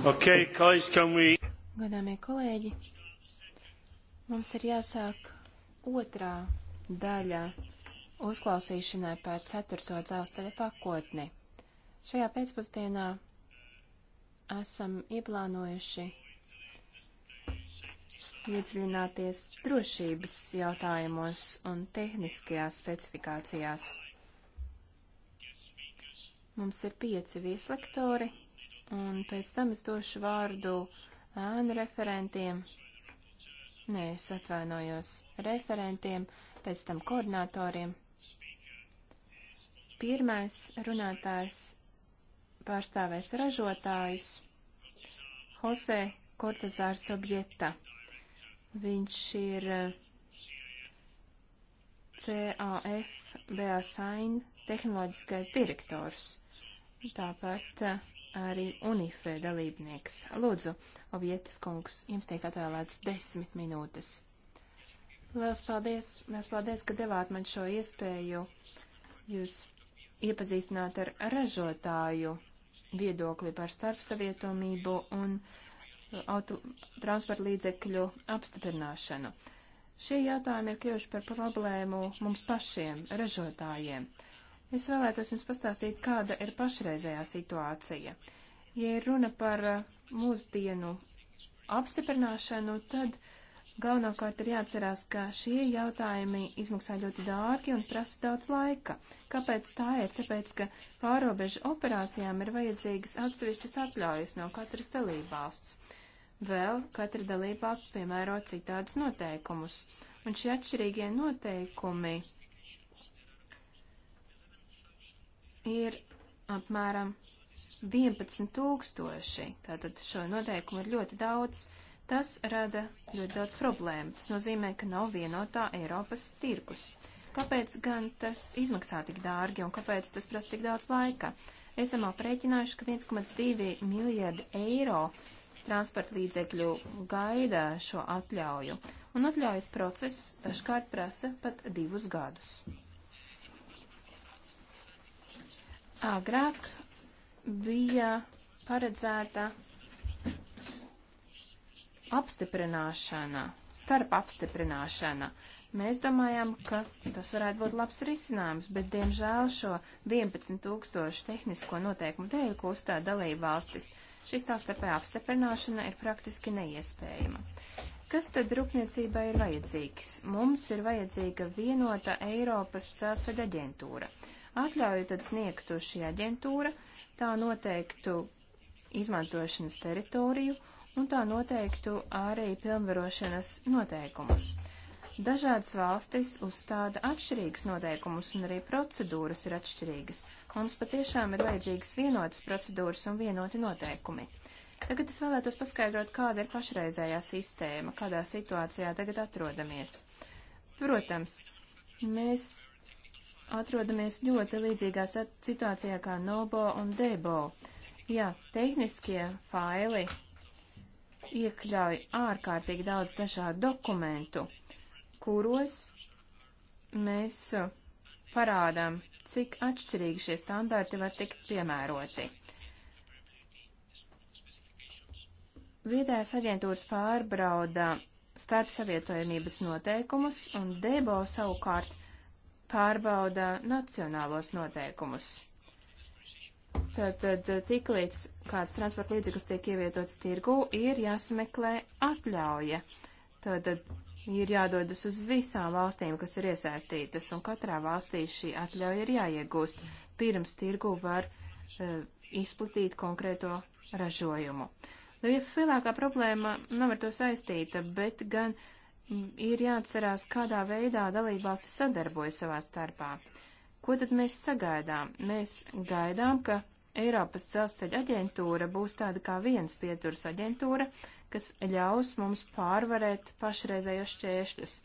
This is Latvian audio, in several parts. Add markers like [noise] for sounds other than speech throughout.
Okay, we... Godāmie kolēģi, mums ir jāsāk otrā daļa uzklausīšanai par ceturto dzelzceļa pakotni. Šajā pēcpusdienā esam ieplānojuši iedziļināties drošības jautājumos un tehniskajās specifikācijās. Mums ir pieci vieslektori un pēc tam es došu vārdu ēnu referentiem. Nē, es atvainojos referentiem, pēc tam koordinatoriem. Pirmais runātājs pārstāvēs ražotājus Jose Kortazārs Objekta. Viņš ir eh, CAF BA Sain tehnoloģiskais direktors. Tāpat uh, arī UNIFE dalībnieks. Lūdzu, objektas kungs, jums tiek atvēlēts desmit minūtes. Lielas paldies, lielas paldies, ka devāt man šo iespēju jūs iepazīstināt ar ražotāju viedokli par starpsavietomību un auto, transporta līdzekļu apstiprināšanu. Šie jautājumi ir kļuvuši par problēmu mums pašiem, ražotājiem. Uh, Es vēlētos jums pastāstīt, kāda ir pašreizējā situācija. Ja ir runa par eh, mūsdienu apstiprināšanu, tad galvenokārt ir jāatcerās, ka šie jautājumi izmaksā ļoti dārgi un prasa daudz laika. Kāpēc tā ir? Tāpēc, ka pārobežu operācijām ir vajadzīgas atsevišķas atļaujas no katras dalībvalsts. Vēl katra dalībvalsts piemēro citādus noteikumus, un šie atšķirīgie noteikumi ir apmēram 11 tūkstoši. Tātad šo noteikumu ir ļoti daudz. Tas rada ļoti daudz problēmu. Tas nozīmē, ka nav vienotā Eiropas tirkus. Kāpēc gan tas izmaksā tik dārgi un kāpēc tas prasa tik daudz laika? Esam aprēķinājuši, ka 1,2 miljardi eiro transporta līdzekļu gaida šo atļauju, un atļaujas process dažkārt prasa pat divus gadus. Agrāk bija paredzēta apstiprināšana, starp apstiprināšana. Mēs domājām, ka tas varētu būt labs risinājums, bet, diemžēl, šo 11 tūkstošu tehnisko noteikumu dēļ, ko uzstāda dalība valstis, šī stāvstarpējā apstiprināšana ir praktiski neiespējama. Kas tad rūpniecībai ir vajadzīgs? Mums ir vajadzīga vienota Eiropas celsaļa aģentūra. Atļauju tad sniegtu šī aģentūra, tā noteiktu izmantošanas teritoriju un tā noteiktu arī pilnvarošanas noteikumus. Dažādas valstis uzstāda atšķirīgas noteikumus un arī procedūras ir atšķirīgas. Mums patiešām ir vajadzīgas vienotas procedūras un vienoti noteikumi. Tagad es vēlētos paskaidrot, kāda ir pašreizējā sistēma, kādā situācijā tagad atrodamies. Protams, mēs atrodamies ļoti līdzīgā situācijā kā Nobo un Debo. Jā, tehniskie faili iekļauj ārkārtīgi daudz dažādu dokumentu, kuros mēs uh, parādām, cik atšķirīgi šie standarti var tikt piemēroti. Vietējās aģentūras pārbrauda starpsavietojamības noteikumus, un Debo savukārt pārbauda nacionālos noteikumus. Tātad tiklīdz kāds transporta līdzeklis tiek ievietots tirgū, ir jāsameklē atļauja. Tātad ir jādodas uz visām valstīm, kas ir iesaistītas, un katrā valstī šī atļauja ir jāiegūst, pirms tirgu var uh, izplatīt konkrēto ražojumu. Lielākā problēma nav ar to saistīta, bet gan uh, ir jāatcerās, kādā veidā dalībvalstis sadarbojas savā starpā. Ko tad mēs sagaidām? Mēs gaidām, ka Eiropas dzelzceļa aģentūra būs tāda kā viens pieturs aģentūra, kas ļaus mums pārvarēt pašreizējos šķēršļus.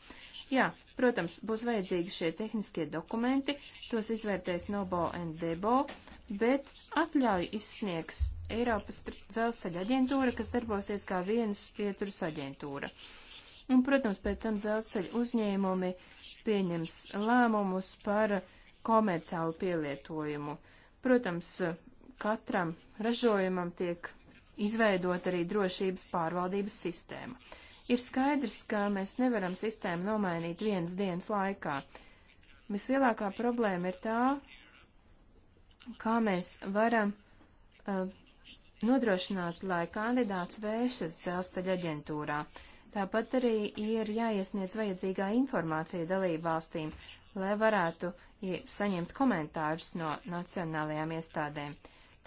Jā, protams, būs vajadzīgi šie tehniskie dokumenti, tos izvērtēs Nobo and Debo, bet atļauju izsniegs Eiropas dzelzceļa aģentūra, kas darbosies kā viens pieturs aģentūra. Uh, Un, protams, pēc tam dzelzceļa uzņēmumi pieņems lēmumus par komerciālu pielietojumu. Protams, katram ražojumam tiek izveidot arī drošības pārvaldības sistēma. Ir skaidrs, ka mēs nevaram sistēmu nomainīt vienas dienas laikā. Vislielākā problēma ir tā, kā mēs varam uh, nodrošināt, lai kandidāts vēršas dzelzceļa aģentūrā. Uh, Tāpat arī ir jāiesniedz vajadzīgā informācija dalībvalstīm, lai varētu saņemt komentārus no nacionālajām iestādēm.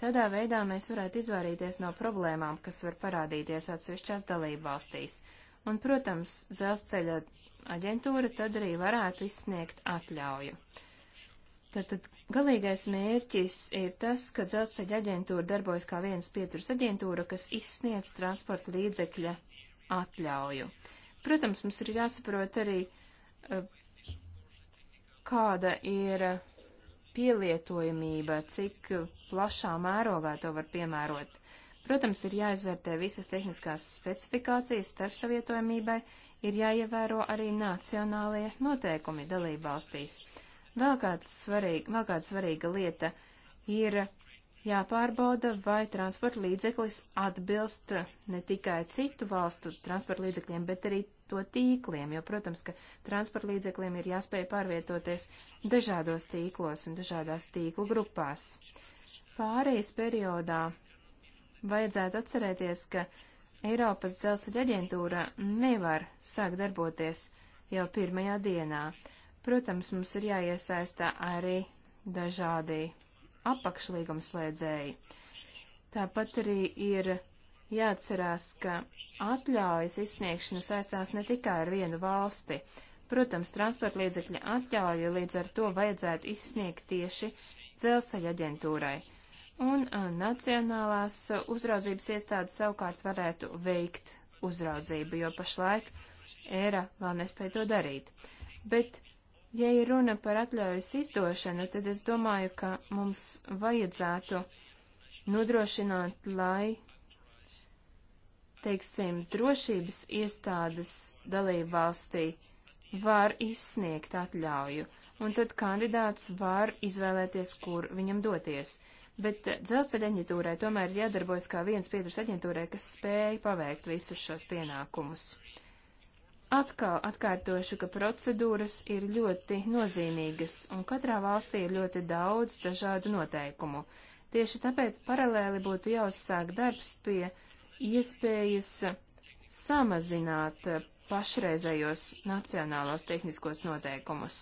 Tādā veidā mēs varētu izvairīties no problēmām, kas var parādīties atsevišķās dalībvalstīs. Un, protams, dzelzceļa aģentūra tad arī varētu izsniegt atļauju. Tātad galīgais mērķis ir tas, ka dzelzceļa aģentūra darbojas kā viens pieturs aģentūra, kas izsniedz transporta līdzekļa atļauju. Protams, mums ir jāsaprot arī, eh, kāda ir pielietojamība, cik plašā mērogā to var piemērot. Protams, ir jāizvērtē visas tehniskās specifikācijas starpsavietojamībai, ir jāievēro arī nacionālie noteikumi dalībvalstīs. Vēl, kāds svarīg, vēl kāda svarīga lieta ir jāpārbauda, vai transporta līdzeklis atbilst ne tikai citu valstu transporta līdzekļiem, bet arī to tīkliem, jo, protams, ka transporta līdzekļiem ir jāspēj pārvietoties dažādos tīklos un dažādās tīklu grupās. Pārējais periodā vajadzētu atcerēties, ka Eiropas dzelzceļa aģentūra nevar sākt darboties jau pirmajā dienā. Protams, mums ir jāiesaistā arī dažādi apakšlīguma slēdzēji. Tāpat arī ir jāatcerās, ka atļaujas izsniegšana saistās ne tikai ar vienu valsti. Protams, transporta līdzekļa atļauju līdz ar to vajadzētu izsniegt tieši dzelzceļa aģentūrai un nacionālās uzraudzības iestādes savukārt varētu veikt uzraudzību, jo pašlaik ēra vēl nespēja to darīt. Bet Ja ir runa par atļaujas izdošanu, tad es domāju, ka mums vajadzētu nodrošināt, lai, teiksim, drošības iestādes dalību valstī var izsniegt atļauju, un tad kandidāts var izvēlēties, kur viņam doties. Bet dzelzceļa aģentūrai tomēr ir jādarbojas kā viens pieturs aģentūrai, kas spēja paveikt visus šos pienākumus. Atkal atkārtošu, ka procedūras ir ļoti nozīmīgas, un katrā valstī ir ļoti daudz dažādu noteikumu. Tieši tāpēc paralēli būtu jāuzsāk darbs pie iespējas samazināt pašreizējos nacionālos tehniskos noteikumus.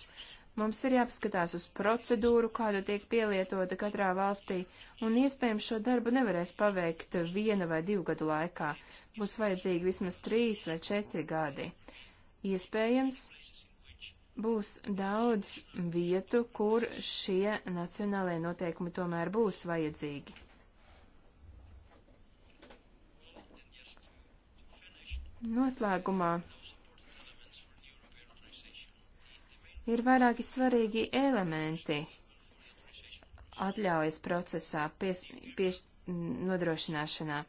Mums ir jāpaskatās uz procedūru, kāda tiek pielietota katrā valstī, un iespējams šo darbu nevarēs paveikt viena vai divu gadu laikā. Būs vajadzīgi vismaz trīs vai četri gadi. Iespējams, būs daudz vietu, kur šie nacionālajie noteikumi tomēr būs vajadzīgi. Noslēgumā ir vairāki svarīgi elementi atļaujas procesā, pies, pies, nodrošināšanā.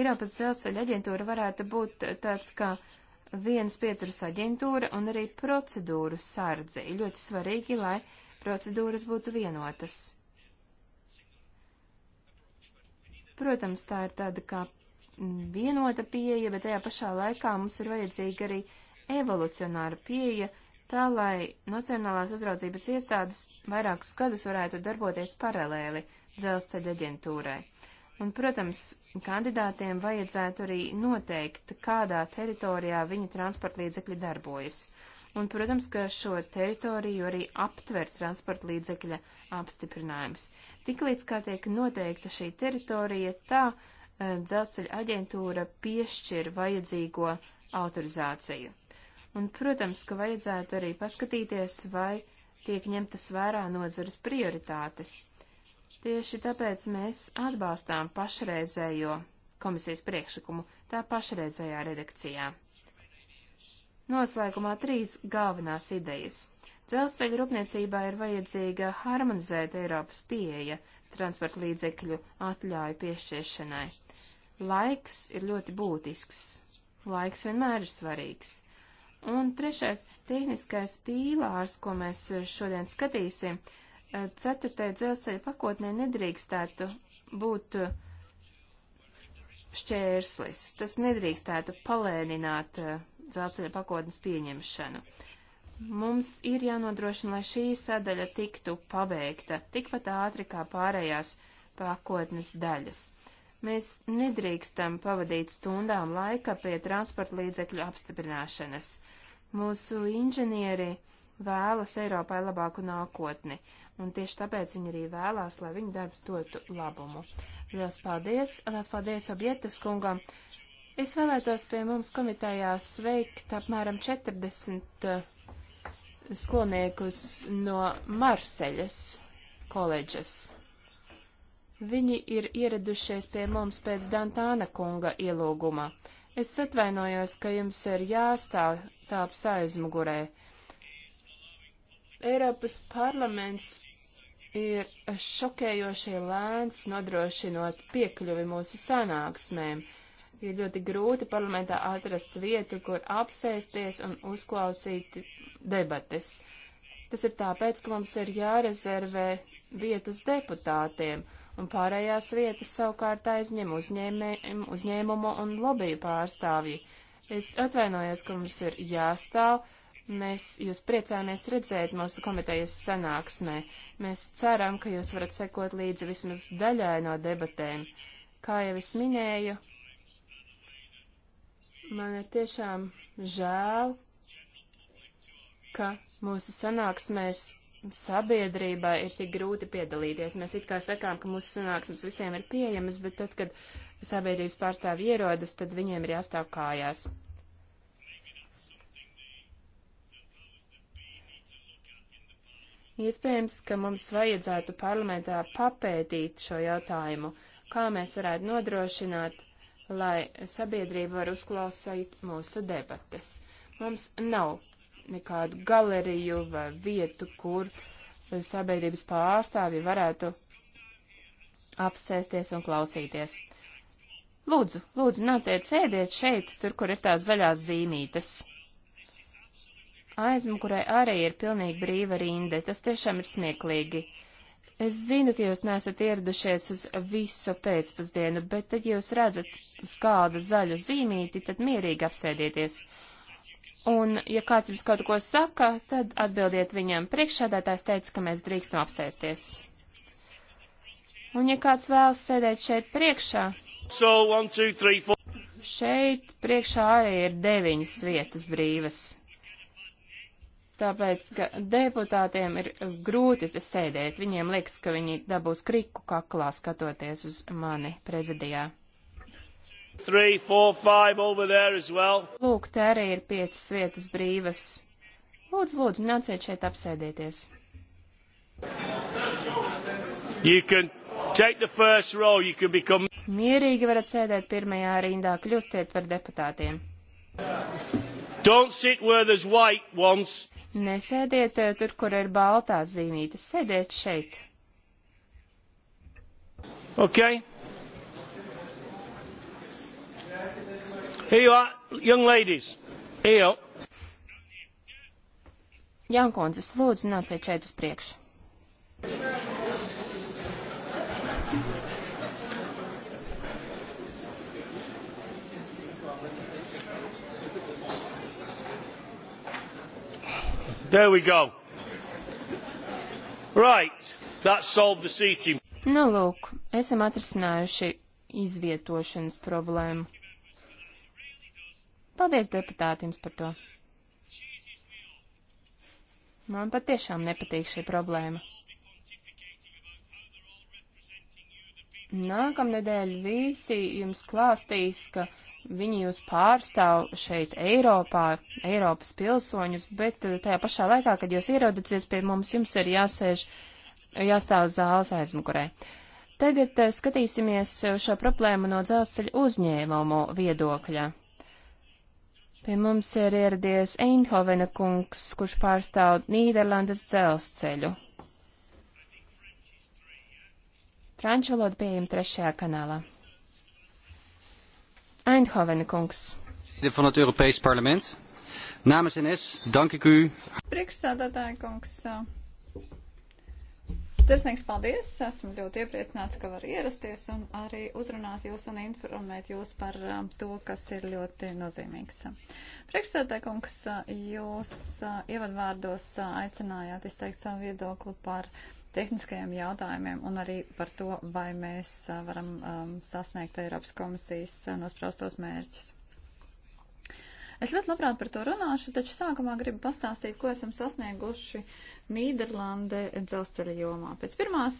Eiropas dzelzceļa aģentūra varētu būt tāds kā uh, vienas pieturas aģentūra un arī procedūru sardze. Ir ļoti svarīgi, lai procedūras būtu vienotas. Protams, tā ir tāda kā vienota pieeja, bet tajā pašā laikā mums ir vajadzīga arī evolucionāra pieeja, tā lai Nacionālās uzraudzības iestādes vairākus gadus varētu darboties paralēli dzelzceļa aģentūrai. Un, protams, kandidātiem vajadzētu arī noteikt, kādā teritorijā viņa transporta līdzekļi darbojas. Un, protams, ka šo teritoriju arī aptver transporta līdzekļa apstiprinājums. Tiklīdz kā tiek noteikta šī teritorija, tā eh, dzelzceļa aģentūra piešķir vajadzīgo autorizāciju. Un, protams, ka vajadzētu arī paskatīties, vai tiek ņemtas vērā nozares prioritātes Tieši tāpēc mēs atbalstām pašreizējo komisijas priekšlikumu tā pašreizējā redakcijā. Noslēgumā trīs galvenās idejas. Dzelzceļa rūpniecībā ir vajadzīga harmonizēta Eiropas pieeja transporta līdzekļu atļauju piešķiršanai. Laiks ir ļoti būtisks. Laiks vienmēr ir svarīgs. Un trešais tehniskais pīlārs, ko mēs šodien skatīsim, ceturtajai dzelzceļa pakotnē nedrīkstētu būt uh, šķērslis. Tas nedrīkstētu palēnināt uh, dzelzceļa pakotnes pieņemšanu. Mums ir jānodrošina, lai šī sadaļa tiktu pabeigta tikpat ātri kā pārējās pakotnes daļas. Mēs nedrīkstam pavadīt stundām laika pie transporta līdzekļu apstiprināšanas. Mūsu inženieri uh, vēlas Eiropai labāku nākotni, un tieši tāpēc viņi arī vēlās, lai viņu darbs dotu labumu. Lielas paldies, lielas paldies objektas kungam. Es vēlētos pie mums komitējā sveikt apmēram 40 eh, skolniekus no Marseļas koledžas. Viņi ir ieradušies pie mums pēc Dantāna kunga ielūguma. Es atvainojos, ka jums ir jāstāv tāps aizmugurē. Eiropas parlaments ir šokējoši lēns nodrošinot piekļuvi mūsu sanāksmēm. Ir ļoti grūti parlamentā atrast vietu, kur apsēsties un uzklausīt debates. Tas ir tāpēc, ka mums ir jārezervē vietas deputātiem, un pārējās vietas savukārt aizņem uzņēmē, uzņēmumu un lobiju pārstāvji. Es atvainojos, ka mums ir jāstāv Mēs jūs priecāmies redzēt mūsu komitejas sanāksmē. Mēs ceram, ka jūs varat sekot līdzi vismaz daļai no debatēm. Kā jau es minēju, man ir tiešām žēl, ka mūsu sanāksmēs sabiedrībai ir tik grūti piedalīties. Mēs it kā sakām, ka mūsu sanāksmes visiem ir pieejamas, bet tad, kad sabiedrības pārstāvji ierodas, tad viņiem ir jāstāv kājās. Iespējams, ka mums vajadzētu parlamentā papētīt šo jautājumu, kā mēs varētu nodrošināt, lai sabiedrība var uzklausīt mūsu debates. Mums nav nekādu galeriju vai vietu, kur sabiedrības pārstāvji varētu apsēsties un klausīties. Lūdzu, lūdzu, nāciet sēdiet šeit, tur, kur ir tās zaļās zīmītes aizmukurai arī ir pilnīgi brīva rinde. Tas tiešām ir smieklīgi. Es zinu, ka jūs nesat ieradušies uz visu pēcpusdienu, bet tad jūs redzat kādu zaļu zīmīti, tad mierīgi apsēdieties. Un, ja kāds jums kaut ko saka, tad atbildiet viņam. Priekšsēdētājs teica, ka mēs drīkstam apsēsties. Un, ja kāds vēlas sēdēt šeit priekšā, so, one, two, three, four. šeit priekšā arī ir deviņas vietas brīvas. Tāpēc deputātiem ir grūti te sēdēt. Viņiem liekas, ka viņi dabūs kriku kaklā skatoties uz mani prezidijā. Three, four, well. Lūk, te arī ir piecas vietas brīvas. Lūdzu, lūdzu, nāciet šeit apsēdieties. Row, become... Mierīgi varat sēdēt pirmajā rindā, kļūstiet par deputātiem. Don't sit where there's white ones. Nesēdiet eh, tur, kur ir baltās zīmītes, sēdiet šeit. Ok. Here you are, young ladies. Here you are. Jankons, es lūdzu, nāciet šeit uz priekšu. There we go. Right, that solved the seating. Nu, lūk, esam atrisinājuši izvietošanas problēmu. Paldies deputātiem par to. Man patiešām nepatīk šī problēma. Nākamnedēļ visi jums klāstīs, ka Viņi jūs pārstāv šeit Eiropā, Eiropas pilsoņus, bet eh, tajā pašā laikā, kad jūs ierodaties pie mums, jums ir jāsēž, jāstāv zāles aizmugurē. Tagad eh, skatīsimies šo problēmu no dzelzceļa uzņēmumu viedokļa. Pie mums ir ieradies Einhovena kungs, kurš pārstāv Nīderlandes dzelzceļu. Franču valoda pieejama trešajā kanālā. Eindhovena kungs. Van het Europees Parlement. Namens NS, dank ik u. Priekšsādātāja kungs. Sirsnīgs paldies! Esmu ļoti iepriecināts, ka var ierasties un arī uzrunāt jūs un informēt jūs par um, to, kas ir ļoti nozīmīgs. Priekšstādākungs, jūs uh, ievadvārdos uh, aicinājāt izteikt savu viedokli par tehniskajiem jautājumiem un arī par to, vai mēs varam um, sasniegt Eiropas komisijas nospraustos mērķus. Es ļoti labprāt par to runāšu, taču sākumā gribu pastāstīt, ko esam sasnieguši Nīderlande dzelzceļa jomā. Pēc pirmās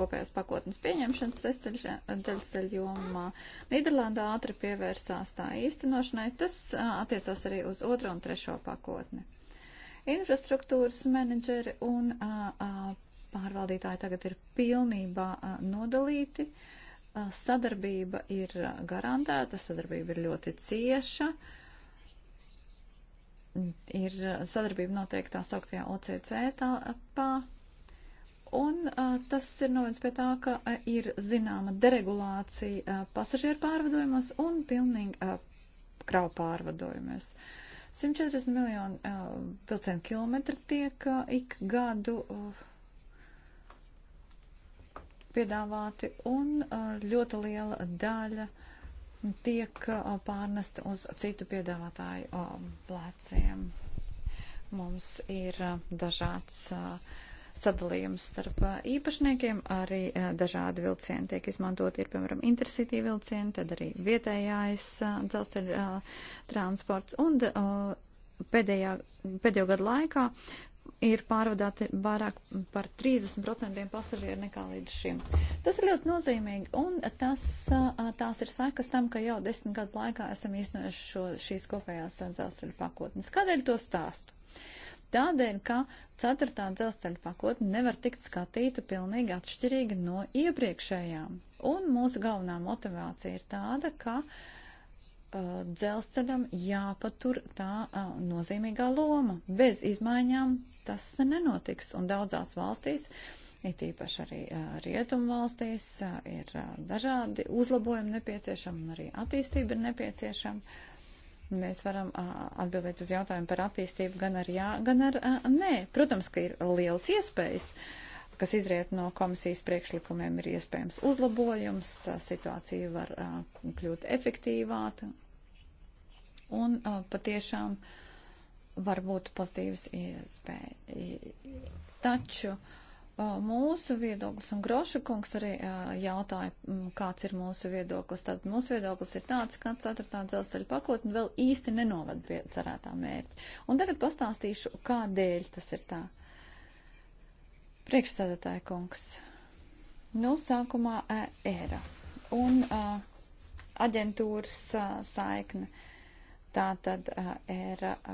kopējās pakotnes pieņemšanas dzelzceļa jomā Nīderlanda ātri pievērsās tā īstenošanai. Tas attiecās arī uz otro un trešo pakotni infrastruktūras menedžeri un a, a, pārvaldītāji tagad ir pilnībā nodalīti. Sadarbība ir garantēta, sadarbība ir ļoti cieša. Ir sadarbība noteikti tā sauktajā OCC tāpā. Un tas ir novens pie tā, ka ir zināma deregulācija pasažieru pārvadojumos un pilnīgi kravu pārvadojumus. 140 miljoni uh, vilcienu kilometri tiek uh, ik gadu uh, piedāvāti, un uh, ļoti liela daļa tiek uh, pārnesta uz citu piedāvātāju uh, pleciem. Mums ir dažāds sadalījums starp īpašniekiem, arī dažādi vilcieni tiek izmantoti, ir piemēram intercity vilcieni, tad arī vietējais dzelzceļa transports un pēdējā, pēdējo gadu laikā ir pārvadāti vairāk par 30% pasažieru nekā līdz šim. Tas ir ļoti nozīmīgi, un tas, tās ir sekas tam, ka jau desmit gadu laikā esam īstenojuši šo, šīs kopējās dzelzceļa pakotnes. Kādēļ to stāstu? Tādēļ, ka ceturtā dzelzceļa pakotne nevar tikt skatīta pilnīgi atšķirīgi no iepriekšējām. Un mūsu galvenā motivācija ir tāda, ka uh, Uh, dzelzceļam jāpatur tā uh, nozīmīgā loma. Bez izmaiņām tas nenotiks. Un daudzās valstīs, it īpaši arī uh, rietumu valstīs, uh, ir uh, dažādi uzlabojumi nepieciešami un arī attīstība ir nepieciešama. Mēs varam uh, atbildēt uz jautājumu par attīstību gan ar jā, gan ar uh, nē. Protams, ka ir liels iespējas. Uh, kas izriet no komisijas priekšlikumiem, ir iespējams uzlabojums, uh, situācija var uh, kļūt efektīvāka, un uh, patiešām var būt pozitīvas iespējas. Taču uh, mūsu viedoklis, un Groša kungs arī uh, jautāja, kāds ir mūsu viedoklis, tad mūsu viedoklis ir tāds, ka ceturtā dzelzceļa pakotne vēl īsti nenovad pie cerētā mērķa. Un tagad pastāstīšu, kādēļ tas ir tā. Priekšsēdētāja kungs. Nu, sākumā ēra un a, aģentūras a, saikne. Tā tad uh, ir uh,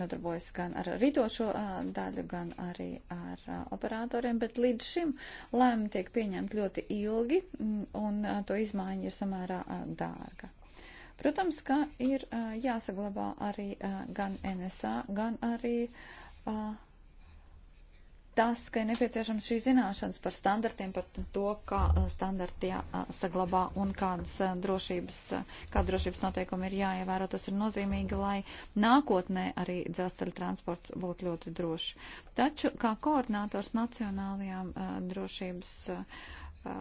nodarbojas gan ar rītošo uh, daļu, gan arī ar uh, operatoriem, bet līdz šim lēmumi tiek pieņemti ļoti ilgi un uh, to izmaiņa ir samērā uh, dārga. Protams, ka ir uh, jāsaglabā arī uh, gan NSA, gan arī uh, tas, ka ir nepieciešams šī zināšanas par standartiem, par to, kā eh, standarti jāsaglabā eh, un kādas eh, drošības, kā drošības noteikumi ir jāievēro. Tas ir nozīmīgi, lai nākotnē arī dzelzceļa transports būtu ļoti drošs. Taču kā koordinators nacionālajām drošības Uh,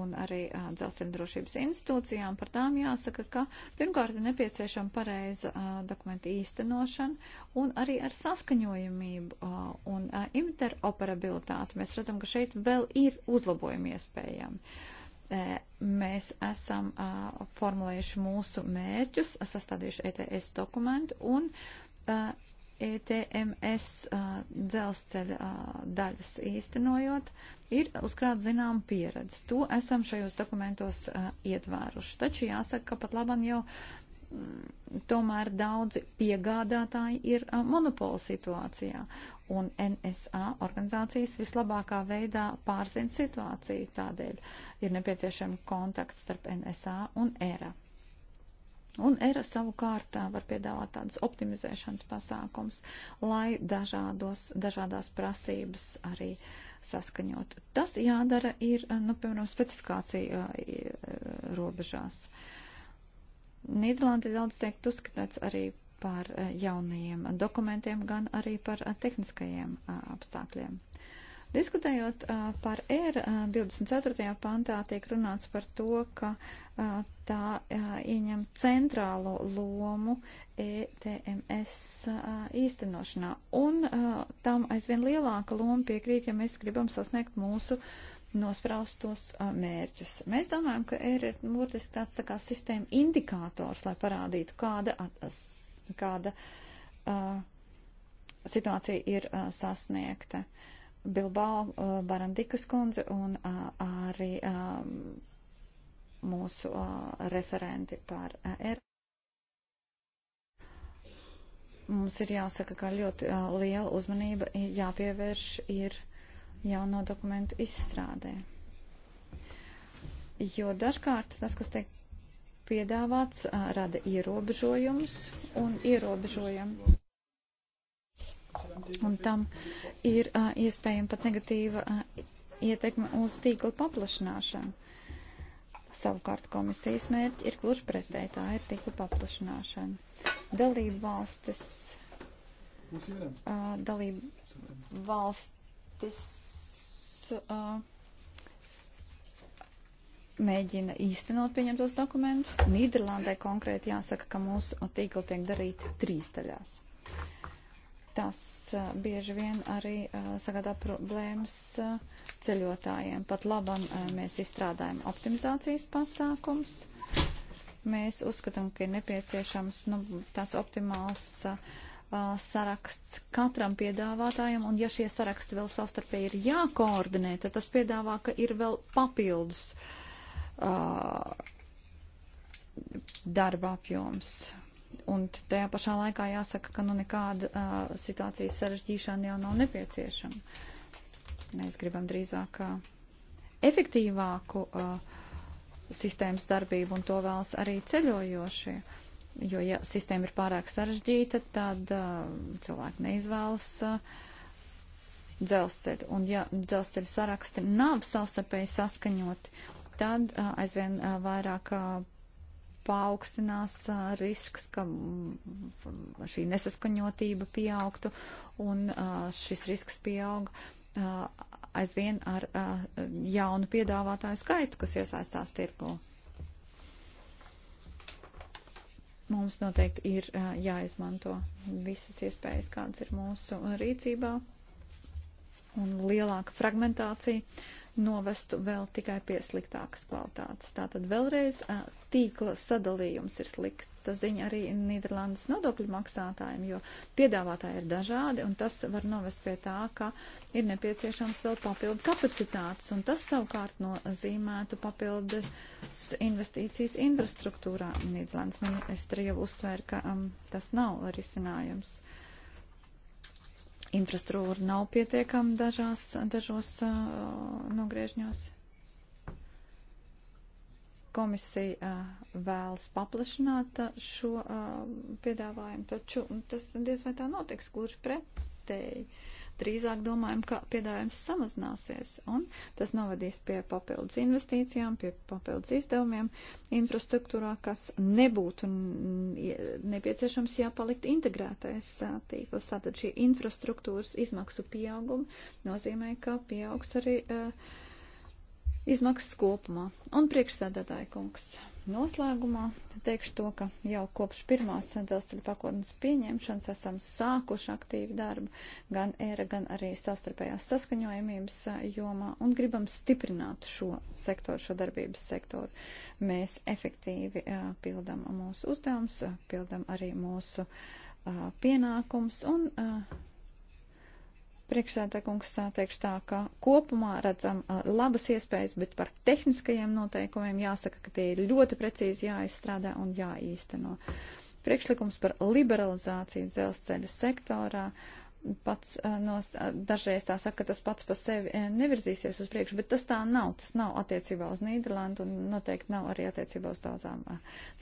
un arī uh, dzelzceļa drošības institūcijām, par tām jāsaka, ka pirmkārt ir nepieciešama pareiza uh, dokumenta īstenošana un arī ar saskaņojamību un interoperabilitāti. Mēs redzam, ka šeit vēl ir uzlabojumi iespējami. Mēs esam formulējuši mūsu mērķus, sastādījuši ETS dokumentu un ETMS dzelzceļa daļas īstenojot ir uzkrāt zinām pieredze. To esam šajos dokumentos uh, ietvēruši. Taču jāsaka, ka pat laban jau mm, tomēr daudzi piegādātāji ir uh, monopola situācijā. Un NSA organizācijas vislabākā veidā pārzina situāciju, tādēļ ir nepieciešama kontakts starp NSA un ERA. Un ERA savukārt var piedāvāt tādas optimizēšanas pasākums, lai dažādos, dažādās prasības arī uh, saskaņot. Tas jādara ir, eh, nu, piemēram, specifikācija eh, robežās. Nīderlandi daudz tiek uzskatīts arī par eh, jaunajiem dokumentiem, gan arī par tehniskajiem apstākļiem. Diskutējot uh, par ER, uh, 24. pantā tiek runāts par to, ka uh, tā uh, ieņem centrālo lomu ETMS uh, īstenošanā. Un uh, tam aizvien lielāka loma piekrīt, ja mēs gribam sasniegt mūsu nospraustos uh, mērķus. Mēs domājam, ka ER ir būtiski tāds tā kā sistēma indikators, lai parādītu, kāda, atas, kāda uh, situācija ir uh, sasniegta. Uh, Bilbao uh, Barandikas kundze un uh, arī um, mūsu uh, referenti par uh, R. Mums ir jāsaka, ka ļoti uh, liela uzmanība jāpievērš ir jauno dokumentu izstrādē. Jo dažkārt tas, kas tiek piedāvāts, uh, rada ierobežojumus un ierobežojumus Un tam ir uh, iespējama pat negatīva uh, ietekme uz tīkla paplašināšanu. Savukārt komisijas mērķi ir gluži pretēji, tā ir tīkla paplašināšana. Dalību valstis. Uh, dalību valstis. Uh, mēģina īstenot pieņemtos dokumentus. Nīderlandē konkrēti jāsaka, ka mūsu tīkli tiek darīti trīs daļās. Tas uh, bieži vien arī uh, sagādā problēmas uh, ceļotājiem. Pat labam uh, mēs izstrādājam optimizācijas pasākums. Mēs uzskatām, ka ir nepieciešams nu, tāds optimāls uh, saraksts katram piedāvātājam, un ja šie saraksti vēl savstarpēji ir jākoordinē, tad tas piedāvā, ka ir vēl papildus uh, darba apjoms. Un tajā pašā laikā jāsaka, ka nu nekāda uh, situācijas sarežģīšana jau nav nepieciešama. Mēs gribam drīzāk uh, efektīvāku uh, sistēmas darbību, un to vēlas arī ceļojošie. Jo, ja sistēma ir pārāk sarežģīta, tad uh, cilvēki neizvēlas uh, dzelzceļu. Un, ja dzelzceļa saraksti nav savstarpēji saskaņoti, tad uh, aizvien uh, vairāk uh, paaugstinās risks, ka mm, šī nesaskaņotība pieaugtu, un šis risks pieaug aizvien ar jaunu piedāvātāju skaitu, kas iesaistās tirgu. Mums noteikti ir jāizmanto visas iespējas, kādas ir mūsu rīcībā, un lielāka fragmentācija novestu vēl tikai pie sliktākas kvalitātes. Tātad vēlreiz tīkla sadalījums ir slikta ziņa arī Nīderlandes nodokļu maksātājiem, jo piedāvātāji ir dažādi, un tas var novest pie tā, ka ir nepieciešams vēl papildu kapacitātes, un tas savukārt nozīmētu papildus investīcijas infrastruktūrā. Nīderlandes ministri jau uzsver, ka um, tas nav risinājums. Uh, infrastruktūra nav pietiekama dažās, dažos uh, nogriežņos. Komisija uh, vēlas paplašināt uh, šo uh, piedāvājumu, taču tas diez vai tā notiks gluži pretēji. Uh, drīzāk domājam, ka piedāvājums samazināsies, un tas novadīs pie papildus investīcijām, pie papildus izdevumiem infrastruktūrā, kas nebūtu nepieciešams, ja paliktu integrētais tīkls. Tātad šī infrastruktūras izmaksu pieauguma nozīmē, ka pieaugs arī uh, izmaksas kopumā. Un priekšsēdētāji kungs noslēgumā teikšu to, ka jau kopš pirmās dzelzceļa pakotnes pieņemšanas esam sākuši aktīvu darbu gan ERA, gan arī savstarpējās saskaņojumības uh, jomā un gribam stiprināt šo sektoru, šo darbības sektoru. Mēs efektīvi uh, pildam mūsu uzdevums, uh, pildam arī mūsu uh, pienākums un uh, Priekšsēdētājs teikšu tā, ka kopumā redzam uh, labas iespējas, bet par tehniskajiem noteikumiem jāsaka, ka tie ir ļoti precīzi jāizstrādā un jāīsteno. Priekšlikums par liberalizāciju dzelzceļa sektorā uh, pats no, dažreiz tā saka, ka tas pats pa sevi nevirzīsies uz priekšu, bet tas tā nav. Tas nav attiecībā uz Nīderlandu un noteikti nav arī attiecībā uz daudzām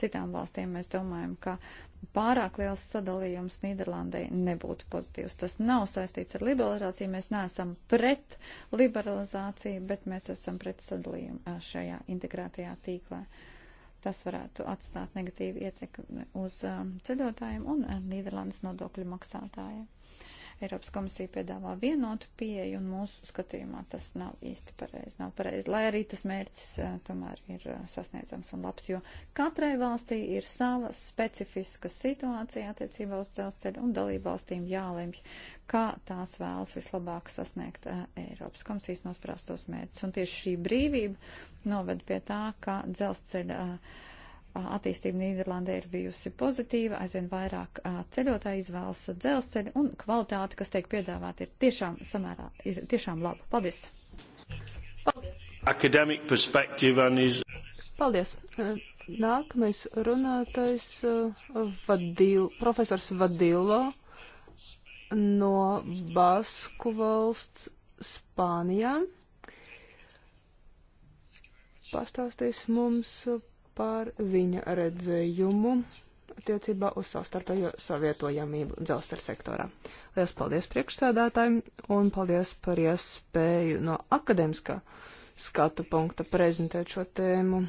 citām valstīm. Mēs domājam, ka pārāk liels sadalījums Nīderlandai nebūtu pozitīvs. Tas nav saistīts ar liberalizāciju. Mēs neesam pret liberalizāciju, bet mēs esam pret sadalījumu šajā integrētajā tīklā. Tas varētu atstāt negatīvu ietekmi uz ceļotājiem un Nīderlandes nodokļu maksātājiem. Eiropas komisija piedāvā vienotu pieeju, un mūsu skatījumā tas nav īsti pareizi. Nav pareizi, lai arī tas mērķis eh, tomēr ir eh, sasniedzams un labs, jo katrai valstī ir sava specifiska situācija attiecībā uz dzelzceļu, un dalību valstīm jālemj, kā tās vēlas vislabāk sasniegt eh, Eiropas komisijas nosprāstos mērķus. Un tieši šī brīvība noved pie tā, ka dzelzceļa. Uh, attīstība Nīderlandē ir bijusi pozitīva, aizvien vairāk ceļotāji izvēlas dzelzceļu un kvalitāte, kas tiek piedāvāta, ir tiešām samērā, ir tiešām laba. Paldies! Paldies! Paldies. Nākamais runātais vadīl, profesors Vadilo no Basku valsts Spānijā. Pastāstīs mums par viņa redzējumu attiecībā uz savstarpējo savietojamību dzelzceļa sektorā. Lielas paldies priekšsēdētājiem un paldies par iespēju no akadēmiskā skatu punkta prezentēt šo tēmu.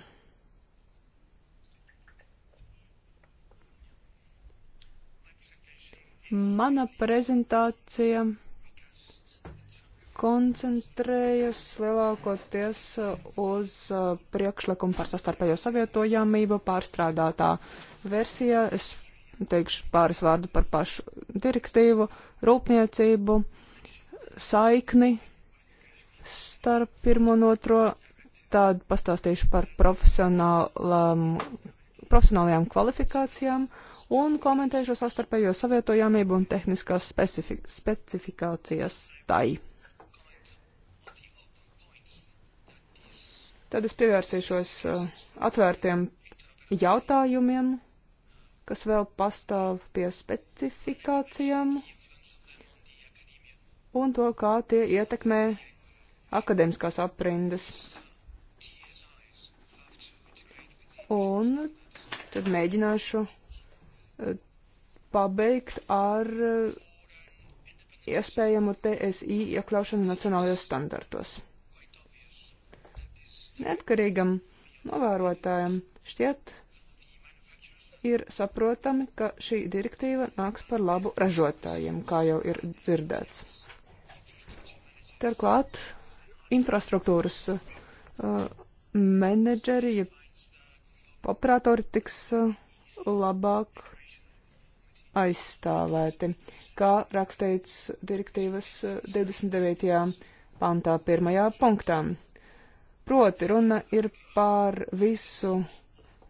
Mana prezentācija koncentrējas lielākoties uz uh, priekšlikumu par sastarpējo savietojamību pārstrādātā versijā. Es teikšu pāris vārdu par pašu direktīvu, rūpniecību, saikni starp pirmo un otro. Tad pastāstīšu par profesionālajām kvalifikācijām un komentēšu sastarpējo savietojamību un tehniskās specifikācijas tai. Tad es pievērsīšos eh, atvērtiem jautājumiem, kas vēl pastāv pie specifikācijām un to, kā tie ietekmē akadēmiskās aprindas. Un tad mēģināšu eh, pabeigt ar eh, iespējamu TSI iekļaušanu nacionālajos standartos. Neatkarīgam novērotājam šķiet ir saprotami, ka šī direktīva nāks par labu ražotājiem, kā jau ir dzirdēts. Turklāt infrastruktūras uh, menedžeri, ja operatori tiks uh, labāk aizstāvēti, kā rakstīts direktīvas 29. Uh, pantā pirmajā punktā. Proti runa ir par visu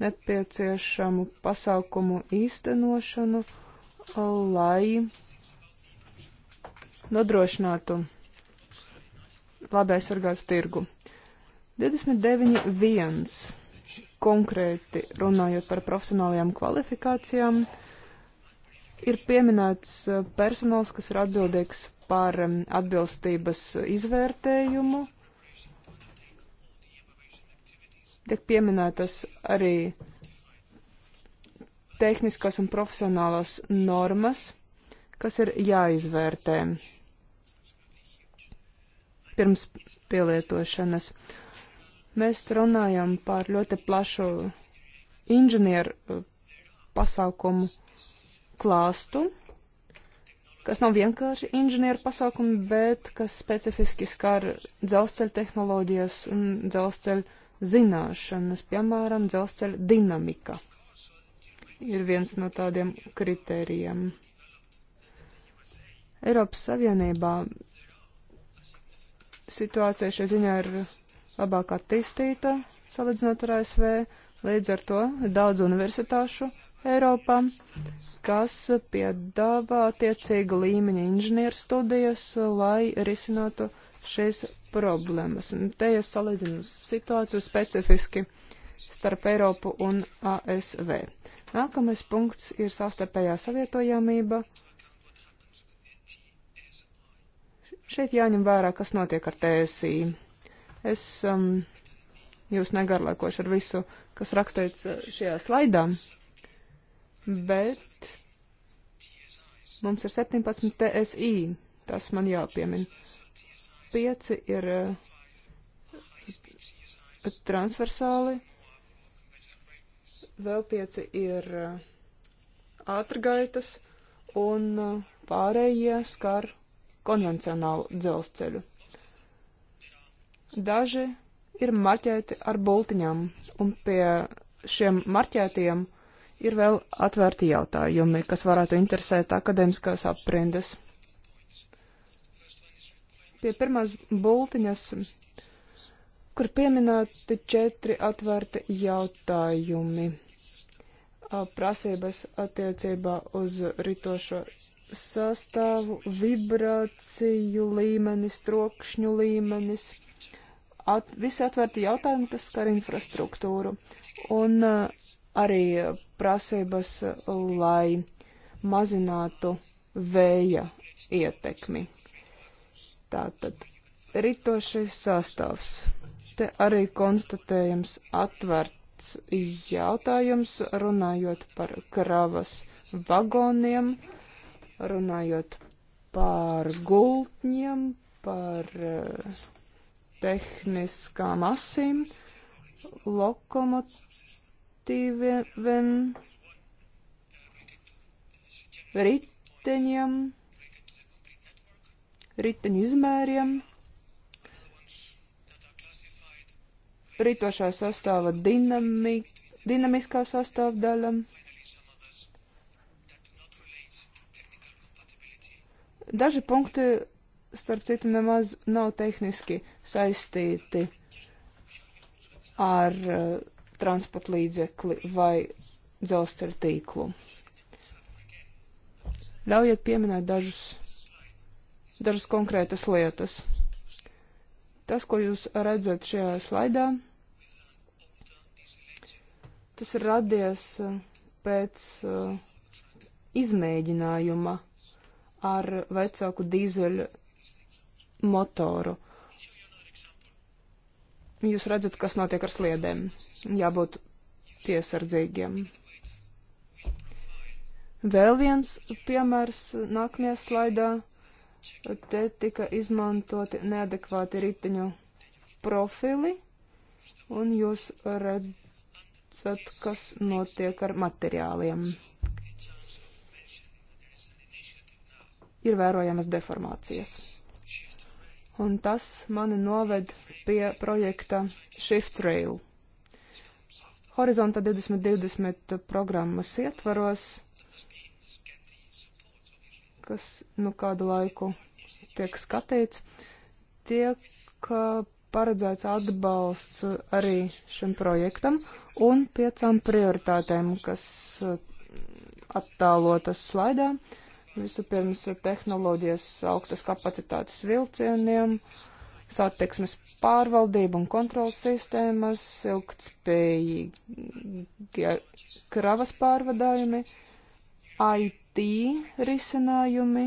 nepieciešamu pasākumu īstenošanu, lai nodrošinātu labi aizsargātu tirgu. 29.1. konkrēti runājot par profesionālajām kvalifikācijām, ir pieminēts eh, personāls, kas ir atbildīgs par eh, atbilstības izvērtējumu Tiek pieminētas arī tehniskās un profesionālās normas, kas ir jāizvērtē pirms pielietošanas. Mēs runājam par ļoti plašu inženieru uh, pasākumu klāstu, kas nav vienkārši inženieru pasākumi, bet kas specifiski skar dzelzceļa tehnoloģijas un dzelzceļa zināšanas, piemēram, dzelzceļa dinamika ir viens no tādiem kritērijiem. Eiropas Savienībā situācija šajā ziņā ir labāk attīstīta salīdzinot ar ASV, līdz ar to daudz universitāšu Eiropā, kas piedāvā attiecīga līmeņa inženieru studijas, lai risinātu šīs problēmas. Un te es salīdzinu situāciju specifiski starp Eiropu un ASV. Nākamais punkts ir sastarpējā savietojamība. Šeit jāņem vērā, kas notiek ar TSI. Es um, jūs negarlaikošu ar visu, kas rakstīts uh, šajā slaidā, bet mums ir 17 TSI, tas man jāpiemina pieci ir eh, transversāli, vēl pieci ir eh, ātrgaitas un eh, pārējie skar konvencionālu dzelzceļu. Daži ir marķēti ar bultiņām, un pie šiem marķētiem ir vēl atvērti jautājumi, kas varētu interesēt akadēmiskās aprindas pie pirmās bultiņas, kur pieminēti četri atvērti jautājumi. Prasības attiecībā uz ritošo sastāvu, vibrāciju līmenis, trokšņu līmenis. At, visi atvērti jautājumi, kas skar infrastruktūru. Un uh, arī prasības, lai mazinātu vēja ietekmi. Tātad ritošais sastāvs. Te arī konstatējams atverts jautājums, runājot par kravas vagoniem, runājot par gultņiem, par eh, tehniskām asīm, lokomotīviem, riteņiem riteņu izmēriem. Ritošā sastāva dinami, dinamiskā sastāvdaļa. Daži punkti, starp citu, nemaz nav tehniski saistīti ar uh, transporta līdzekli vai dzelzceļa tīklu. Ļaujiet pieminēt dažus dažas konkrētas lietas. Tas, ko jūs redzat šajā slaidā, tas ir radies uh, pēc uh, izmēģinājuma ar vecāku dīzeļu motoru. Jūs redzat, kas notiek ar sliedēm. Jābūt piesardzīgiem. Vēl viens piemērs nākamajā slaidā te tika izmantoti neadekvāti riteņu profili, un jūs redzat, kas notiek ar materiāliem. Ir vērojamas deformācijas. Un tas mani noved pie projekta Shift Rail. Horizonta 2020 programmas ietvaros kas nu kādu laiku tiek skatīts, tiek uh, paredzēts atbalsts arī šim projektam un piecām prioritātēm, kas uh, attālotas slaidā. Vispirms tehnoloģijas augstas kapacitātes vilcieniem, satiksmes pārvaldība un kontrolas sistēmas, ilgtspējīgi kravas pārvadājumi, IT tī risinājumi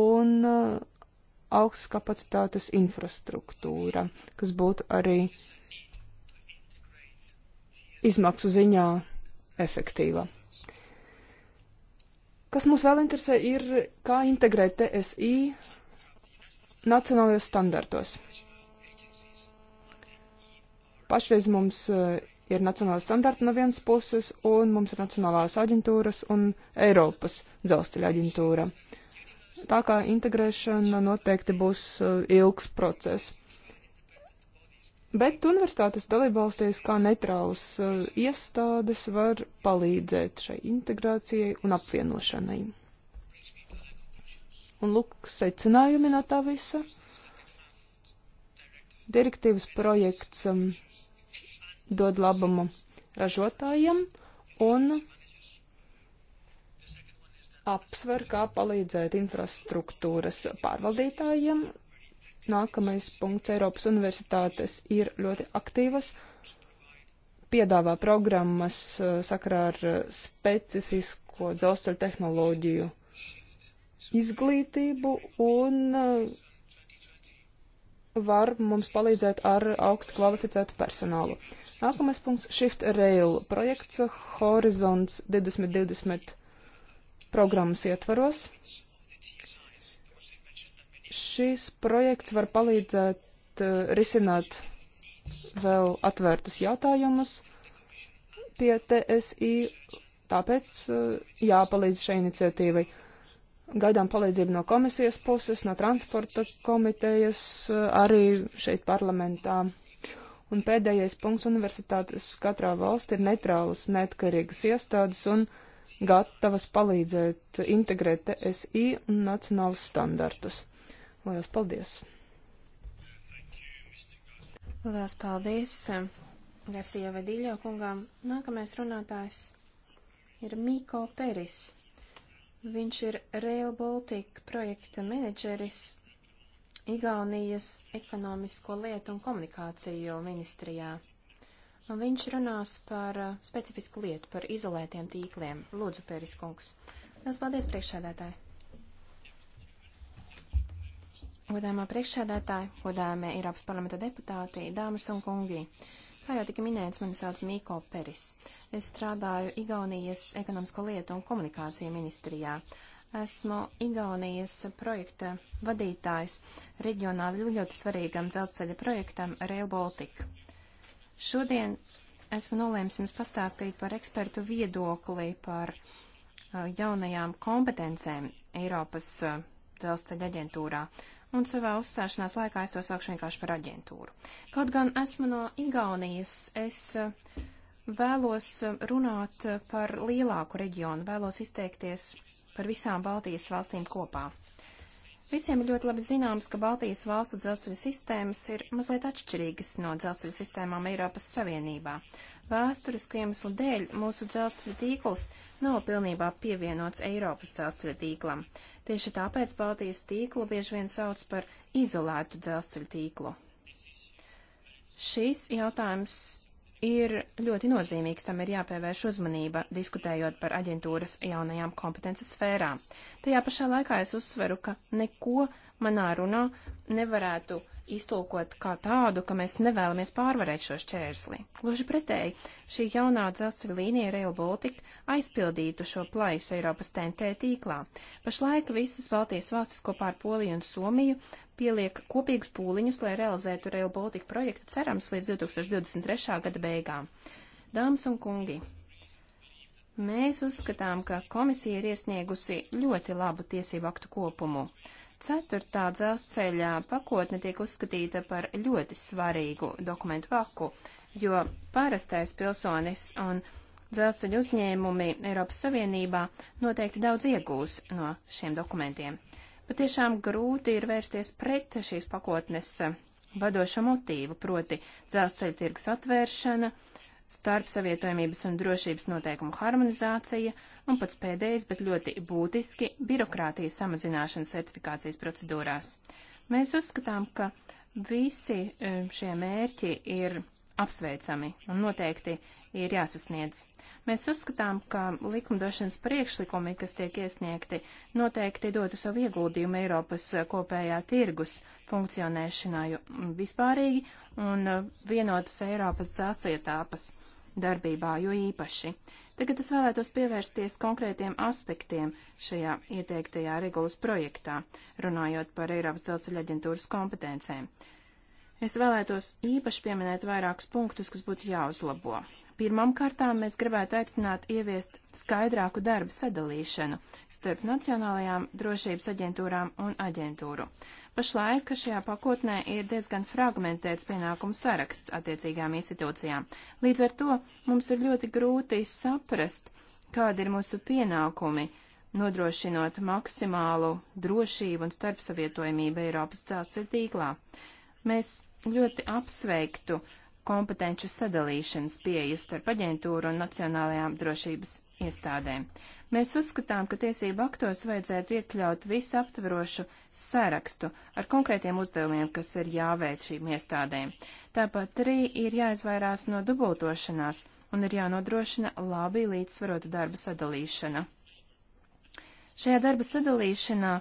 un uh, augstas kapacitātes infrastruktūra, kas būtu arī izmaksu ziņā efektīva. Kas mūs vēl interesē, ir kā integrēt TSI nacionālajos standartos. Pašreiz mums uh, Ir nacionāla standarta no vienas puses, un mums ir nacionālās aģentūras un Eiropas dzelzceļa aģentūra. Tā kā integrēšana noteikti būs uh, ilgs process. Bet universitātes dalībvalstīs kā neitrālas uh, iestādes var palīdzēt šai integrācijai un apvienošanai. Un lūk, secinājumi no tā visa direktīvas projekts um, dod labumu ražotājiem un apsver, kā palīdzēt infrastruktūras pārvaldītājiem. Nākamais punkts Eiropas universitātes ir ļoti aktīvas, piedāvā programmas uh, sakarā ar specifisko dzelzceļu tehnoloģiju izglītību un uh, var mums palīdzēt ar augstu kvalificētu personālu. Nākamais punkts - Shift Rail projekts Horizons 2020 programmas ietvaros. Šis projekts var palīdzēt uh, risināt vēl atvērtus jautājumus pie TSI, tāpēc uh, jāpalīdz šai iniciatīvai. Uh, Gaidām palīdzību no komisijas puses, no transporta komitejas, eh, arī šeit parlamentā. Un pēdējais punkts - universitātes katrā valstī ir neitrālas, neatkarīgas iestādes un gatavas palīdzēt integrēt TSI un nacionālus standartus. Lielas paldies! Lielas paldies! Eh, Garcia Vedīļo kungām. Nākamais runātājs ir Mīko Peris. Viņš ir Rail Baltica projekta menedžeris Igaunijas ekonomisko lietu un komunikāciju ministrijā. Un viņš runās par uh, specifisku lietu, par izolētiem tīkliem. Lūdzu, Pēriskungs. Lielas paldies, priekšsēdētāji! Godāmā priekšsēdētāja, godāmie Eiropas parlamenta deputāti, dāmas un kungi, Kā jau tika minēts, mani sauc Mīko Peris. Es strādāju Igaunijas ekonomisko lietu un komunikāciju ministrijā. Esmu Igaunijas projekta vadītājs reģionāli ļoti svarīgam dzelzceļa projektam Rail Baltica. Šodien esmu nolēmis jums pastāstīt par ekspertu viedokli par uh, jaunajām kompetencēm Eiropas uh, dzelzceļa aģentūrā un savā uzstāšanās laikā es to saukšu vienkārši par aģentūru. Kaut gan esmu no Igaunijas, es eh, vēlos eh, runāt eh, par lielāku reģionu, vēlos izteikties par visām Baltijas valstīm kopā. Visiem ir ļoti labi zināms, ka Baltijas valstu dzelzceļa sistēmas ir mazliet atšķirīgas no dzelzceļa sistēmām Eiropas Savienībā. Vēsturisku iemeslu dēļ mūsu dzelzceļa tīkls nav pilnībā pievienots Eiropas dzelzceļa tīklam. Tieši tāpēc Baltijas tīklu bieži vien sauc par izolētu dzelzceļa tīklu. Šis jautājums ir ļoti nozīmīgs, tam ir jāpievērš uzmanība, diskutējot par aģentūras jaunajām kompetences sfērām. Tajā pašā laikā es uzsveru, ka neko manā runā nevarētu uh, iztulkot kā tādu, ka mēs nevēlamies pārvarēt šo šķērsli. Gluži pretēji, šī jaunā dzelzceļa līnija Rail Baltica aizpildītu šo plaisu Eiropas TNT tīklā. Pašlaik visas Baltijas valstis kopā ar Poliju un Somiju pieliek kopīgus pūliņus, lai realizētu Rail Baltica projektu cerams līdz 2023. gada beigām. Dāmas un kungi, mēs uzskatām, ka komisija ir iesniegusi ļoti labu tiesību aktu kopumu. Ceturtā dzelzceļa pakotne tiek uzskatīta par ļoti svarīgu dokumentu paku, jo parastais pilsonis un dzelzceļa uzņēmumi Eiropas Savienībā noteikti daudz iegūs no šiem dokumentiem. Patiešām grūti ir vērsties pret šīs pakotnes vadošo motīvu, proti dzelzceļa tirgus atvēršana, uh, starp savietojamības un drošības noteikumu harmonizācija un pats pēdējais, bet ļoti būtiski - birokrātijas samazināšana certifikācijas procedūrās. Mēs uzskatām, ka visi eh, šie mērķi ir apsveicami un noteikti ir jāsasniedz. Mēs uzskatām, ka likumdošanas priekšlikumi, kas tiek iesniegti, noteikti dotu savu ieguldījumu Eiropas kopējā tirgus funkcionēšanā vispārīgi un vienotas Eiropas dzēsietāpas darbībā, jo īpaši. Tagad es vēlētos pievērsties konkrētiem aspektiem šajā ieteiktajā regulas projektā, runājot par Eiropas dzelzceļa aģentūras kompetencēm. Es vēlētos īpaši pieminēt vairākus punktus, kas būtu jāuzlabo. Pirmām kārtām mēs gribētu aicināt ieviest skaidrāku darbu sadalīšanu starp nacionālajām drošības aģentūrām un aģentūru. Pašlaik šajā pakotnē ir diezgan fragmentēts pienākumu saraksts attiecīgām institūcijām. Līdz ar to mums ir ļoti grūti saprast, kādi ir mūsu pienākumi, nodrošinot maksimālu drošību un starpsavietojamību Eiropas dzelzceļa tīklā. Mēs ļoti apsveiktu kompetenču sadalīšanas pieeju starp aģentūru un nacionālajām drošības iestādēm. Mēs uzskatām, ka tiesību aktos vajadzētu iekļaut visaptverošu sarakstu ar konkrētiem uzdevumiem, kas ir jāveic šīm iestādēm. Tāpat arī ir jāizvairās no dubultošanās un ir jānodrošina labi līdzsvarota darba sadalīšana. Šajā darba sadalīšanā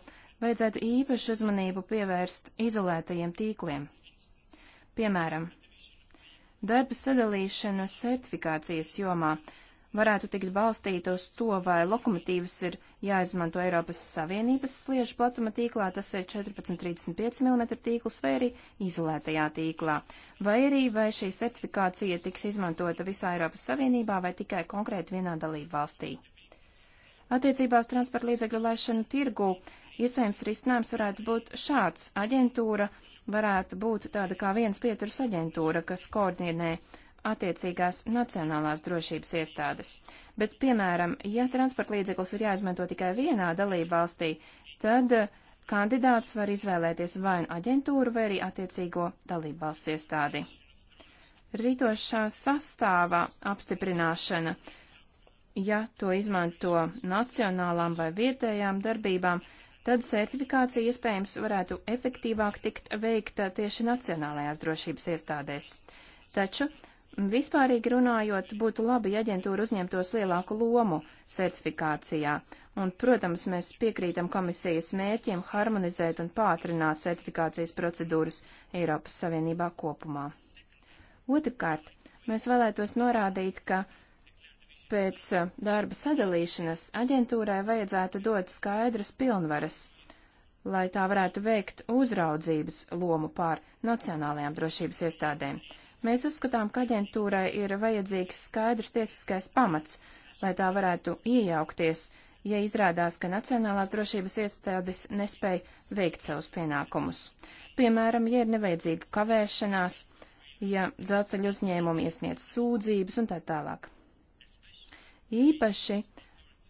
vajadzētu īpašu uzmanību pievērst izolētajiem tīkliem, Piemēram, darba sadalīšana certifikācijas jomā varētu tikt balstīta uz to, vai lokomotīvas ir jāizmanto Eiropas Savienības sliežu platuma tīklā, tas ir 14,35 mm tīkls, vai arī izolētajā tīklā, vai arī vai šī certifikācija tiks izmantota visā Eiropas Savienībā vai tikai konkrēti vienā dalību valstī. Attiecībā uz transporta līdzekļu laišanu tirgu iespējams risinājums varētu būt šāds. Aģentūra uh, varētu būt tāda kā viens pieturas aģentūra, kas koordinē attiecīgās nacionālās drošības iestādes. Bet, piemēram, ja transporta līdzeklis ir jāizmanto tikai vienā dalībvalstī, tad kandidāts var izvēlēties vai nu aģentūru, vai arī attiecīgo dalībvalsts iestādi. Rītošā sastāvā apstiprināšana, ja to izmanto nacionālām vai vietējām darbībām, uh, tad certifikācija iespējams varētu efektīvāk tikt veikta uh, tieši nacionālajās drošības iestādēs. Taču, vispārīgi runājot, būtu labi, ja aģentūra uzņemtos lielāku lomu certifikācijā, un, protams, mēs piekrītam komisijas mērķiem harmonizēt un pātrināt certifikācijas procedūras Eiropas Savienībā kopumā. Otrkārt, mēs vēlētos norādīt, ka Pēc eh, darba sadalīšanas aģentūrai vajadzētu dot skaidras pilnvaras, lai tā varētu veikt uzraudzības lomu pār nacionālajām drošības iestādēm. Mēs uzskatām, ka aģentūrai ir vajadzīgs skaidrs tiesiskais pamats, lai tā varētu iejaukties, ja izrādās, ka nacionālās drošības iestādes nespēj veikt savus pienākumus. Piemēram, ja ir nevajadzīga kavēšanās, ja dzelzceļu uzņēmumi iesniedz sūdzības un tā tālāk. Īpaši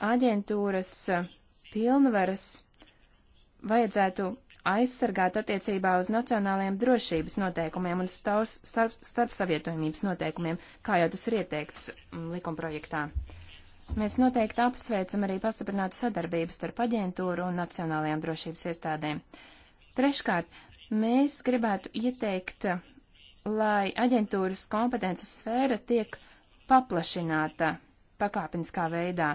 aģentūras eh, pilnvaras vajadzētu aizsargāt attiecībā uz nacionālajiem drošības noteikumiem un staus, starp, starpsavietojumības noteikumiem, kā jau tas ir ieteikts mm, likumprojektā. Mēs noteikti apsveicam arī pastiprinātu sadarbību starp aģentūru un nacionālajām drošības iestādēm. Treškārt, mēs gribētu ieteikt, eh, lai aģentūras kompetences sfēra tiek paplašināta pakāpeniskā veidā.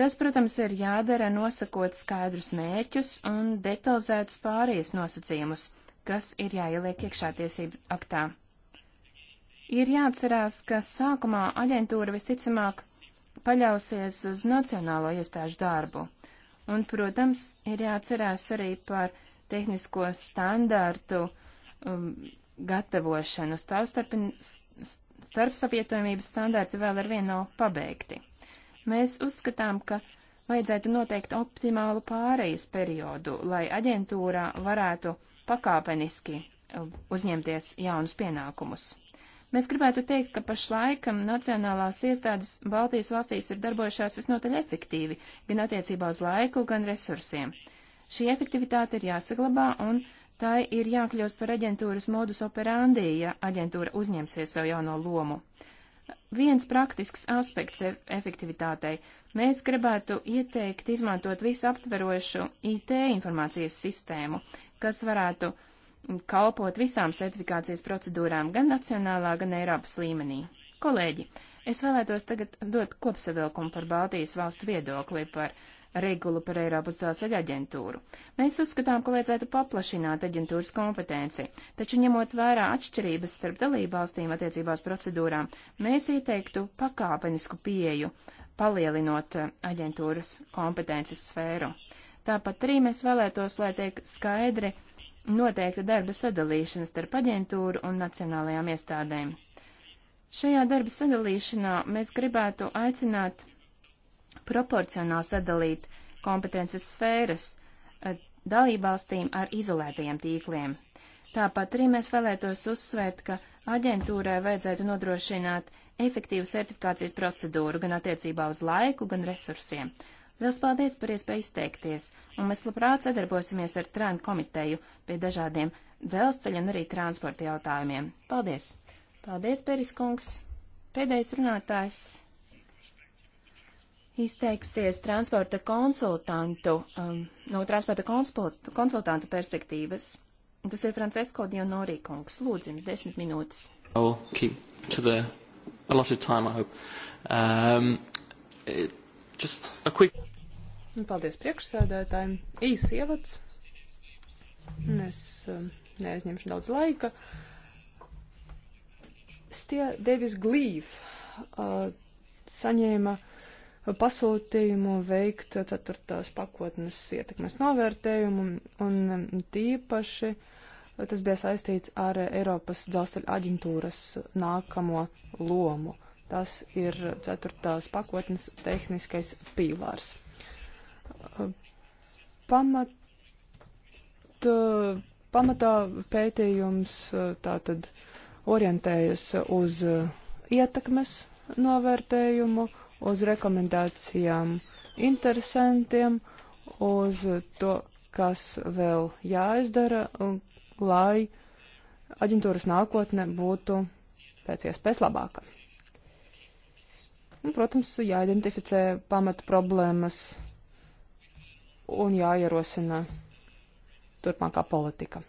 Tas, protams, ir jādara nosakot skaidrus mērķus un detalizētus pārējais nosacījumus, kas ir jāieliek iekšā tiesību aktā. Ir jāatcerās, ka sākumā aģentūra visticamāk paļausies uz nacionālo iestāžu darbu, un, protams, ir jāatcerās arī par tehnisko standārtu um, gatavošanu, starp, starpsavietojumības standarti vēl ar vienu nav pabeigti. Mēs uzskatām, ka vajadzētu noteikt optimālu pārejas periodu, lai aģentūrā varētu pakāpeniski uh, uzņemties jaunus pienākumus. Mēs gribētu teikt, ka pašlaik nacionālās iestādes Baltijas valstīs ir darbojušās visnotaļ efektīvi, gan attiecībā uz laiku, gan resursiem. Šī efektivitāte ir jāsaglabā, un Tai ir jākļūst par aģentūras modus operandi, ja aģentūra uzņemsies savu jauno lomu. Viens praktisks aspekts e efektivitātei. Mēs gribētu ieteikt izmantot visaptverošu IT informācijas sistēmu, kas varētu kalpot visām certifikācijas procedūrām gan nacionālā, gan Eiropas līmenī. Kolēģi, es vēlētos tagad dot kopsavilkumu par Baltijas valstu viedokli par regulu par Eiropas dzelzceļa aģentūru. Mēs uzskatām, ka vajadzētu paplašināt aģentūras kompetenci, taču ņemot vērā atšķirības starp dalībvalstīm attiecībās procedūrām, mēs ieteiktu pakāpenisku pieju, palielinot aģentūras kompetences sfēru. Tāpat arī mēs vēlētos, lai tiek skaidri noteikta darba sadalīšana starp aģentūru un nacionālajām iestādēm. Šajā darba sadalīšanā mēs gribētu aicināt proporcionāli sadalīt kompetences sfēras eh, dalībvalstīm ar izolētajiem tīkliem. Tāpat arī mēs vēlētos uzsvērt, ka aģentūrai vajadzētu nodrošināt efektīvu certifikācijas procedūru gan attiecībā uz laiku, gan resursiem. Liels paldies par iespēju izteikties, un mēs labprāt sadarbosimies ar Trānu komiteju pie dažādiem dzelzceļa un arī transporta jautājumiem. Paldies! Paldies, Peris kungs! Pēdējais runātājs! izteiksies transporta konsultantu, um, no transporta konsultantu perspektīvas. Tas ir Francesko Dionorī kungs. Lūdzu, jums desmit minūtes. The, time, um, quick... Paldies priekšsēdētājiem. Īs ievads. Es um, neaizņemšu daudz laika. Stie Devis Glīv uh, saņēma uh, pasūtījumu, veikt ceturtās pakotnes ietekmes novērtējumu, un um, tīpaši tas bija saistīts ar Eiropas dzelzceļa aģentūras nākamo lomu. Tas ir ceturtās pakotnes tehniskais pīlārs. Pamat, pamatā pētījums tātad orientējas uz ietekmes novērtējumu uz rekomendācijām interesantiem, uz to, kas vēl jāizdara, lai aģentūras nākotne būtu pēc iespējas labāka. Un, nu, protams, jāidentificē pamata problēmas un jāierosina turpmākā politika.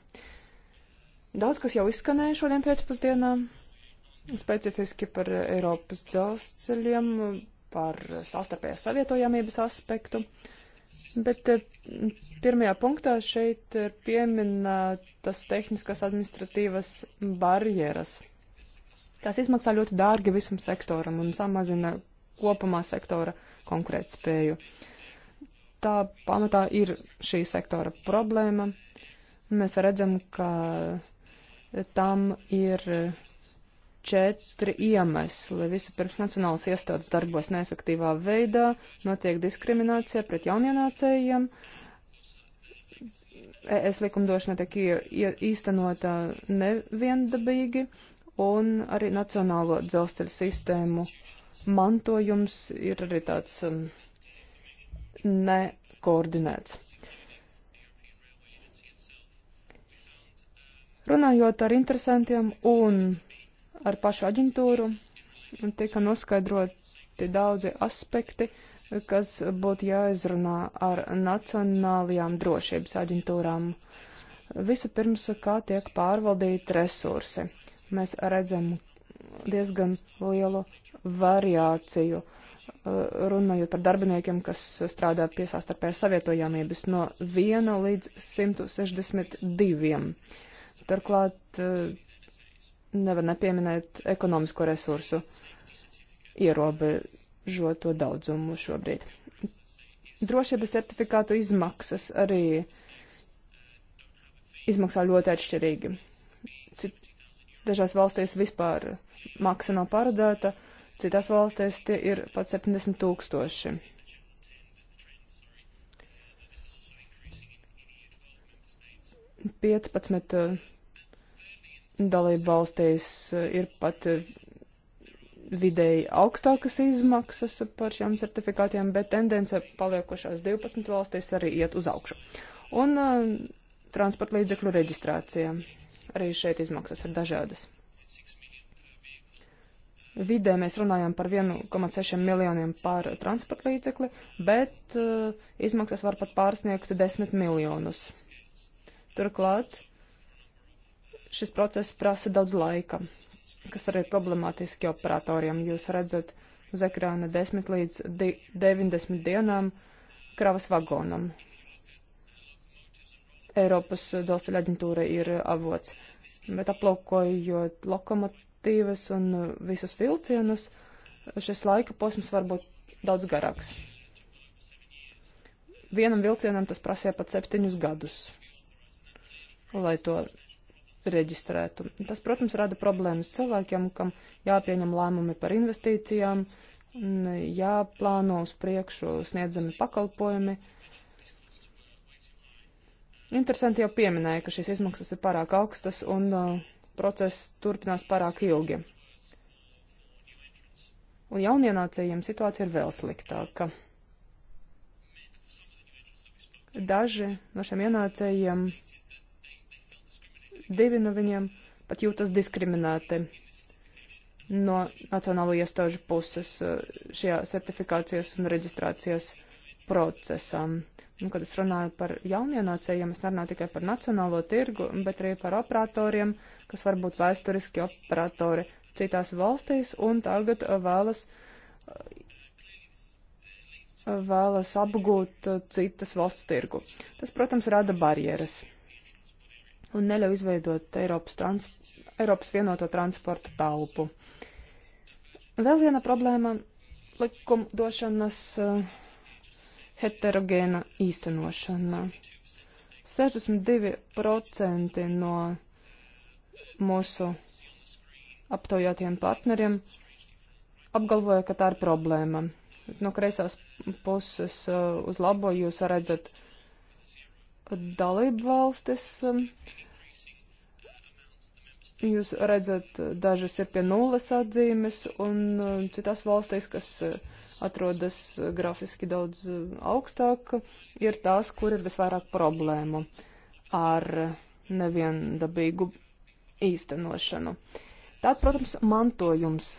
Daudz kas jau izskanēja šodien pēcpusdienā, specifiski par Eiropas dzelzceļiem, par sastarpējās savietojamības aspektu. Bet eh, pirmajā punktā šeit ir pieminētas tehniskas administratīvas barjeras. Tās izmaksā ļoti dārgi visam sektoram un samazina kopumā sektora konkurētspēju. Tā pamatā ir šī sektora problēma. Mēs redzam, ka tam ir četri iemesli. Vispirms nacionālas iestādes darbos neefektīvā veidā, notiek diskriminācija pret jaunienācējiem. ES likumdošana tiek īstenota neviendabīgi, un arī nacionālo dzelzceļa sistēmu mantojums ir arī tāds um, nekoordinēts. Runājot ar interesantiem un ar pašu aģentūru tika noskaidroti daudzi aspekti, kas būtu jāizrunā ar nacionālajām drošības aģentūrām. Vispirms, kā tiek pārvaldīti resursi. Mēs redzam diezgan lielu variāciju, runājot par darbiniekiem, kas strādā pie sastarpējās savietojamības no 1 līdz 162. Turklāt nevar nepieminēt ekonomisko resursu ierobežoto daudzumu šobrīd. Drošības certifikātu izmaksas arī izmaksā ļoti atšķirīgi. Cit, dažās valstīs vispār maksa nav paredzēta, citās valstīs tie ir pat 70 tūkstoši. Piecpadsmit uh, dalību valstīs eh, ir pat eh, vidēji augstākas izmaksas par šiem certifikātiem, bet tendence paliekošās 12 valstīs arī iet uz augšu. Un uh, transporta līdzekļu reģistrācija. Arī šeit izmaksas ir dažādas. Vidē mēs runājam par 1,6 miljoniem par transporta līdzekli, bet uh, izmaksas var pat pārsniegt 10 miljonus. Turklāt Šis process prasa daudz laika, kas arī ir problemātiski operatoriem. Jūs redzat uz ekrāna 10 līdz 90 dienām kravas vagonam. Eiropas dzelzceļa aģentūra ir avots, bet aplūkojot lokomotīvas un visus vilcienus, šis laika posms var būt daudz garāks. Vienam vilcienam tas prasīja pat septiņus gadus, lai to reģistrētu. Tas, protams, rada problēmas cilvēkiem, kam jāpieņem lēmumi par investīcijām, jāplāno uz priekšu sniedzami pakalpojumi. Interesanti jau pieminēja, ka šīs izmaksas ir pārāk augstas un uh, process turpinās pārāk ilgi. Un jaunienācējiem situācija ir vēl sliktāka. Daži no šiem ienācējiem divi no viņiem pat jūtas diskriminēti no nacionālo iestāžu puses eh, šajā certifikācijas un reģistrācijas procesā. Un, nu, kad es runāju par jaunienācējiem, es nerunāju tikai par nacionālo tirgu, bet arī par operatoriem, kas var būt vēsturiski operatori citās valstīs un tagad eh, vēlas, eh, vēlas apgūt citas valsts tirgu. Tas, protams, rada barjeras un neļauj izveidot Eiropas, trans Eiropas vienoto transportu telpu. Vēl viena problēma - likumdošanas eh, heterogēna īstenošana. 62% no mūsu aptaujātiem partneriem apgalvoja, ka tā ir problēma. No kreisās puses eh, uz labo jūs redzat dalību valstis, eh, Jūs redzat, dažas ir pie nulles atzīmes, un uh, citās valstīs, kas uh, atrodas uh, grafiski daudz augstāk, ir tās, kur ir visvairāk problēmu ar neviendabīgu īstenošanu. Tad, protams, mantojums.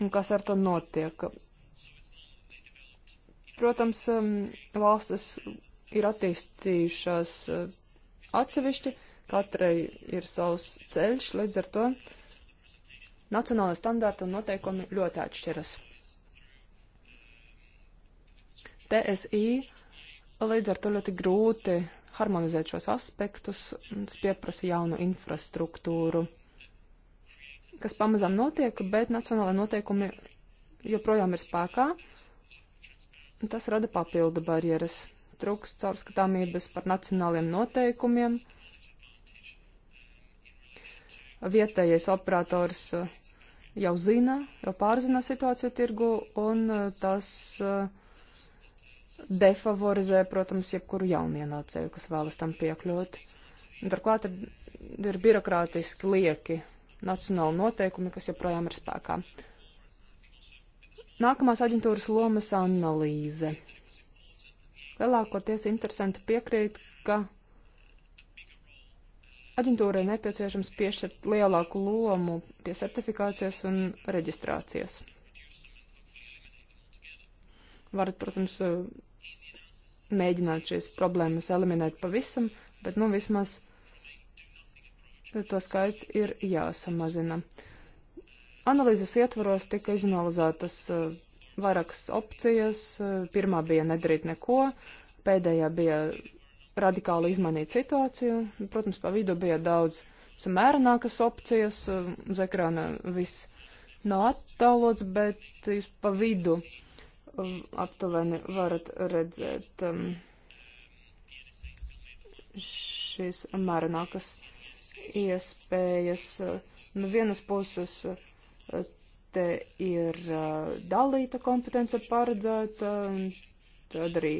Un kas ar to notiek? Protams, um, valstis ir attīstījušās atsevišķi, katrai ir savs ceļš, līdz ar to nacionālai standarti un noteikumi ļoti atšķiras. TSI līdz ar to ļoti grūti harmonizēt šos aspektus, tas pieprasa jaunu infrastruktūru, kas pamazām notiek, bet nacionālai noteikumi joprojām ir spēkā. Tas rada papildu barjeras trūks caurskatāmības par nacionāliem noteikumiem. Vietējais operators eh, jau zina, jau pārzina situāciju tirgu, un eh, tas eh, defavorizē, protams, jebkuru jaunienācēju, kas vēlas tam piekļūt. Turklāt ir, ir birokrātiski lieki nacionāli noteikumi, kas joprojām ir spēkā. Nākamās aģentūras lomas analīze. Lielākoties interesanti piekrīt, ka aģentūrai nepieciešams piešķirt lielāku lomu pie certifikācijas un reģistrācijas. Varat, protams, mēģināt šīs problēmas eliminēt pavisam, bet nu vismaz to skaits ir jāsamazina. Analīzes ietvaros tika izanalizētas uh, vairākas opcijas. Pirmā bija nedarīt neko, pēdējā bija radikāli izmainīt situāciju. Protams, pa vidu bija daudz samērnākas opcijas, uz ekrāna viss nav attēlots, bet jūs pa vidu um, aptuveni varat redzēt um, šīs mērenākas iespējas. No nu, vienas puses uh, te ir uh, dalīta kompetence paredzēta, un tad arī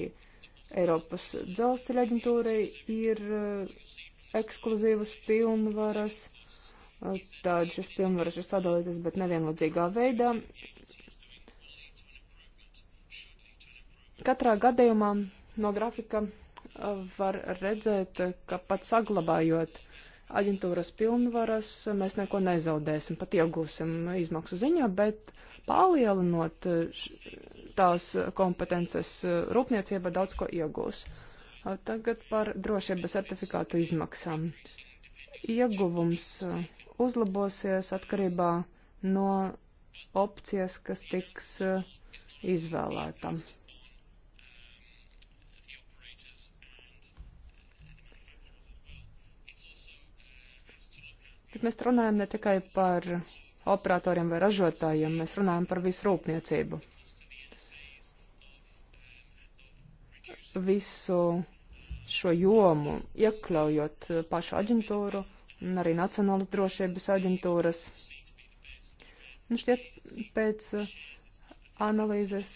Eiropas dzelzceļa aģentūrai ir uh, ekskluzīvas pilnvaras. Uh, tad šis pilnvaras ir sadalītas, bet nevienlīdzīgā veidā. Katrā gadījumā no grafika var redzēt, ka pat saglabājot uh, aģentūras pilnvaras, mēs neko nezaudēsim, pat iegūsim izmaksu ziņā, bet palielinot tās kompetences rūpniecība daudz ko iegūs. Tagad par drošības certifikātu izmaksām. Ieguvums uzlabosies atkarībā no opcijas, kas tiks izvēlēta. mēs runājam ne tikai par operatoriem vai ražotājiem, mēs runājam par visu rūpniecību. Visu šo jomu, iekļaujot pašu aģentūru un arī Nacionālas drošības aģentūras. Un šķiet pēc analīzes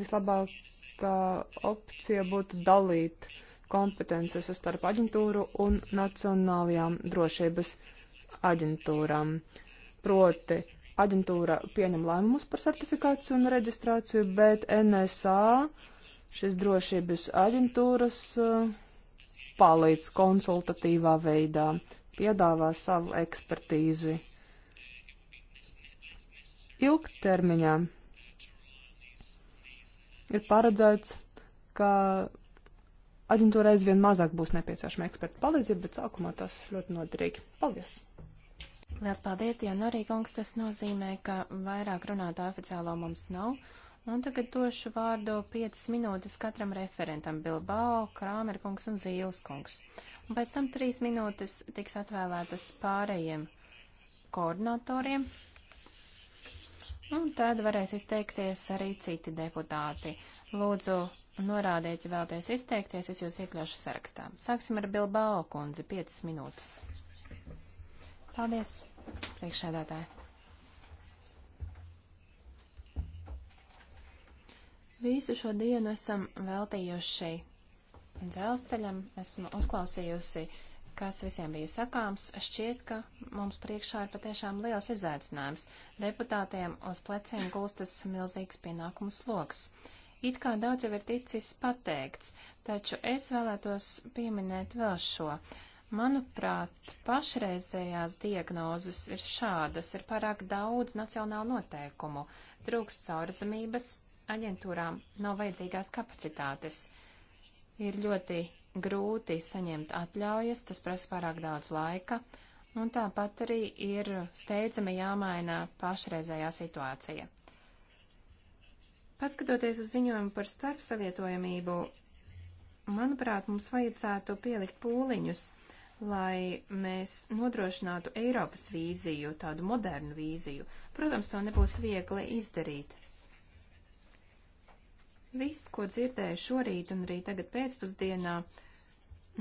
vislabākā opcija būtu dalīt kompetences starp aģentūru un nacionālajām drošības aģentūrām aģentūrām. Proti, aģentūra pieņem lēmumus par certifikāciju un reģistrāciju, bet NSA, šis drošības aģentūras, eh, palīdz konsultatīvā veidā, piedāvā savu ekspertīzi. Ilgtermiņā ir paredzēts, ka aģentūrai aizvien mazāk būs nepieciešama eksperta palīdzība, bet sākumā tas ļoti noderīgi. Paldies! Lielas paldies, Dionori kungs. Tas nozīmē, ka vairāk runātā oficiālo mums nav. Un tagad došu vārdu 5 minūtes katram referentam - Bilbao, Krāmer kungs un Zīles kungs. Un pēc tam 3 minūtes tiks atvēlētas pārējiem koordinatoriem. Un tad varēs izteikties arī citi deputāti. Lūdzu, norādiet, ja vēlties izteikties, es jūs iekļaušu sarakstā. Sāksim ar Bilbao kundzi, 5 minūtes. Paldies, priekšsēdētāji. Visu šo dienu esam veltījuši dzelzceļam, esmu uzklausījusi, kas visiem bija sakāms. Šķiet, ka mums priekšā ir patiešām liels izaicinājums. Deputātiem uz pleciem gulstas milzīgs pienākumu sloks. It kā daudz jau ir ticis pateikts, taču es vēlētos pieminēt vēl šo. Uh, Manuprāt, pašreizējās diagnozes ir šādas, ir pārāk daudz nacionālu noteikumu, trūkst caurzemības, aģentūrām nav vajadzīgās kapacitātes. Ir ļoti grūti saņemt atļaujas, tas prasa pārāk daudz laika, un tāpat arī ir steidzami jāmaina pašreizējā situācija. Paskatoties uz ziņojumu par starpsavietojamību, manuprāt, mums vajadzētu pielikt pūliņus lai mēs nodrošinātu Eiropas vīziju, tādu modernu vīziju. Protams, to nebūs viegli izdarīt. Viss, ko dzirdēju šorīt un arī tagad pēcpusdienā,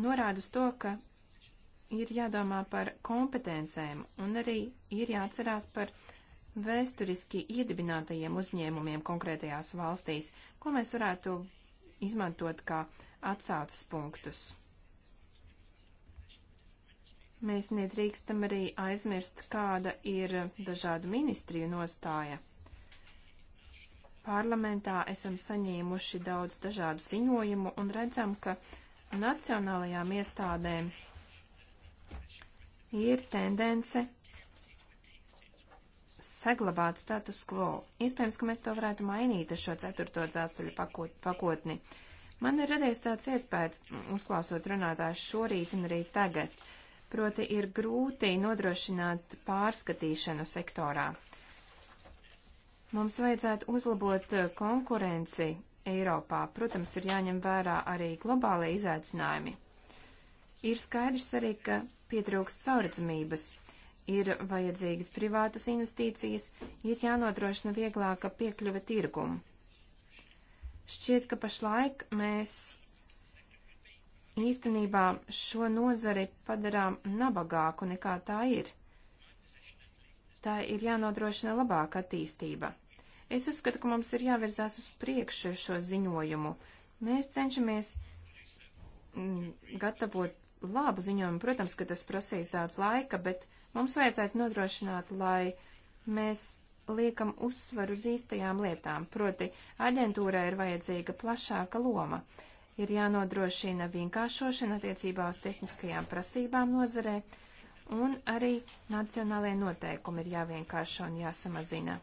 norāda uz to, ka ir jādomā par kompetencēm un arī ir jāatcerās par vēsturiski iedibinātajiem uzņēmumiem konkrētajās valstīs, ko mēs varētu izmantot kā atsaucas punktus. Mēs nedrīkstam arī aizmirst, kāda ir dažādu ministriju nostāja. Parlamentā esam saņēmuši daudz dažādu ziņojumu un redzam, ka nacionālajām iestādēm ir tendence saglabāt status quo. Iespējams, ka mēs to varētu mainīt ar šo ceturto dzelzceļa pakot, pakotni. Man ir radies tāds iespējas, uzklausot runātājs šorīt un arī tagad. Uh, proti ir grūti nodrošināt pārskatīšanu sektorā. Mums vajadzētu uzlabot konkurenci Eiropā. Protams, ir jāņem vērā arī globālie izaicinājumi. Ir skaidrs arī, ka pietrūkst caurredzamības, ir vajadzīgas privātas investīcijas, ir jānodrošina vieglāka piekļuve tirgumu. Šķiet, ka pašlaik mēs īstenībā šo nozari padarām nabagāku nekā tā ir. Tā ir jānodrošina labāka attīstība. Es uzskatu, ka mums ir jāvirzās uz priekšu šo ziņojumu. Mēs cenšamies mm, gatavot labu ziņojumu. Protams, ka tas prasīs daudz laika, bet mums vajadzētu nodrošināt, lai mēs liekam uzsvaru uz īstajām lietām. Proti, aģentūrai ir vajadzīga plašāka loma. Uh, ir jānodrošina vienkāršošana attiecībā uz tehniskajām prasībām nozarē, un arī nacionālajie noteikumi ir jāvienkāršo un jāsamazina.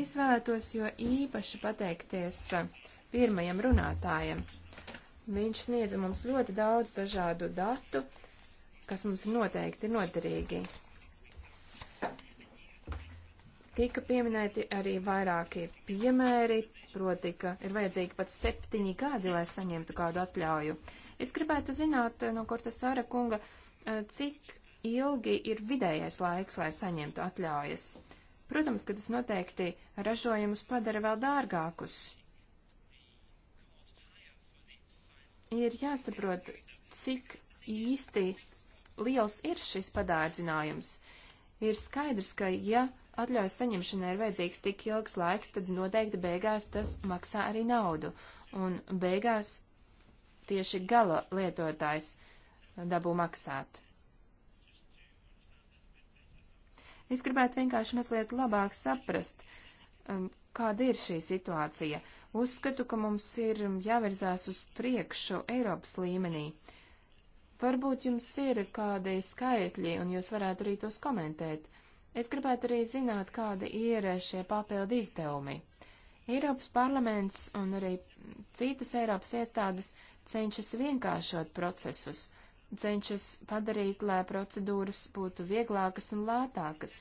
Es vēlētos jo īpaši pateikties pirmajam runātājam. Viņš sniedza mums ļoti daudz dažādu datu, kas mums noteikti ir noderīgi. Tika pieminēti arī vairāki piemēri proti, ka ir vajadzīgi pat septiņi gadi, lai saņemtu kādu atļauju. Es gribētu zināt eh, no Kortasāra kunga, eh, cik ilgi ir vidējais laiks, lai saņemtu atļaujas. Protams, ka tas noteikti ražojumus padara vēl dārgākus. Ir jāsaprot, cik īsti liels ir šis padārdzinājums. Ir skaidrs, ka ja atļaujas saņemšanai ir vajadzīgs tik ilgs laiks, tad noteikti beigās tas maksā arī naudu. Un beigās tieši gala lietotājs dabū maksāt. Es gribētu vienkārši mazliet labāk saprast, um, kāda ir šī situācija. Uzskatu, ka mums ir jāvirzās uz priekšu Eiropas līmenī. Varbūt jums ir kādi skaitļi, un jūs varētu arī tos komentēt. Es gribētu arī zināt, kādi ir šie papildu izdevumi. Eiropas parlaments un arī citas Eiropas iestādes cenšas vienkāršot procesus, cenšas padarīt, lai procedūras būtu vieglākas un lētākas.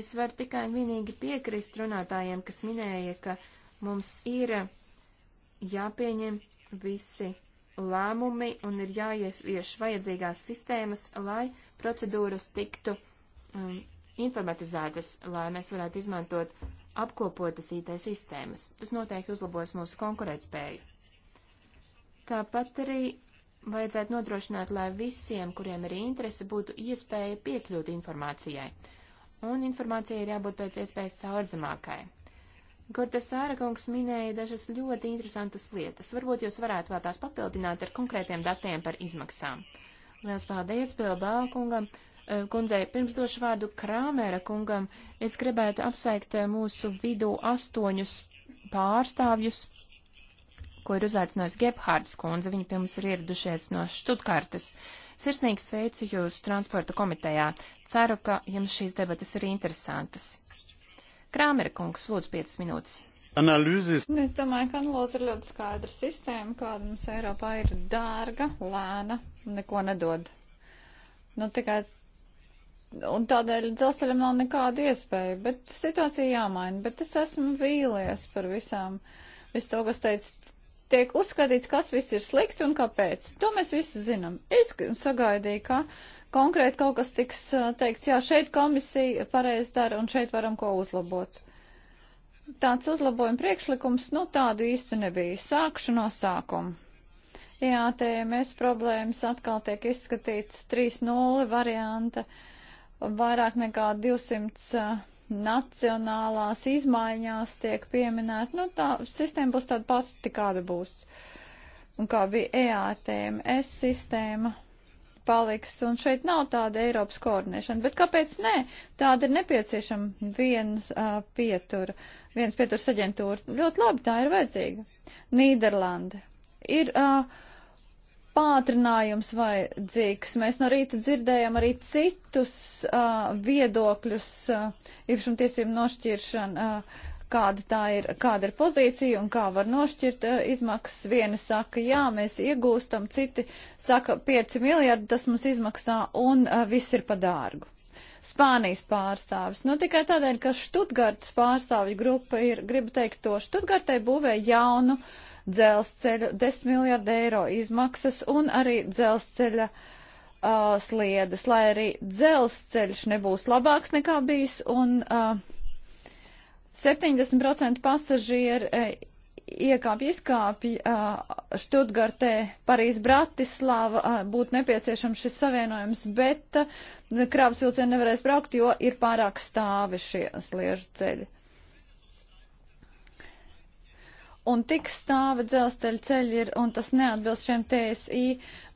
Es varu tikai un vienīgi piekrist runātājiem, kas minēja, ka mums ir jāpieņem visi lēmumi un ir jāievieš vajadzīgās sistēmas, lai procedūras tiktu um, informatizētas, lai mēs varētu izmantot apkopotas IT sistēmas. Tas noteikti uzlabos mūsu konkurētspēju. Tāpat arī vajadzētu nodrošināt, lai visiem, kuriem ir interese, būtu iespēja piekļūt informācijai. Un informācija ir jābūt pēc iespējas caurdzamākai. Gordas Ārakungs minēja dažas ļoti interesantas lietas. Varbūt jūs varētu vēl tās papildināt ar konkrētiem datiem par izmaksām. Lielas paldies Bilbao kungam! Eh, kundzei. Pirms došu vārdu Krāmēra kungam, es gribētu apsveikt eh, mūsu vidū astoņus pārstāvjus, ko ir uzaicinājusi Gebhārdas kundze. Viņi pie mums ir ieradušies no Štutkartes. Sirsnīgi sveicu jūs transporta komitejā. Ceru, ka jums šīs debatas ir interesantas. Krāmēra kungs, lūdzu, 5 minūtes. Analīzes. Nu, es domāju, ka analīze ir ļoti skaidra sistēma, kāda mums Eiropā ir dārga, lēna, neko nedod. Nu, tikai Un tādēļ dzelzceļam nav nekāda iespēja, bet situācija jāmaina. Bet es esmu vīlies par visām, visu to, kas teica, tiek uzskatīts, kas viss ir slikti un kāpēc. To mēs visi zinām. Es sagaidīju, ka konkrēti kaut kas tiks teikts, jā, šeit komisija pareizi dara un šeit varam ko uzlabot. Tāds uzlabojuma priekšlikums, nu tādu īsti nebija. Sākšu no sākuma. Jā, tēmēs problēmas atkal tiek izskatīts 3.0 varianta. Uh, vairāk nekā 200 uh, nacionālās izmaiņās tiek pieminēta. Nu, tā sistēma būs tāda pati, tik kāda būs. Un kā bija EATMS sistēma paliks, un šeit nav tāda Eiropas koordinēšana. Bet kāpēc nē? Tāda ir nepieciešama viens uh, pietur, viens pieturs aģentūra. Ļoti labi, tā ir vajadzīga. Nīderlanda ir. Uh, pātrinājums vajadzīgs. Mēs no rīta dzirdējam arī citus uh, viedokļus, uh, īpašumtiesību nošķiršana, uh, kāda tā ir, kāda ir pozīcija un kā var nošķirt uh, izmaksas. Viena saka, jā, mēs iegūstam, citi saka, 5 miljardi tas mums izmaksā un uh, viss ir pa dārgu. Spānijas pārstāvis. Nu, tikai tādēļ, ka Štutgartas pārstāvju grupa ir, gribu teikt to, Štutgartai būvē jaunu uh, dzelzceļu 10 miljardu eiro izmaksas un arī dzelzceļa uh, sliedas, lai arī dzelzceļš nebūs labāks nekā bijis un uh, 70% pasažieru uh, iekāpj, izkāpj uh, Štutgartē, Parīz, Bratislava, uh, būtu nepieciešams šis savienojums, bet uh, krāpsvilcieni nevarēs braukt, jo ir pārāk stāvi šie sliežu ceļi. un tik stāvi dzelzceļa ceļi ir, un tas neatbilst šiem TSI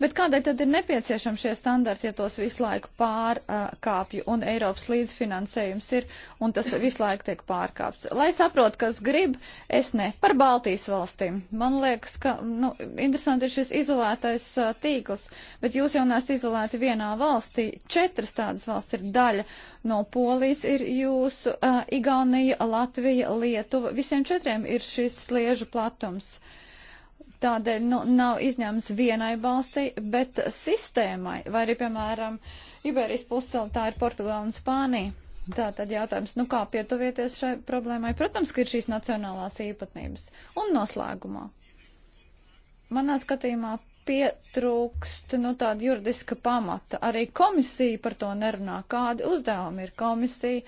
Bet kādēļ tad ir nepieciešami šie standarti, ja tos visu laiku pārkāpju un Eiropas līdzfinansējums ir un tas visu laiku tiek pārkāpts? Lai saprotu, kas grib, es ne. Par Baltijas valstīm. Man liekas, ka nu, interesanti ir šis izolētais uh, tīkls, bet jūs jau neesat izolēti vienā valstī. Četras tādas valsts ir daļa no Polijas, ir jūsu uh, Igaunija, Latvija, Lietuva. Visiem četriem ir šis sliežu platums. Uh, Tādēļ nu, nav izņēmums vienai valstī, bet sistēmai, vai arī, piemēram, Iberijas pusceļā tā ir Portugāla un Spānija. Tā tad jautājums, nu kā pietuvieties šai problēmai? Protams, ka ir šīs nacionālās īpatnības. Un noslēgumā. Manā skatījumā pietrūkst nu, tāda juridiska pamata. Arī komisija par to nerunā. Kādi uzdevumi ir komisija?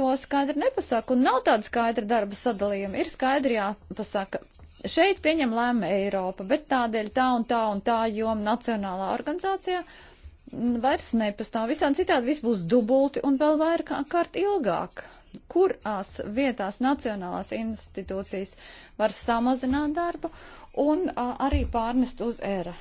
To skaidri nepasaka. Un nav tāda skaidra darba sadalījuma. Ir skaidri jāpasaka, Šeit pieņem lēma Eiropa, bet tādēļ tā un tā un tā joma nacionālā organizācijā vairs nepastāv. Visādi citādi viss būs dubulti un vēl vairāk kārt ilgāk. Kurās vietās nacionālās institūcijas var samazināt darbu un a, arī pārnest uz ERA?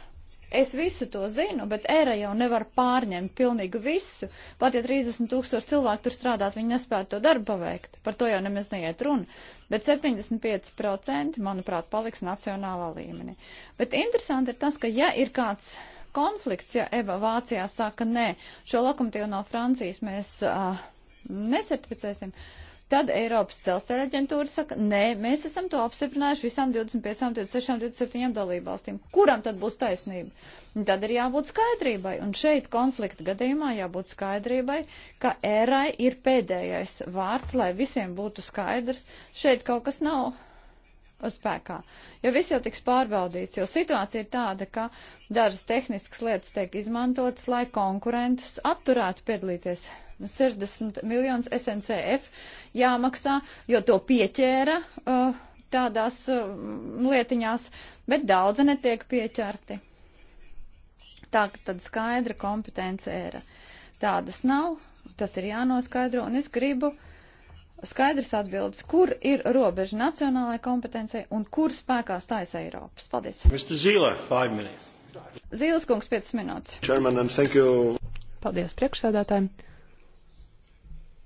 Es visu to zinu, bet ERA jau nevar pārņemt pilnīgi visu. Pat ja 30 tūkstoši cilvēku tur strādāt, viņi nespētu to darbu paveikt. Par to jau nemaz neiet runa. Bet 75% manuprāt paliks nacionālā līmenī. Bet interesanti ir tas, ka ja ir kāds konflikts, ja Eva Vācijā saka, nē, šo lokomotīvu no Francijas mēs uh, nesertificēsim. Uh, Tad Eiropas celstāra aģentūra saka, nē, mēs esam to apstiprinājuši visām 25, 26, 27 dalībvalstīm. Kuram tad būs taisnība? Un tad ir jābūt skaidrībai. Un šeit konflikta gadījumā jābūt skaidrībai, ka ērai ir pēdējais vārds, lai visiem būtu skaidrs. Šeit kaut kas nav spēkā. Jo viss jau tiks pārbaudīts, jo situācija ir tāda, ka dažas tehniskas lietas tiek izmantotas, lai konkurentus atturētu piedalīties 60 miljonus SNCF jāmaksā, jo to pieķēra uh, tādās uh, lietiņās, bet daudzi netiek pieķerti. Tā tad skaidra kompetence ēra. Tādas nav, tas ir jānoskaidro, un es gribu skaidrs atbildes, kur ir robeža nacionālajai kompetencijai un kur spēkā stājas Eiropas. Paldies. Zīle, Zīles kungs, 5 minūtes. Chairman, Paldies priekšsēdētājiem.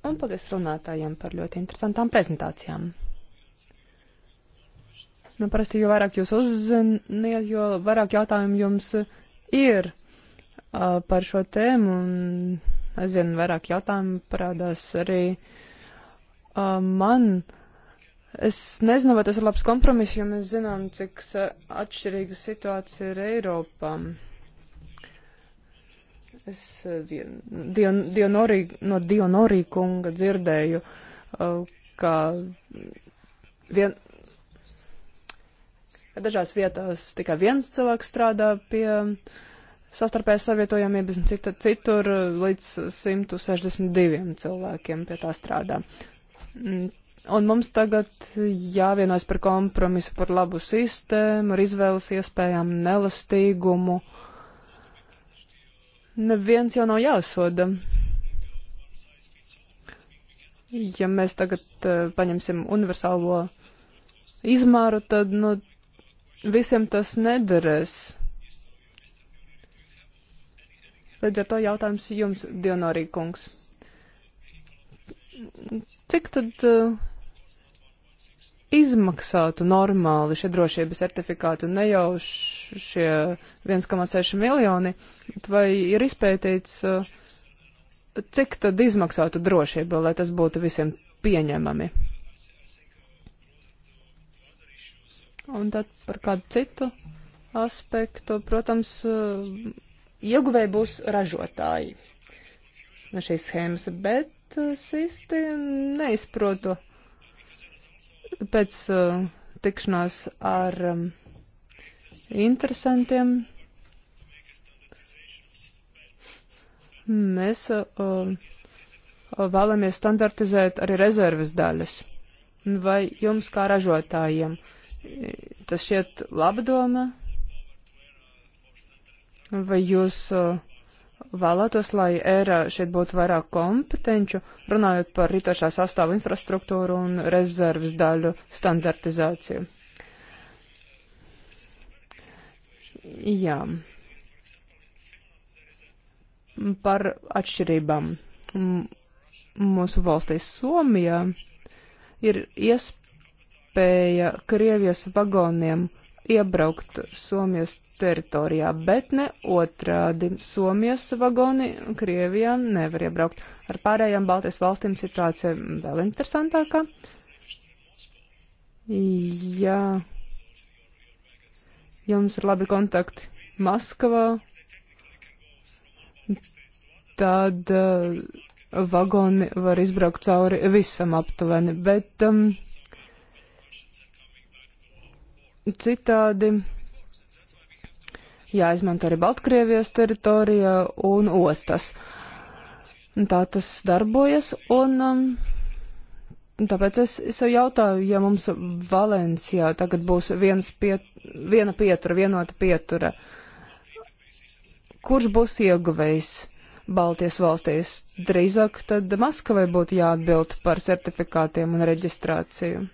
Un paldies runātājiem par ļoti interesantām prezentācijām. Nu, parasti, jo vairāk jūs uzziniet, jo vairāk jautājumu jums ir uh, par šo tēmu, un aizvien vairāk jautājumu parādās arī uh, man. Es nezinu, vai tas ir labs kompromiss, jo mēs zinām, cik atšķirīga situācija ir Eiropām. Es eh, Dion, Dionorī, no Dionorī kunga dzirdēju, eh, ka vien, ka dažās vietās tikai viens cilvēks strādā pie sastarpējas savietojamības, un cita, citur eh, līdz 162 cilvēkiem pie tā strādā. Mm, un mums tagad jāvienojas par kompromisu, par labu sistēmu, ar izvēles iespējām, nelastīgumu. Uh, neviens jau nav jāsoda. Ja mēs tagad uh, paņemsim universālo izmēru, tad nu, visiem tas nederēs. Līdz ar to jautājums jums, Dionorī kungs. Cik tad uh, izmaksātu normāli šie drošības certifikāti un ne jau šie 1,6 miljoni, vai ir izpētīts, uh, cik tad izmaksātu drošība, lai tas būtu visiem pieņemami? Un tad par kādu citu aspektu, protams, uh, ieguvēji būs ražotāji no šīs schēmas, bet es uh, īsti neizprotu pēc uh, tikšanās ar um, interesantiem mēs uh, vēlamies standartizēt arī rezerves daļas. Vai jums kā ražotājiem tas šķiet laba doma? Vai jūs uh, vēlētos, lai ērā šeit būtu vairāk kompetenču, runājot par ritošā sastāvu infrastruktūru un rezerves daļu standartizāciju. Jā. Par atšķirībām. Mūsu valstīs Somijā ir iespēja Krievijas vagoniem uh, iebraukt Somijas teritorijā, bet ne otrādi. Somijas vagoni Krievijā nevar iebraukt. Ar pārējām Baltijas valstīm situācija vēl interesantākā. Jā, jums ir labi kontakti Maskavā, tad uh, vagoni var izbraukt cauri visam aptuveni, bet um, Citādi jāizmanto arī Baltkrievijas teritorija un ostas. Tā tas darbojas, un um, tāpēc es, es jau jautāju, ja mums Valencijā tagad būs viens piet, viena pietura, vienota pietura, kurš būs ieguvējs Baltijas valstīs? Drīzāk tad Maskavai būtu jāatbild par certifikātiem un reģistrāciju.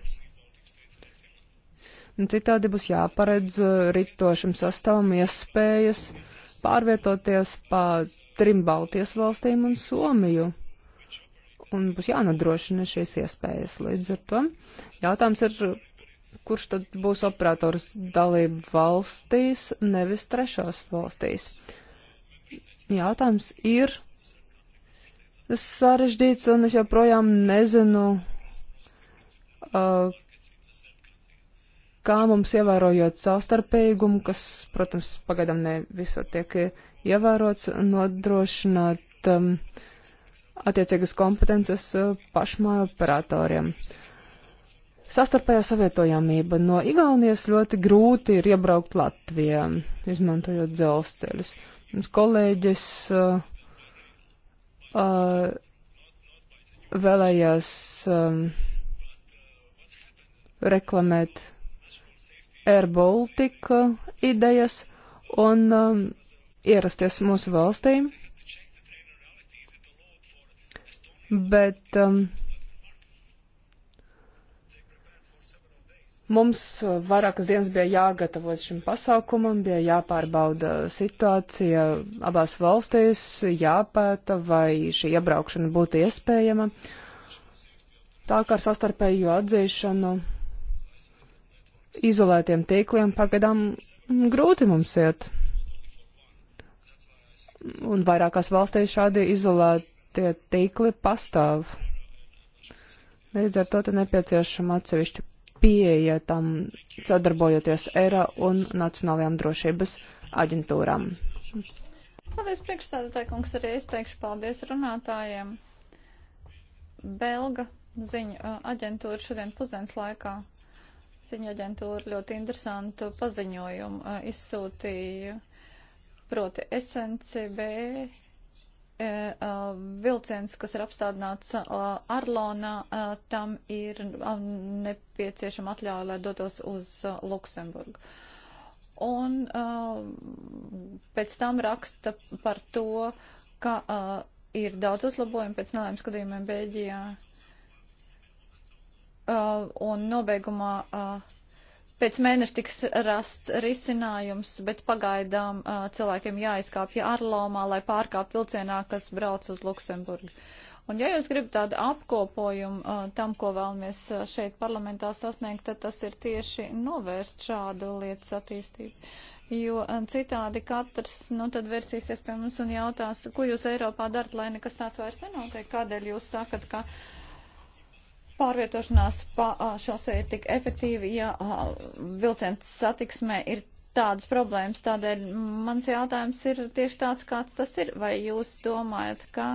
Nu, citādi būs jāparedz uh, ritošam sastāvam iespējas pārvietoties pa trim Baltijas valstīm un Somiju. Un būs jānodrošina šīs iespējas. Līdz ar to jautājums ir, kurš tad būs operators dalību valstīs, nevis trešās valstīs. Jautājums ir sarežģīts, un es joprojām nezinu, uh, kā mums ievērojot savstarpējumu, kas, protams, pagaidām ne visur tiek ievērots, nodrošināt um, attiecīgas kompetences uh, pašmāju operatoriem. Sastarpējā savietojamība no Igaunijas ļoti grūti ir iebraukt Latvijā, izmantojot dzelzceļus. Mums kolēģis uh, uh, vēlējās um, reklamēt Air Baltica idejas un um, ierasties mūsu valstī. Bet um, mums vairākas dienas bija jāgatavojas šim pasākumam, bija jāpārbauda situācija abās valstīs, jāpēta, vai šī iebraukšana būtu iespējama. Tā kā ar sastarpēju atzīšanu izolētiem tīkliem pagaidām grūti mums iet. Un vairākās valstīs šādi izolētie tīkli pastāv. Līdz ar to te nepieciešama atsevišķa pieeja tam sadarbojoties ERA un Nacionālajām drošības aģentūrām. Paldies, priekšstādātāji kungs, arī es teikšu paldies runātājiem. Belga ziņu aģentūra šodien pusdienas laikā ziņa aģentūra ļoti interesantu paziņojumu eh, izsūtīja. Proti SNCB eh, eh, vilciens, kas ir apstādināts Arlonā, tam ir nepieciešama atļauja, lai dotos uz Luksemburgu. Un pēc tam raksta par to, ka ir daudz uzlabojumu pēc nelēmas gadījumiem Bēļģijā Uh, un nobeigumā uh, pēc mēneša tiks rasts risinājums, bet pagaidām uh, cilvēkiem jāizkāpja Arlomā, lai pārkāptu vilcienā, kas brauc uz Luksemburgu. Un ja jūs gribat tādu apkopojumu tam, ko vēlamies šeit parlamentā sasniegt, tad tas ir tieši novērst šādu lietas attīstību. Jo citādi katrs, nu, tad versīsies pie mums un jautās, ko jūs Eiropā darat, lai nekas tāds vairs nenotiek, kādēļ jūs sakat, ka. Uh, pārvietošanās pa šosei ir tik efektīvi, ja vilciens satiksmē ir tādas problēmas. Tādēļ mans jautājums ir tieši tāds, kāds tas ir. Vai jūs domājat, ka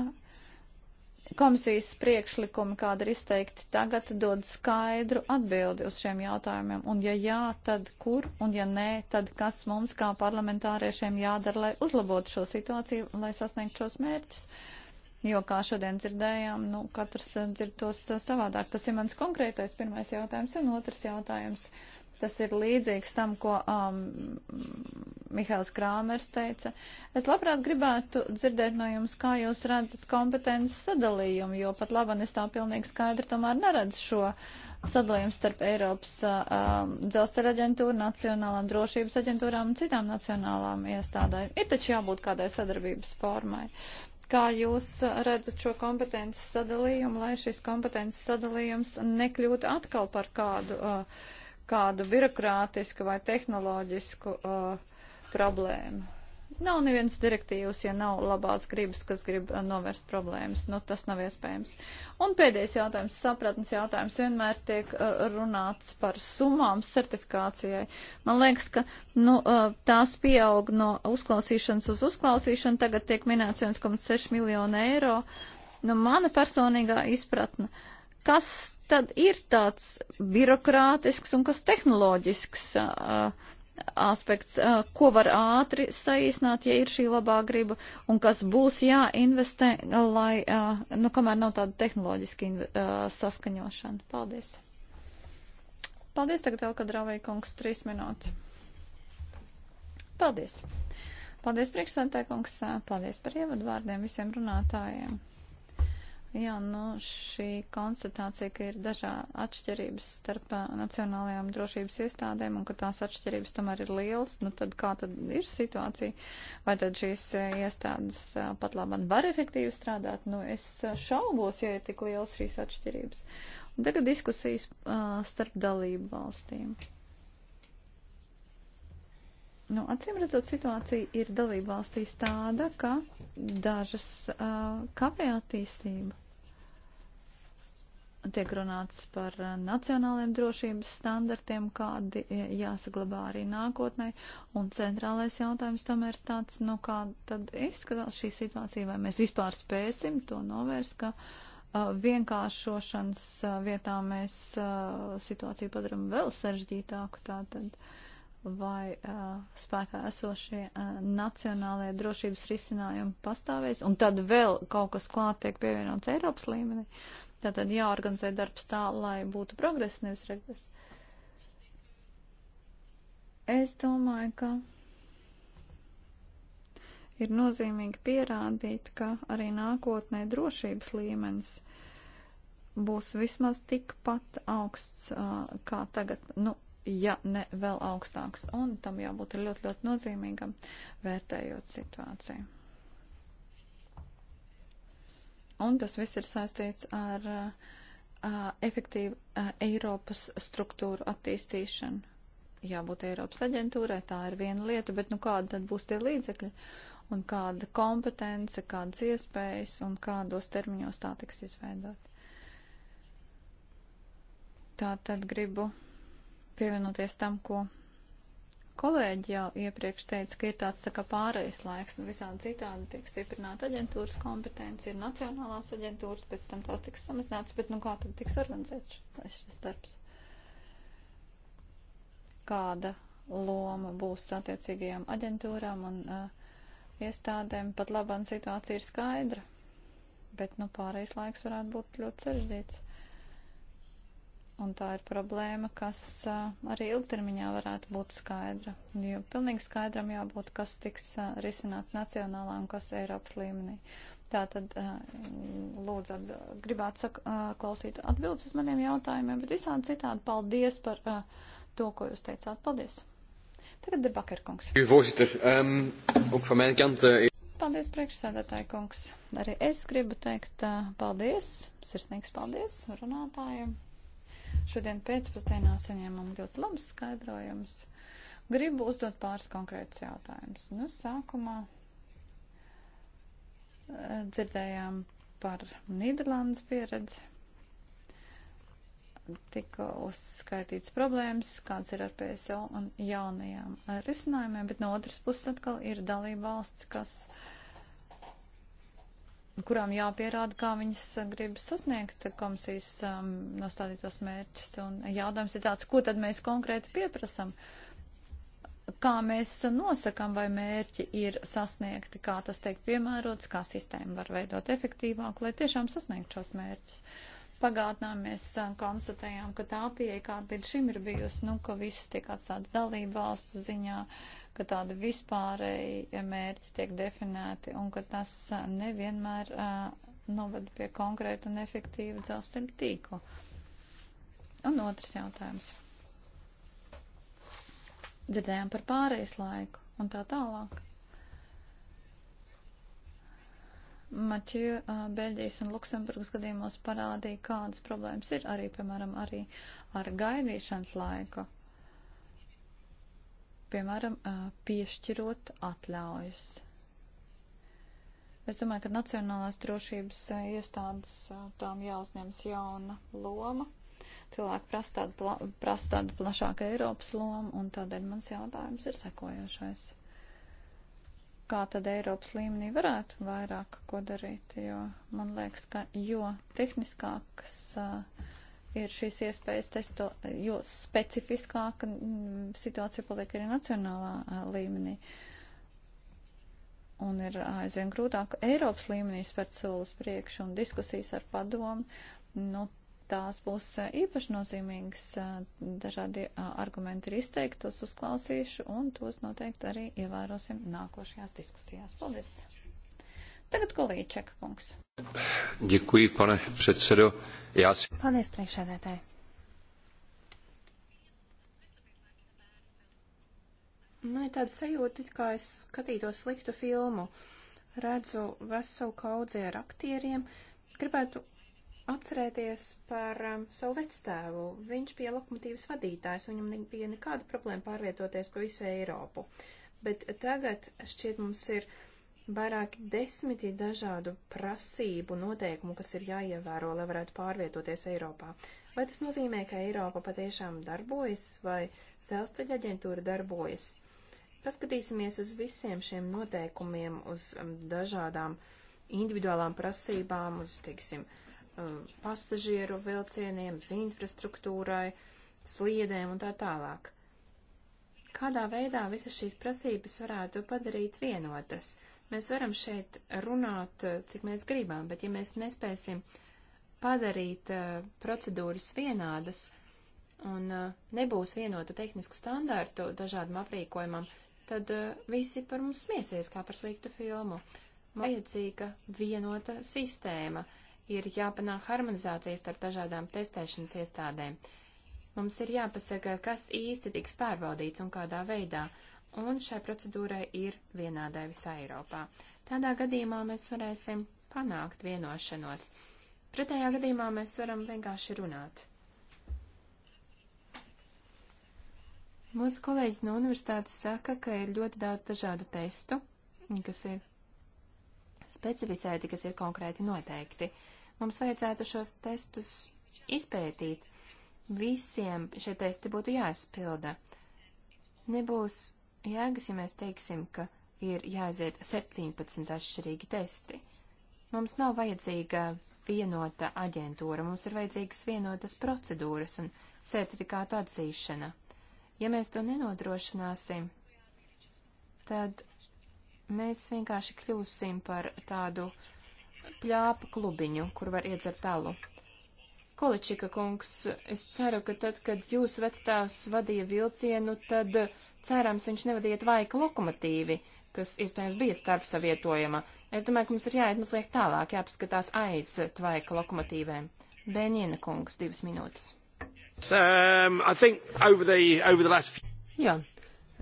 komisijas priekšlikumi, kāda ir izteikti tagad, dod skaidru atbildi uz šiem jautājumiem? Un ja jā, tad kur? Un ja nē, tad kas mums kā parlamentāriešiem jādara, lai uzlabotu šo situāciju, lai sasniegtu šos mērķus? Uh, jo, kā šodien dzirdējām, nu, katrs eh, dzird tos eh, savādāk. Tas ir mans konkrētais pirmais jautājums, un otrs jautājums. Tas ir līdzīgs tam, ko um, Mihails Krāmers teica. Es labprāt gribētu dzirdēt no jums, kā jūs redzat kompetences sadalījumu, jo pat laban es tā pilnīgi skaidri tomēr neredzu šo sadalījumu starp Eiropas eh, um, dzelzceļa aģentūru, nacionālām drošības aģentūrām un citām nacionālām iestādēm. Ir taču jābūt kādai sadarbības formai. Kā jūs uh, redzat šo kompetences sadalījumu, lai šis kompetences sadalījums nekļūtu atkal par kādu, uh, kādu birokrātisku vai tehnoloģisku uh, problēmu? Nav nevienas direktīvas, ja nav labās gribas, kas grib uh, novērst problēmas. Nu, tas nav iespējams. Un pēdējais jautājums, sapratnes jautājums, vienmēr tiek uh, runāts par summām certifikācijai. Man liekas, ka nu, uh, tās pieaug no uzklausīšanas uz uzklausīšanu. Tagad tiek minēts 1,6 miljonu eiro. Nu, mana personīgā izpratne. Kas tad ir tāds birokrātisks un kas tehnoloģisks? Uh, aspekts, ko var ātri saīsnāt, ja ir šī labā griba, un kas būs jāinvestē, lai, nu, kamēr nav tāda tehnoloģiska saskaņošana. Paldies. Paldies tagad vēl, kad Rāvēja kungs trīs minūtes. Paldies. Paldies, priekšsēdētāj kungs. Paldies par ievadvārdiem visiem runātājiem. Jā, nu šī konstatācija, ka ir dažādi atšķirības starp nacionālajām drošības iestādēm un ka tās atšķirības tomēr ir lielas, nu tad kā tad ir situācija? Vai tad šīs iestādes pat labam var efektīvi strādāt? Nu es šaubos, ja ir tik lielas šīs atšķirības. Un tagad diskusijas uh, starp dalību valstīm. Nu, acīm redzot, situācija ir dalība valstīs tāda, ka dažas uh, kavē attīstība tiek runāts par eh, nacionāliem drošības standartiem, kādi eh, jāsaglabā arī nākotnē. Un centrālais jautājums tomēr ir tāds, nu kā tad izskatās šī situācija, vai mēs vispār spēsim to novērst, ka uh, vienkāršošanas uh, vietā mēs uh, situāciju padaram vēl sarežģītāku tātad. Vai uh, spēkā esošie uh, nacionālajie drošības risinājumi pastāvēs, un tad vēl kaut kas klāt tiek pievienots Eiropas līmenī. Uh, Tātad jāorganizē darbs tā, lai būtu progress, nevis regress. Es domāju, ka ir nozīmīgi pierādīt, ka arī nākotnē drošības līmenis būs vismaz tikpat augsts uh, kā tagad, nu, ja ne vēl augstāks. Un tam jābūt ļoti, ļoti nozīmīgam, vērtējot situāciju. Un tas viss ir saistīts ar uh, efektīvu uh, Eiropas struktūru attīstīšanu. Jābūt Eiropas aģentūrai, tā ir viena lieta, bet nu kāda tad būs tie līdzekļi un kāda kompetence, kādas iespējas un kādos termiņos tā tiks izveidot. Tā tad gribu pievienoties tam, ko Kolēģi jau iepriekš teica, ka ir tāds tā kā pārējais laiks, nu visādi citādi tiek stiprināta aģentūras kompetence, ir nacionālās aģentūras, pēc tam tās tiks samazināts, bet nu kā tad tiks organizēts šis, šis darbs? Kāda loma būs attiecīgajām aģentūrām un uh, iestādēm, pat labam situācija ir skaidra, bet nu pārējais laiks varētu būt ļoti sarežģīts. Un tā ir problēma, kas arī ilgtermiņā varētu būt skaidra. Jo pilnīgi skaidram jābūt, kas tiks risināts nacionālā un kas Eiropas līmenī. Tā tad lūdzu atb gribētu sak, klausīt atbildes uz maniem jautājumiem, bet visādi citādi paldies par to, ko jūs teicāt. Paldies! Tagad debakerkungs. Voorzitter, um, ook van mijn kant. Uh... Paldies, priekšsēdētāji kungs. Arī es gribu teikt uh, paldies, sirsnīgs paldies runātājiem. Šodien pēcpusdienā saņēmām ļoti labus skaidrojumus. Gribu uzdot pāris konkrētus jautājumus. Nu, sākumā eh, dzirdējām par Nīderlandes pieredzi. Tika uzskaitīts problēmas, kāds ir ar PSO un jaunajām eh, risinājumiem, bet no otras puses atkal ir dalība valsts, kas uh, kurām jāpierāda, kā viņas eh, grib sasniegt komisijas um, nostādītos mērķus. Un jautājums ir tāds, ko tad mēs konkrēti pieprasam? Kā mēs nosakam, vai mērķi ir sasniegti, kā tas tiek piemērots, kā sistēma var veidot efektīvāk, lai tiešām sasniegtu šos mērķus. Pagātnē mēs um, konstatējām, ka tā pieeja, kāda līdz šim ir bijusi, nu, ka viss tiek atstāts dalību valstu ziņā, uh, ka tādi vispārēji mērķi tiek definēti un ka tas nevienmēr novada pie konkrēta un efektīva dzelzceļa tīkla. Un otrs jautājums. Dzirdējām par pārejas laiku un tā tālāk. Maķiju Beļģijas un Luksemburgas gadījumos parādīja, kādas problēmas ir arī, piemēram, arī ar gaidīšanas laiku piemēram, piešķirot atļaujas. Es domāju, ka Nacionālās drošības iestādes tām jāuzņems jauna loma. Cilvēki prasa tādu, pla prasa tādu plašāku Eiropas lomu, un tādēļ mans jautājums ir sekojošais. Kā tad Eiropas līmenī varētu vairāk ko darīt, jo man liekas, ka jo tehniskākas uh, ir šīs iespējas, testo, jo specifiskāka mm, situācija paliek arī nacionālā līmenī. Un ir aizvien grūtāk Eiropas līmenī spērt solis priekšu un diskusijas ar padomu. Nu, tās būs īpaši nozīmīgas. Dažādi argumenti ir izteikti, tos uzklausīšu un tos noteikti arī ievērosim nākošajās diskusijās. Paldies! Tagad Kolīčeka kungs. Ďakuj, pane predsedo. Jā. Paldies, priekšsēdētāji. Man ir tāda sajūta, it kā es skatītos sliktu filmu. Redzu veselu kaudzi ar aktieriem. Gribētu atcerēties par um, savu vecstāvu. Viņš bija lokomotīvas vadītājs, viņam ne, bija nekāda problēma pārvietoties pa visu Eiropu. Bet tagad šķiet mums ir uh, vairāki desmiti dažādu prasību noteikumu, kas ir jāievēro, lai varētu pārvietoties Eiropā. Vai tas nozīmē, ka Eiropa patiešām darbojas vai dzelzceļa aģentūra darbojas? Paskatīsimies uz visiem šiem noteikumiem, uz um, dažādām individuālām prasībām, uz, teiksim, uh, pasažieru vilcieniem, uz infrastruktūrai, sliedēm un tā tālāk. Kādā veidā visas šīs prasības varētu padarīt vienotas? Mēs varam šeit runāt, eh, cik mēs gribam, bet ja mēs nespēsim padarīt uh, procedūras vienādas un uh, nebūs vienotu tehnisku standārtu dažādam aprīkojumam, tad uh, visi par mums smiesies kā par sliktu filmu. Mums vajadzīga vienota sistēma, ir jāpanāk harmonizācijas starp dažādām testēšanas iestādēm. Mums ir jāpasaka, kas īsti tiks pārbaudīts un kādā veidā. Uh, un šai procedūrai ir vienādai visā Eiropā. Tādā gadījumā mēs varēsim panākt vienošanos. Pretējā gadījumā mēs varam vienkārši runāt. Mūsu kolēģis no universitātes saka, ka ir ļoti daudz dažādu testu, kas ir specificēti, kas ir konkrēti noteikti. Mums vajadzētu šos testus izpētīt. Visiem šie testi būtu jāizpilda. Nebūs jēgas, ja mēs teiksim, ka ir jāiziet 17 atšķirīgi testi. Mums nav vajadzīga vienota aģentūra, mums ir vajadzīgas vienotas procedūras un certifikātu atzīšana. Ja mēs to nenodrošināsim, tad mēs vienkārši kļūsim par tādu pļāpu klubiņu, kur var iedzert alu. Količika kungs, es ceru, ka tad, kad jūs vecstāvs vadīja vilcienu, tad cerams viņš nevadiet vaika lokomotīvi, kas iespējams bija starp savietojama. Es domāju, ka mums ir jāiet mazliet tālāk, jāpaskatās aiz tvaika lokomotīvēm. Bēņina kungs, divas minūtes. Um, over the, over the last... Jā,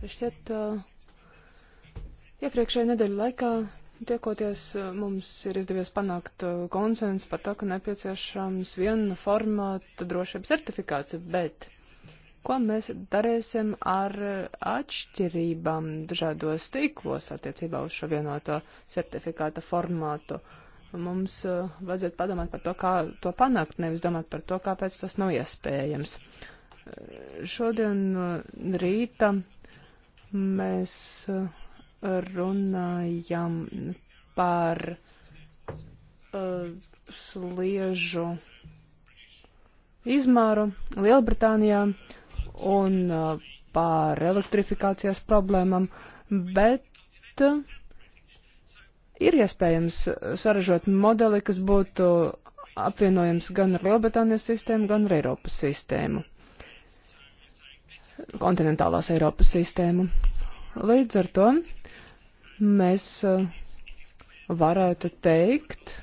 šķiet, uh, iepriekšējā nedēļa laikā Tiekoties eh, mums ir izdevies panākt eh, konsensus par to, ka nepieciešams viena formāta drošības certifikāts, bet ko mēs darīsim ar eh, atšķirībām dažādos tīklos attiecībā uz šo vienoto certifikāta formātu? Mums vajadzētu padomāt par to, kā to panākt, nevis domāt par to, kāpēc tas nav iespējams. Šodien rīta mēs runājam par uh, sliežu izmēru Lielbritānijā un uh, par elektrifikācijas problēmām, bet uh, ir iespējams saražot modeli, kas būtu apvienojams gan ar Lielbritānijas sistēmu, gan ar Eiropas sistēmu, kontinentālās Eiropas sistēmu. Līdz ar to mēs eh, varētu teikt,